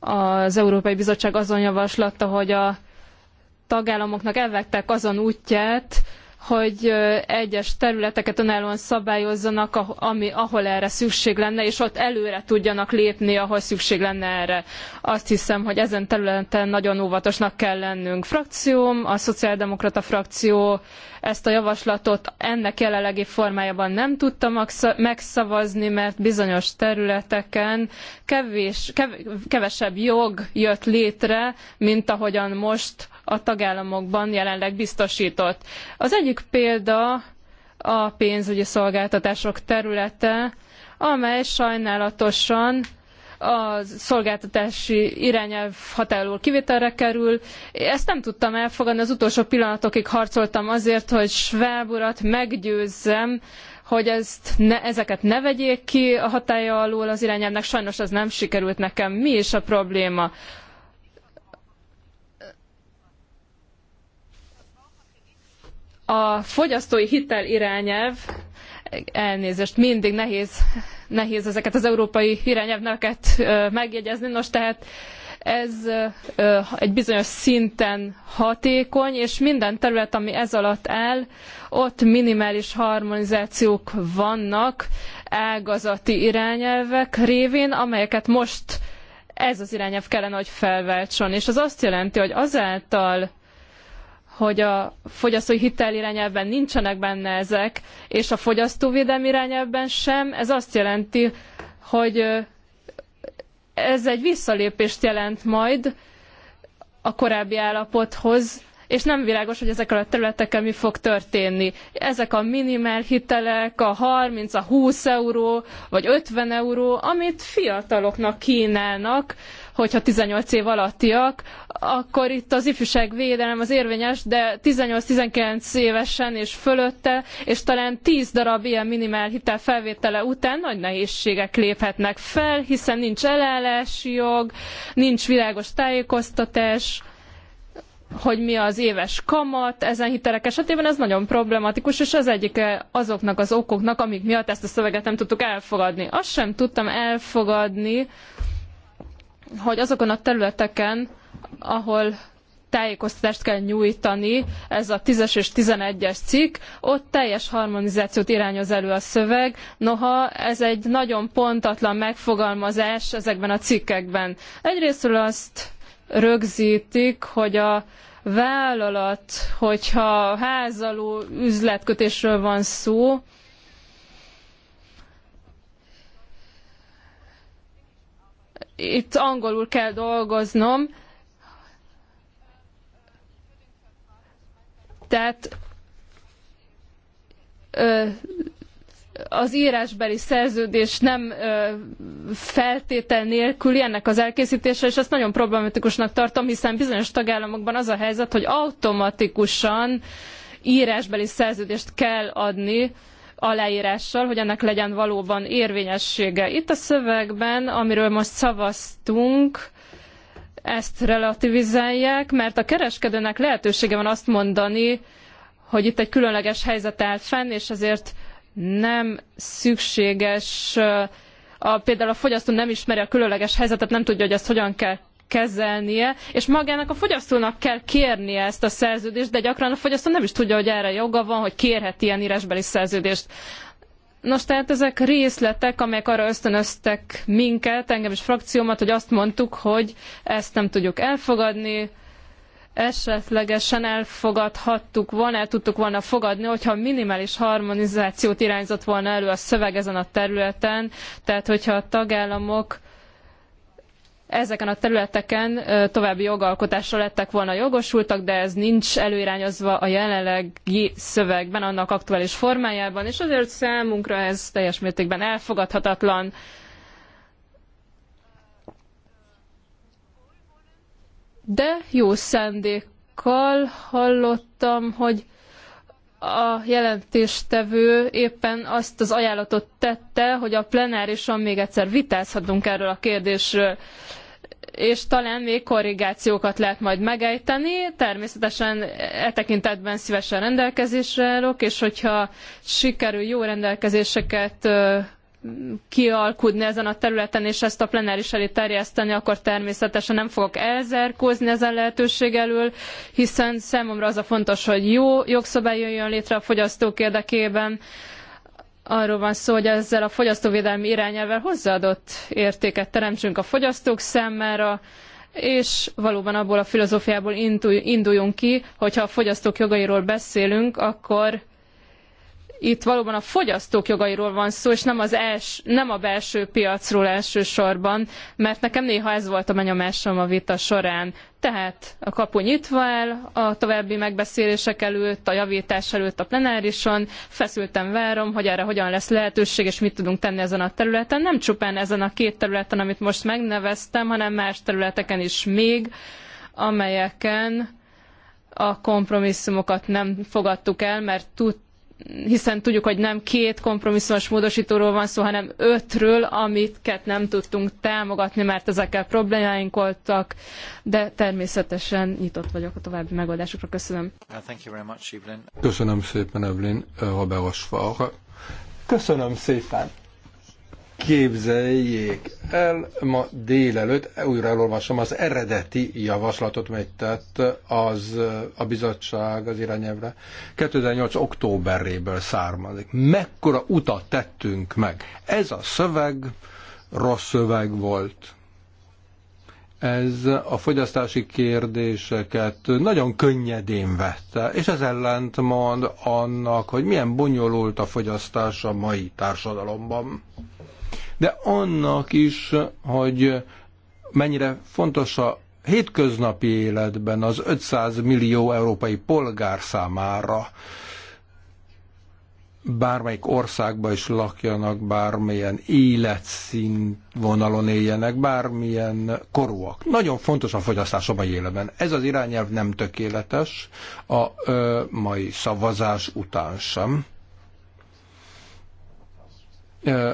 az Európai Bizottság azon javaslata, hogy a tagállamoknak elvettek azon útját, hogy egyes területeket önállóan szabályozzanak, ami, ahol erre szükség lenne, és ott előre tudjanak lépni, ahol szükség lenne erre. Azt hiszem, hogy ezen területen nagyon óvatosnak kell lennünk. Frakcióm, a Szociáldemokrata frakció ezt a javaslatot ennek jelenlegi formájában nem tudta megszavazni, mert bizonyos területeken kevés, kev, kevesebb jog jött létre, mint ahogyan most a tagállamokban jelenleg biztosított. Az egyik példa a pénzügyi szolgáltatások területe, amely sajnálatosan a szolgáltatási irányelv határól kivételre kerül. Ezt nem tudtam elfogadni, az utolsó pillanatokig harcoltam azért, hogy Schwab urat meggyőzzem, hogy ezt ne, ezeket ne vegyék ki a hatája alól az irányelvnek. Sajnos ez nem sikerült nekem. Mi is a probléma? A fogyasztói hitel irányelv, elnézést, mindig nehéz, nehéz ezeket az európai irányelvneket megjegyezni, nos tehát ez egy bizonyos szinten hatékony, és minden terület, ami ez alatt áll, ott minimális harmonizációk vannak ágazati irányelvek révén, amelyeket most ez az irányelv kellene, hogy felváltson. És az azt jelenti, hogy azáltal, hogy a fogyasztói hitel irányelvben nincsenek benne ezek, és a fogyasztóvédelmi irányelvben sem. Ez azt jelenti, hogy ez egy visszalépést jelent majd a korábbi állapothoz, és nem világos, hogy ezekkel a területekkel mi fog történni. Ezek a minimál hitelek, a 30, a 20 euró, vagy 50 euró, amit fiataloknak kínálnak, hogyha 18 év alattiak, akkor itt az ifjúság védelem az érvényes, de 18-19 évesen és fölötte, és talán 10 darab ilyen minimál hitel felvétele után nagy nehézségek léphetnek fel, hiszen nincs elállási jog, nincs világos tájékoztatás, hogy mi az éves kamat ezen hitelek esetében, ez nagyon problematikus, és ez egyike azoknak az okoknak, amik miatt ezt a szöveget nem tudtuk elfogadni. Azt sem tudtam elfogadni, hogy azokon a területeken, ahol tájékoztatást kell nyújtani, ez a 10-es és 11-es cikk, ott teljes harmonizációt irányoz elő a szöveg, noha ez egy nagyon pontatlan megfogalmazás ezekben a cikkekben. Egyrésztről azt rögzítik, hogy a vállalat, hogyha házaló üzletkötésről van szó, itt angolul kell dolgoznom, tehát az írásbeli szerződés nem feltétel nélküli ennek az elkészítése, és ezt nagyon problematikusnak tartom, hiszen bizonyos tagállamokban az a helyzet, hogy automatikusan írásbeli szerződést kell adni, aláírással, hogy ennek legyen valóban érvényessége. Itt a szövegben, amiről most szavaztunk, ezt relativizálják, mert a kereskedőnek lehetősége van azt mondani, hogy itt egy különleges helyzet áll fenn, és ezért nem szükséges, a, például a fogyasztó nem ismeri a különleges helyzetet, nem tudja, hogy ezt hogyan kell kezelnie, és magának a fogyasztónak kell kérnie ezt a szerződést, de gyakran a fogyasztó nem is tudja, hogy erre joga van, hogy kérhet ilyen írásbeli szerződést. Nos, tehát ezek részletek, amelyek arra ösztönöztek minket, engem és frakciómat, hogy azt mondtuk, hogy ezt nem tudjuk elfogadni, esetlegesen elfogadhattuk volna, el tudtuk volna fogadni, hogyha minimális harmonizációt irányzott volna elő a szöveg ezen a területen, tehát hogyha a tagállamok ezeken a területeken további jogalkotásra lettek volna jogosultak, de ez nincs előirányozva a jelenlegi szövegben, annak aktuális formájában, és azért számunkra ez teljes mértékben elfogadhatatlan. De jó szándékkal hallottam, hogy a jelentéstevő éppen azt az ajánlatot tette, hogy a plenárison még egyszer vitázhatunk erről a kérdésről és talán még korrigációkat lehet majd megejteni. Természetesen e tekintetben szívesen rendelkezésre állok, és hogyha sikerül jó rendelkezéseket kialkudni ezen a területen, és ezt a plenáris elé terjeszteni, akkor természetesen nem fogok elzerkózni ezen lehetőség elől, hiszen számomra az a fontos, hogy jó jogszabály jöjjön létre a fogyasztók érdekében, arról van szó, hogy ezzel a fogyasztóvédelmi irányelvel hozzáadott értéket teremtsünk a fogyasztók számára, és valóban abból a filozófiából induljunk ki, hogy ha a fogyasztók jogairól beszélünk, akkor itt valóban a fogyasztók jogairól van szó, és nem, az els, nem a belső piacról elsősorban, mert nekem néha ez volt a benyomásom a vita során. Tehát a kapu nyitva el a további megbeszélések előtt, a javítás előtt a plenárison, feszülten várom, hogy erre hogyan lesz lehetőség, és mit tudunk tenni ezen a területen. Nem csupán ezen a két területen, amit most megneveztem, hanem más területeken is még, amelyeken a kompromisszumokat nem fogadtuk el, mert tudtuk, hiszen tudjuk, hogy nem két kompromisszumos módosítóról van szó, hanem ötről, amiket nem tudtunk támogatni, mert ezekkel problémáink voltak, de természetesen nyitott vagyok a további megoldásokra. Köszönöm. Uh, Köszönöm szépen, Evelyn uh, Habeosfar. Köszönöm szépen. Képzeljék el, ma délelőtt újra elolvasom az eredeti javaslatot, mert tett az, a bizottság az irányelvre. 2008. októberéből származik. Mekkora utat tettünk meg. Ez a szöveg rossz szöveg volt. Ez a fogyasztási kérdéseket nagyon könnyedén vette, és ez ellentmond annak, hogy milyen bonyolult a fogyasztás a mai társadalomban de annak is, hogy mennyire fontos a hétköznapi életben az 500 millió európai polgár számára bármelyik országba is lakjanak, bármilyen életszínvonalon éljenek, bármilyen korúak. Nagyon fontos a fogyasztás a mai életben. Ez az irányelv nem tökéletes a ö, mai szavazás után sem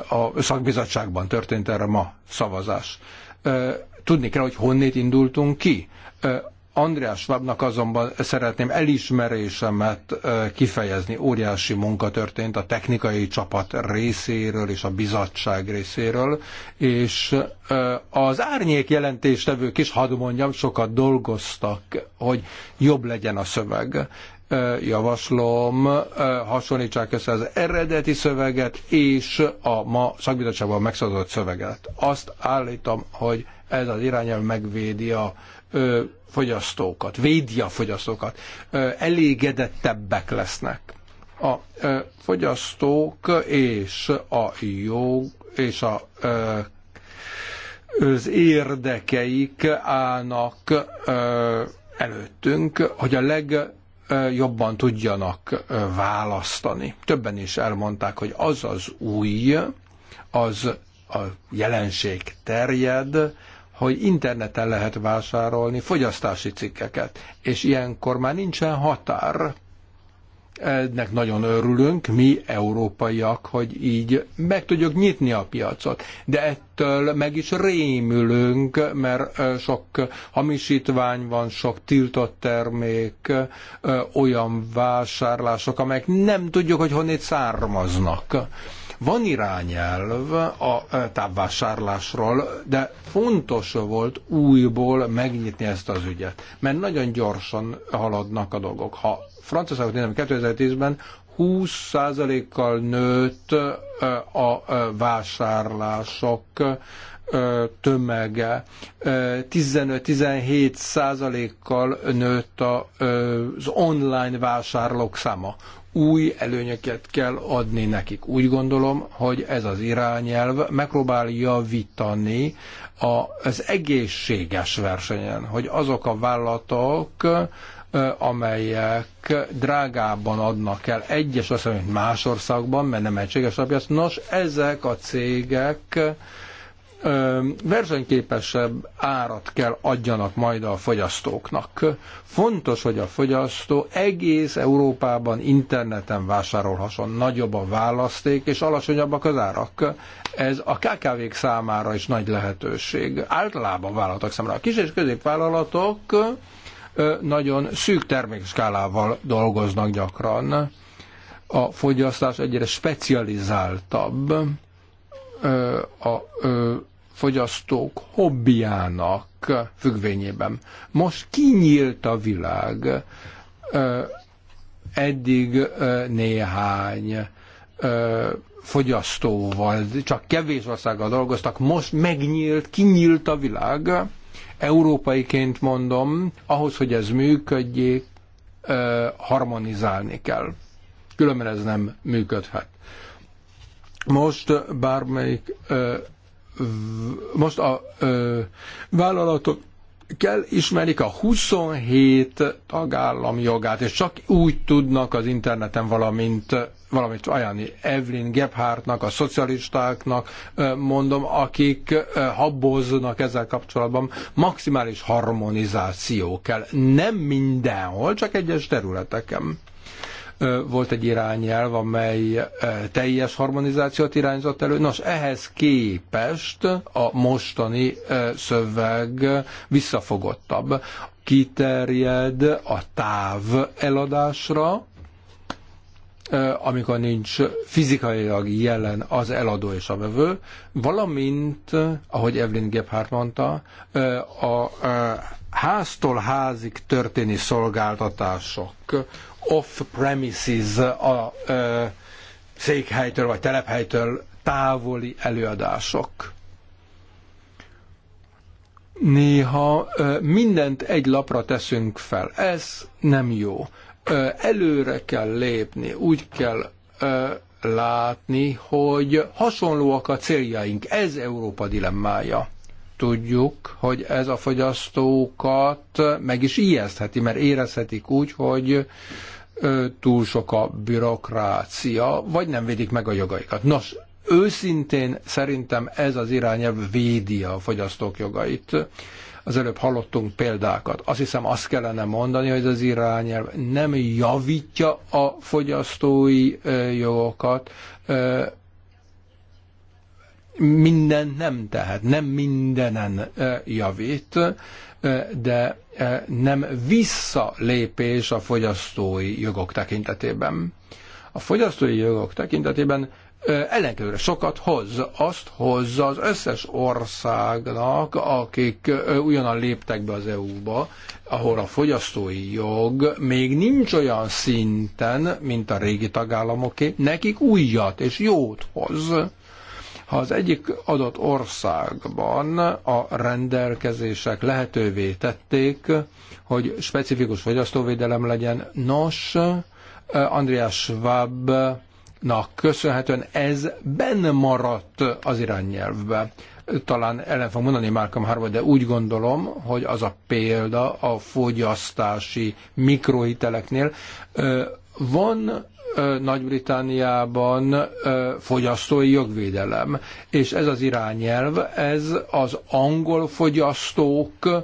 a szakbizottságban történt erre ma szavazás. Tudni kell, hogy honnét indultunk ki. András Schwabnak azonban szeretném elismerésemet kifejezni. Óriási munka történt a technikai csapat részéről és a bizottság részéről, és az árnyék jelentéstevők is, hadd mondjam, sokat dolgoztak, hogy jobb legyen a szöveg javaslom, hasonlítsák össze az eredeti szöveget és a ma szakbizottságban megszavazott szöveget. Azt állítom, hogy ez az irányelv megvédi a fogyasztókat, védi a fogyasztókat, elégedettebbek lesznek. A fogyasztók és a jog és a az érdekeik állnak előttünk, hogy a leg jobban tudjanak választani. Többen is elmondták, hogy az az új, az a jelenség terjed, hogy interneten lehet vásárolni fogyasztási cikkeket, és ilyenkor már nincsen határ ennek nagyon örülünk, mi európaiak, hogy így meg tudjuk nyitni a piacot. De ettől meg is rémülünk, mert sok hamisítvány van, sok tiltott termék, olyan vásárlások, amelyek nem tudjuk, hogy honnét származnak. Van irányelv a távvásárlásról, de fontos volt újból megnyitni ezt az ügyet, mert nagyon gyorsan haladnak a dolgok. Ha Franciaországot nézem, 2010-ben 20%-kal nőtt a vásárlások tömege. 15-17 százalékkal nőtt az online vásárlók száma. Új előnyöket kell adni nekik. Úgy gondolom, hogy ez az irányelv megpróbál javítani az egészséges versenyen, hogy azok a vállalatok, amelyek drágában adnak el egyes országban, mint más országban, mert nem egységes alapja. Nos, ezek a cégek versenyképesebb árat kell adjanak majd a fogyasztóknak. Fontos, hogy a fogyasztó egész Európában interneten vásárolhasson. Nagyobb a választék, és alacsonyabbak az árak. Ez a KKV-k számára is nagy lehetőség. Általában vállalatok számára. A kis és középvállalatok nagyon szűk termékskálával dolgoznak gyakran. A fogyasztás egyre specializáltabb a fogyasztók hobbiának függvényében. Most kinyílt a világ, eddig néhány fogyasztóval, csak kevés országgal dolgoztak, most megnyílt, kinyílt a világ, Európaiként mondom, ahhoz, hogy ez működjék, harmonizálni kell. Különben ez nem működhet. Most bármelyik, most a vállalatok kell ismerik a 27 tagállam jogát, és csak úgy tudnak az interneten, valamint valamit ajánlani Evelyn Gebhardtnak, a szocialistáknak, mondom, akik haboznak ezzel kapcsolatban. Maximális harmonizáció kell. Nem mindenhol, csak egyes területeken volt egy irányelv, amely teljes harmonizációt irányzott elő. Nos, ehhez képest a mostani szöveg visszafogottabb. Kiterjed a táv eladásra, amikor nincs fizikailag jelen az eladó és a vevő, valamint, ahogy Evelyn Gebhardt mondta, a háztól házig történő szolgáltatások, off-premises a székhelytől vagy telephelytől távoli előadások. Néha mindent egy lapra teszünk fel. Ez nem jó. Előre kell lépni, úgy kell látni, hogy hasonlóak a céljaink. Ez Európa dilemmája. Tudjuk, hogy ez a fogyasztókat meg is ijesztheti, mert érezhetik úgy, hogy túl sok a bürokrácia, vagy nem védik meg a jogaikat. Nos, őszintén szerintem ez az irányelv védi a fogyasztók jogait. Az előbb hallottunk példákat. Azt hiszem azt kellene mondani, hogy az irányelv nem javítja a fogyasztói jogokat, mindent nem tehet, nem mindenen javít, de nem visszalépés a fogyasztói jogok tekintetében. A fogyasztói jogok tekintetében elegőre sokat hoz. Azt hozza az összes országnak, akik ugyanan léptek be az EU-ba, ahol a fogyasztói jog még nincs olyan szinten, mint a régi tagállamoké, nekik újat és jót hoz. Ha az egyik adott országban a rendelkezések lehetővé tették, hogy specifikus fogyasztóvédelem legyen, nos, Andreas Schwab nak köszönhetően ez benne maradt az irányelvbe. Talán ellen fog mondani Malcolm Harvard, de úgy gondolom, hogy az a példa a fogyasztási mikrohiteleknél. Van Nagy-Britániában fogyasztói jogvédelem, és ez az irányelv, ez az angol fogyasztók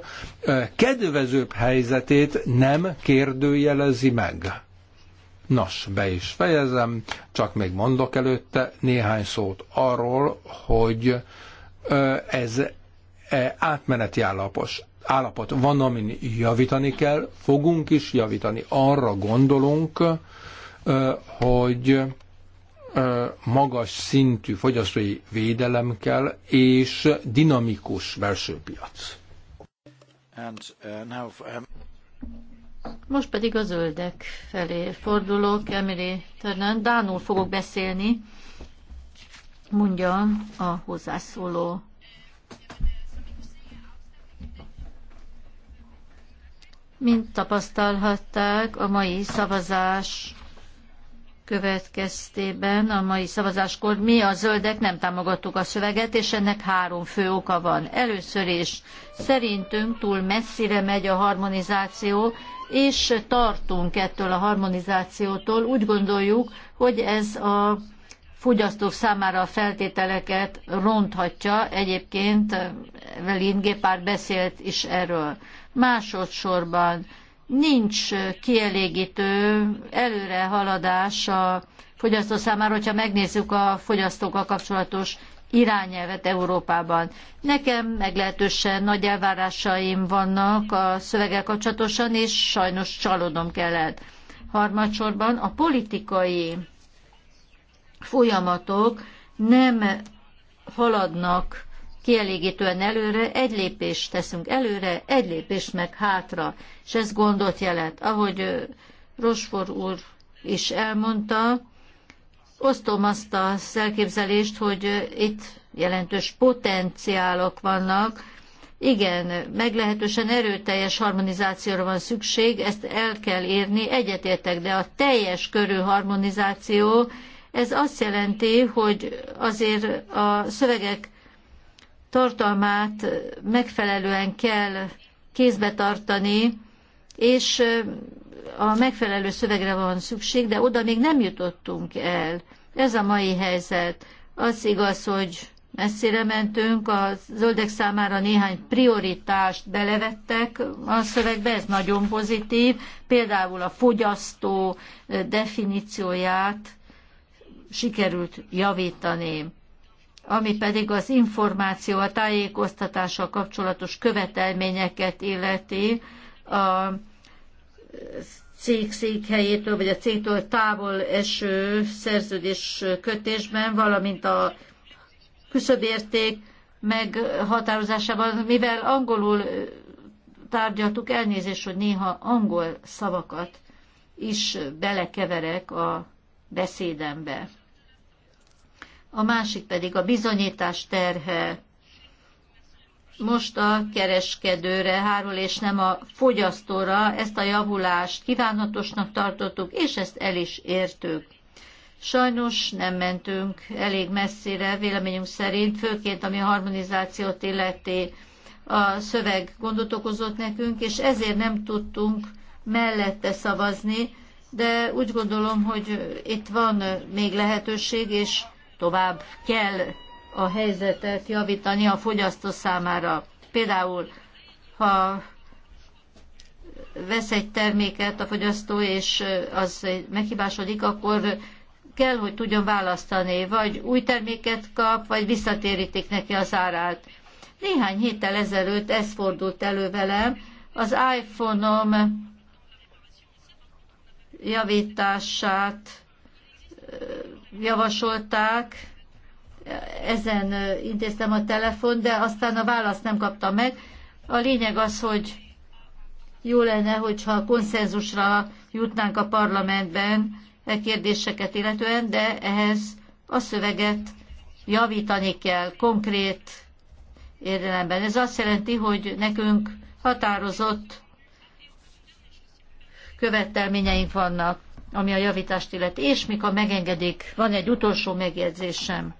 kedvezőbb helyzetét nem kérdőjelezi meg Nos, be is fejezem, csak még mondok előtte néhány szót arról, hogy ez e, átmeneti állapos, állapot van, amin javítani kell, fogunk is javítani. Arra gondolunk, hogy magas szintű fogyasztói védelem kell, és dinamikus belső piac. And, uh, now, um... Most pedig a zöldek felé fordulok. Emily Törnön, Dánul fogok beszélni, mondja a hozzászóló. Mint tapasztalhatták, a mai szavazás következtében a mai szavazáskor mi a zöldek nem támogattuk a szöveget, és ennek három fő oka van. Először is szerintünk túl messzire megy a harmonizáció, és tartunk ettől a harmonizációtól. Úgy gondoljuk, hogy ez a fogyasztók számára a feltételeket ronthatja. Egyébként Velin Gepár beszélt is erről. Másodszorban nincs kielégítő előrehaladás a fogyasztó számára, hogyha megnézzük a fogyasztókkal kapcsolatos irányelvet Európában. Nekem meglehetősen nagy elvárásaim vannak a szöveggel kapcsolatosan, és sajnos csalódom kellett. Harmadsorban a politikai folyamatok nem haladnak kielégítően előre, egy lépést teszünk előre, egy lépést meg hátra, és ez gondot jelent. Ahogy Rosfor úr is elmondta, osztom azt az elképzelést, hogy itt jelentős potenciálok vannak, igen, meglehetősen erőteljes harmonizációra van szükség, ezt el kell érni, egyetértek, de a teljes körű harmonizáció, ez azt jelenti, hogy azért a szövegek tartalmát megfelelően kell kézbe tartani, és a megfelelő szövegre van szükség, de oda még nem jutottunk el. Ez a mai helyzet. Az igaz, hogy messzire mentünk, a zöldek számára néhány prioritást belevettek a szövegbe, ez nagyon pozitív, például a fogyasztó definícióját sikerült javítani ami pedig az információ, a tájékoztatással kapcsolatos követelményeket illeti a cég székhelyétől, vagy a cégtől távol eső szerződés kötésben, valamint a küszöbérték meghatározásában, mivel angolul tárgyaltuk, elnézést, hogy néha angol szavakat is belekeverek a beszédembe a másik pedig a bizonyítás terhe. Most a kereskedőre hárul, és nem a fogyasztóra ezt a javulást kívánatosnak tartottuk, és ezt el is értük. Sajnos nem mentünk elég messzire, véleményünk szerint, főként ami a harmonizációt illeti a szöveg gondot okozott nekünk, és ezért nem tudtunk mellette szavazni, de úgy gondolom, hogy itt van még lehetőség, és tovább kell a helyzetet javítani a fogyasztó számára. Például, ha vesz egy terméket a fogyasztó, és az meghibásodik, akkor kell, hogy tudjon választani, vagy új terméket kap, vagy visszatérítik neki az árát. Néhány héttel ezelőtt ez fordult elő velem, az iPhone-om javítását javasolták, ezen intéztem a telefon, de aztán a választ nem kaptam meg. A lényeg az, hogy jó lenne, hogyha konszenzusra jutnánk a parlamentben e kérdéseket illetően, de ehhez a szöveget javítani kell konkrét érdelemben. Ez azt jelenti, hogy nekünk határozott követelményeink vannak ami a javítást illeti. És mikor megengedik, van egy utolsó megjegyzésem.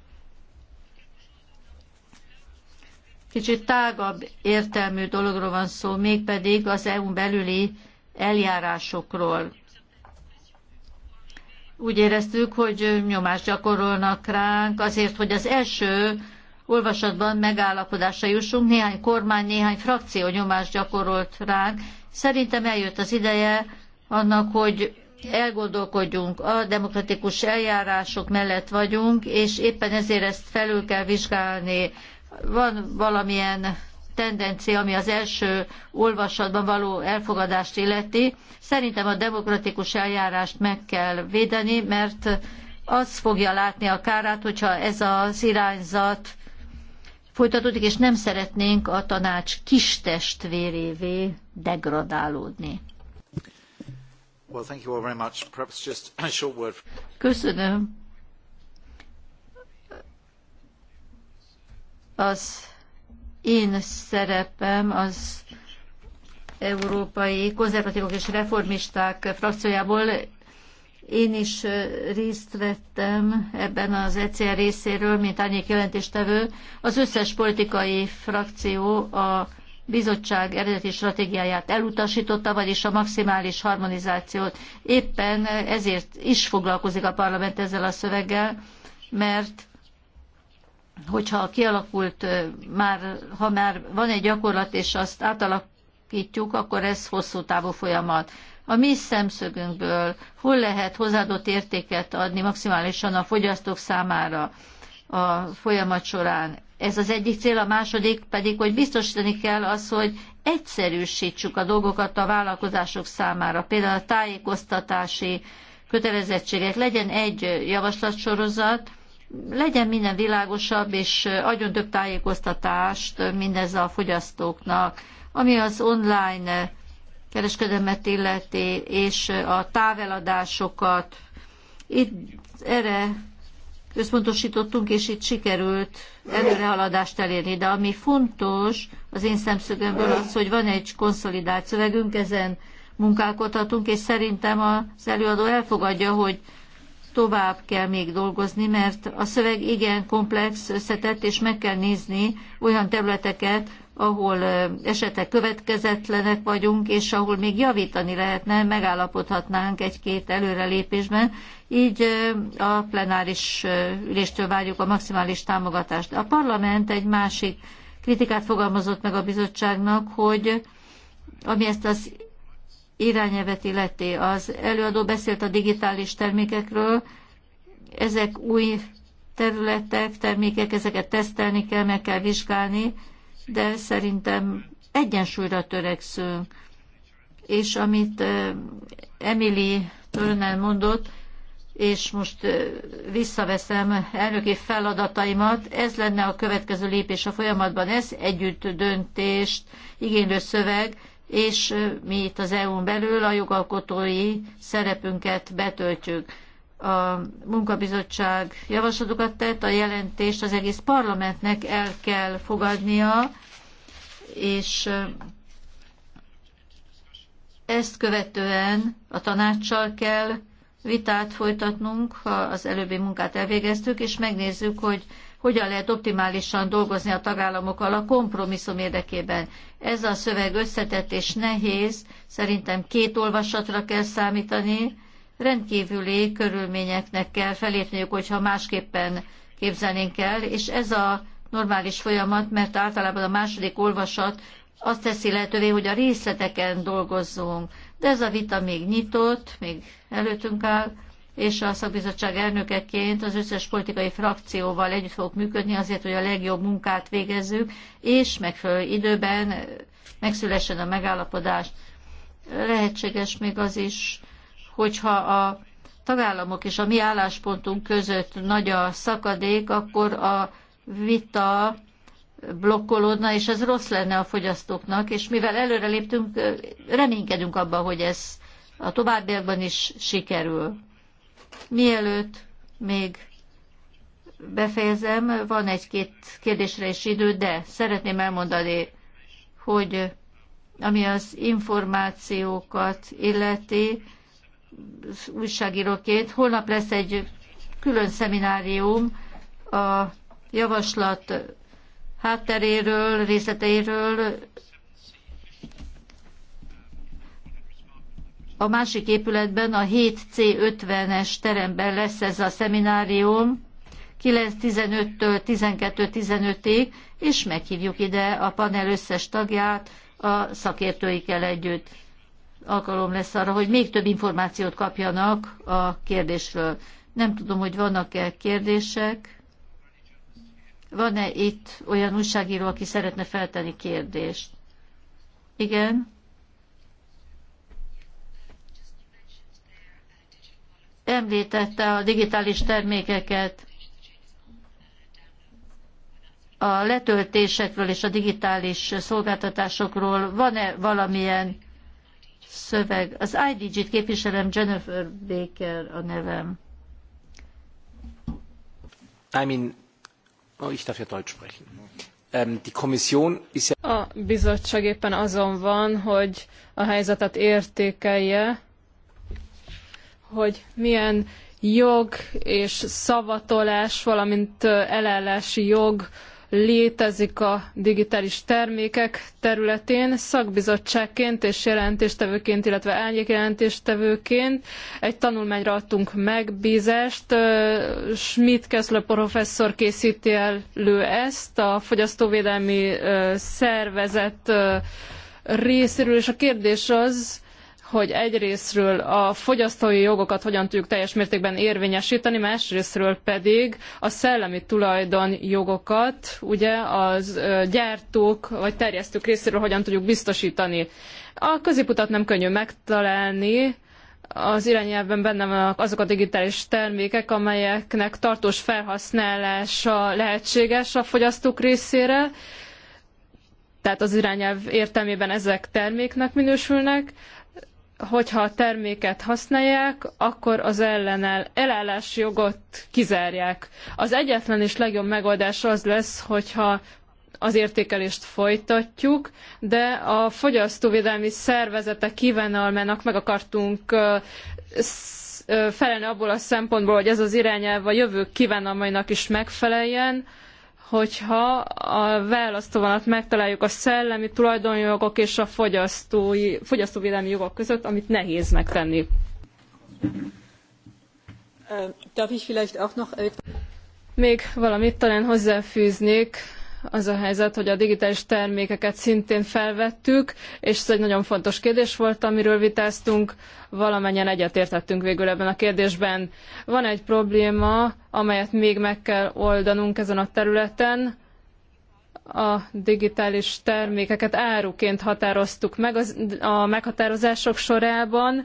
Kicsit tágabb értelmű dologról van szó, mégpedig az eu belüli eljárásokról. Úgy éreztük, hogy nyomást gyakorolnak ránk azért, hogy az első olvasatban megállapodásra jussunk. Néhány kormány, néhány frakció nyomást gyakorolt ránk. Szerintem eljött az ideje annak, hogy elgondolkodjunk, a demokratikus eljárások mellett vagyunk, és éppen ezért ezt felül kell vizsgálni. Van valamilyen tendencia, ami az első olvasatban való elfogadást illeti. Szerintem a demokratikus eljárást meg kell védeni, mert az fogja látni a kárát, hogyha ez az irányzat folytatódik, és nem szeretnénk a tanács kistestvérévé degradálódni. Well, thank you all very much. Perhaps just a short word. Köszönöm. Az én szerepem az európai konzervatívok és reformisták frakciójából én is részt vettem ebben az ECR részéről, mint árnyék jelentéstevő. Az összes politikai frakció a bizottság eredeti stratégiáját elutasította, vagyis a maximális harmonizációt. Éppen ezért is foglalkozik a parlament ezzel a szöveggel, mert hogyha kialakult már, ha már van egy gyakorlat, és azt átalakítjuk, akkor ez hosszú távú folyamat. A mi szemszögünkből hol lehet hozzáadott értéket adni maximálisan a fogyasztók számára a folyamat során? Ez az egyik cél, a második pedig, hogy biztosítani kell az, hogy egyszerűsítsük a dolgokat a vállalkozások számára. Például a tájékoztatási kötelezettségek. Legyen egy javaslatsorozat, legyen minden világosabb, és adjon több tájékoztatást mindez a fogyasztóknak, ami az online kereskedelmet illeti, és a táveladásokat. Itt erre összpontosítottunk, és itt sikerült előrehaladást elérni. De ami fontos az én szemszögömből az, hogy van egy konszolidált szövegünk, ezen munkálkodhatunk, és szerintem az előadó elfogadja, hogy tovább kell még dolgozni, mert a szöveg igen komplex, összetett, és meg kell nézni olyan területeket, ahol esetek következetlenek vagyunk, és ahol még javítani lehetne, megállapodhatnánk egy-két előrelépésben. Így a plenáris üléstől várjuk a maximális támogatást. A parlament egy másik kritikát fogalmazott meg a bizottságnak, hogy ami ezt az irányelvet illeti, az előadó beszélt a digitális termékekről, ezek új területek, termékek, ezeket tesztelni kell, meg kell vizsgálni, de szerintem egyensúlyra törekszünk. És amit Emily Törnel mondott, és most visszaveszem elnöki feladataimat, ez lenne a következő lépés a folyamatban, ez együtt döntést igénylő szöveg, és mi itt az EU-n belül a jogalkotói szerepünket betöltjük a munkabizottság javaslatokat tett, a jelentést az egész parlamentnek el kell fogadnia, és ezt követően a tanácssal kell vitát folytatnunk, ha az előbbi munkát elvégeztük, és megnézzük, hogy hogyan lehet optimálisan dolgozni a tagállamokkal a kompromisszum érdekében. Ez a szöveg összetett és nehéz, szerintem két olvasatra kell számítani, rendkívüli körülményeknek kell felépniük, hogyha másképpen képzelnénk el, és ez a normális folyamat, mert általában a második olvasat azt teszi lehetővé, hogy a részleteken dolgozzunk. De ez a vita még nyitott, még előttünk áll, és a szakbizottság elnökeként az összes politikai frakcióval együtt fogok működni azért, hogy a legjobb munkát végezzük, és megfelelő időben megszülessen a megállapodás. Lehetséges még az is, hogyha a tagállamok és a mi álláspontunk között nagy a szakadék, akkor a vita blokkolódna, és ez rossz lenne a fogyasztóknak, és mivel előre léptünk, reménykedünk abban, hogy ez a továbbiakban is sikerül. Mielőtt még befejezem, van egy-két kérdésre is idő, de szeretném elmondani, hogy ami az információkat illeti, újságíróként. Holnap lesz egy külön szeminárium a javaslat hátteréről, részleteiről. A másik épületben, a 7C50-es teremben lesz ez a szeminárium, 9.15-től 12.15-ig, és meghívjuk ide a panel összes tagját a szakértőikkel együtt alkalom lesz arra, hogy még több információt kapjanak a kérdésről. Nem tudom, hogy vannak-e kérdések. Van-e itt olyan újságíró, aki szeretne feltenni kérdést? Igen. Említette a digitális termékeket. A letöltésekről és a digitális szolgáltatásokról van-e valamilyen szöveg. Az IDG-t képviselem, Jennifer Baker a nevem. I mean, oh, ich darf ja Deutsch sprechen. Ähm, a bizottság éppen azon van, hogy a helyzetet értékelje, hogy milyen jog és szavatolás, valamint elállási jog létezik a digitális termékek területén. Szakbizottságként és jelentéstevőként, illetve jelentéstevőként. egy tanulmányra adtunk megbízást. Schmidt Kessler professzor készíti elő ezt, a fogyasztóvédelmi szervezet részéről, és a kérdés az, hogy egyrésztről a fogyasztói jogokat hogyan tudjuk teljes mértékben érvényesíteni, másrésztről pedig a szellemi tulajdon jogokat, ugye az gyártók vagy terjesztők részéről hogyan tudjuk biztosítani. A középutat nem könnyű megtalálni, az irányelvben benne vannak azok a digitális termékek, amelyeknek tartós felhasználása lehetséges a fogyasztók részére, tehát az irányelv értelmében ezek terméknek minősülnek, hogyha a terméket használják, akkor az ellenel elállási jogot kizárják. Az egyetlen és legjobb megoldás az lesz, hogyha az értékelést folytatjuk, de a fogyasztóvédelmi szervezetek kívánalmának meg akartunk felelni abból a szempontból, hogy ez az irányelv a jövő kívánalmainak is megfeleljen, hogyha a választóvonat megtaláljuk a szellemi tulajdonjogok és a fogyasztói, fogyasztóvédelmi jogok között, amit nehéz megtenni. Darf ich vielleicht auch noch még valamit talán hozzáfűznék az a helyzet, hogy a digitális termékeket szintén felvettük, és ez egy nagyon fontos kérdés volt, amiről vitáztunk, valamennyien egyetértettünk végül ebben a kérdésben. Van egy probléma, amelyet még meg kell oldanunk ezen a területen, a digitális termékeket áruként határoztuk meg a meghatározások sorában.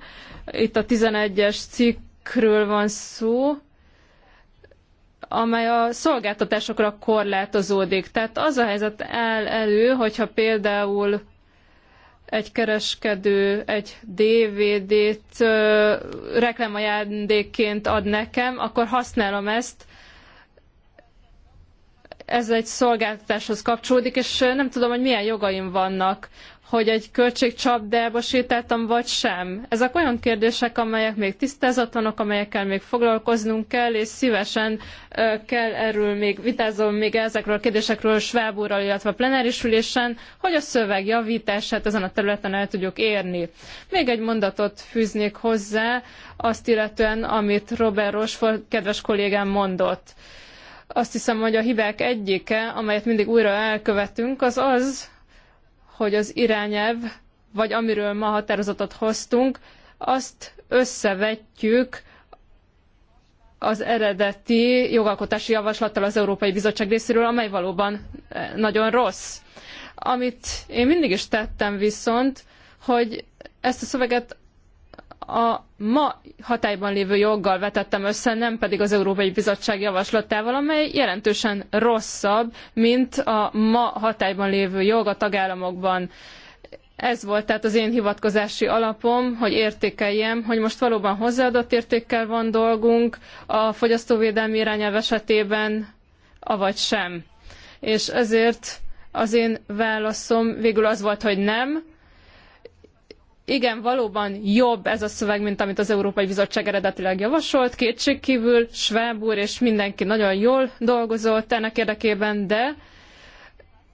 Itt a 11-es cikkről van szó, amely a szolgáltatásokra korlátozódik. Tehát az a helyzet áll elő, hogyha például egy kereskedő egy DVD-t reklámajándékként ad nekem, akkor használom ezt. Ez egy szolgáltatáshoz kapcsolódik, és nem tudom, hogy milyen jogaim vannak hogy egy költségcsapdába sétáltam, vagy sem. Ezek olyan kérdések, amelyek még tisztázatlanok, amelyekkel még foglalkoznunk kell, és szívesen kell erről még vitázom még ezekről a kérdésekről Schwab úrral, illetve a plenáris ülésen, hogy a szöveg javítását ezen a területen el tudjuk érni. Még egy mondatot fűznék hozzá, azt illetően, amit Robert Rochefort kedves kollégám mondott. Azt hiszem, hogy a hibák egyike, amelyet mindig újra elkövetünk, az az, hogy az irányelv, vagy amiről ma határozatot hoztunk, azt összevetjük az eredeti jogalkotási javaslattal az Európai Bizottság részéről, amely valóban eh, nagyon rossz. Amit én mindig is tettem viszont, hogy ezt a szöveget a ma hatályban lévő joggal vetettem össze, nem pedig az Európai Bizottság javaslatával, amely jelentősen rosszabb, mint a ma hatályban lévő jog a tagállamokban. Ez volt tehát az én hivatkozási alapom, hogy értékeljem, hogy most valóban hozzáadott értékkel van dolgunk a fogyasztóvédelmi irányelv esetében, avagy sem. És ezért az én válaszom végül az volt, hogy nem, igen, valóban jobb ez a szöveg, mint amit az Európai Bizottság eredetileg javasolt, kétségkívül Schwab úr és mindenki nagyon jól dolgozott ennek érdekében, de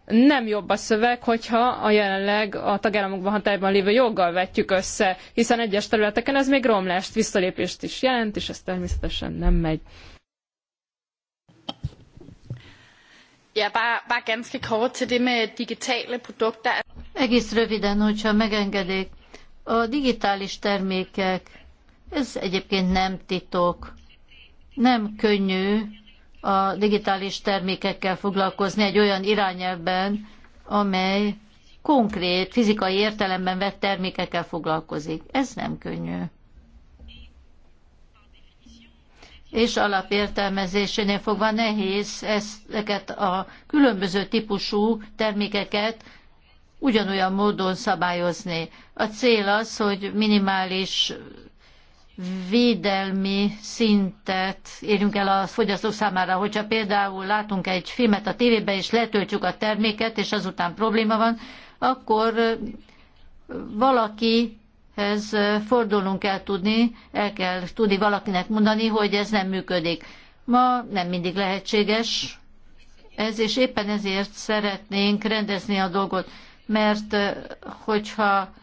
nem jobb a szöveg, hogyha a jelenleg a tagállamokban hatályban lévő joggal vetjük össze, hiszen egyes területeken ez még romlást, visszalépést is jelent, és ez természetesen nem megy. Ja, bare, bare ganske kort til det med digitale produkter. Egész röviden, hogyha megengedik. A digitális termékek, ez egyébként nem titok, nem könnyű a digitális termékekkel foglalkozni egy olyan irányelvben, amely konkrét, fizikai értelemben vett termékekkel foglalkozik. Ez nem könnyű. És alapértelmezésénél fogva nehéz ezeket a különböző típusú termékeket ugyanolyan módon szabályozni. A cél az, hogy minimális védelmi szintet érjünk el a fogyasztók számára. Hogyha például látunk egy filmet a tévében, és letöltjük a terméket, és azután probléma van, akkor valakihez fordulunk kell tudni, el kell tudni valakinek mondani, hogy ez nem működik. Ma nem mindig lehetséges ez, és éppen ezért szeretnénk rendezni a dolgot mert hogyha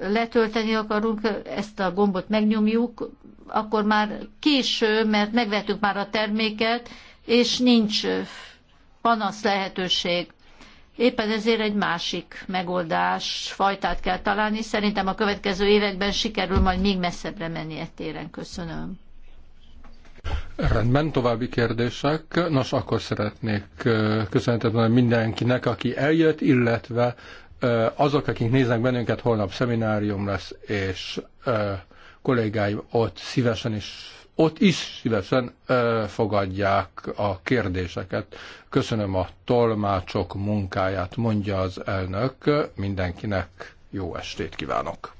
letölteni akarunk, ezt a gombot megnyomjuk, akkor már késő, mert megvettük már a terméket, és nincs panasz lehetőség. Éppen ezért egy másik megoldás fajtát kell találni. Szerintem a következő években sikerül majd még messzebbre menni ettéren. Köszönöm. Rendben, további kérdések. Nos, akkor szeretnék köszönetet mondani mindenkinek, aki eljött, illetve azok, akik néznek bennünket, holnap szeminárium lesz, és kollégáim ott szívesen is ott is szívesen ö, fogadják a kérdéseket. Köszönöm a tolmácsok munkáját, mondja az elnök. Mindenkinek jó estét kívánok!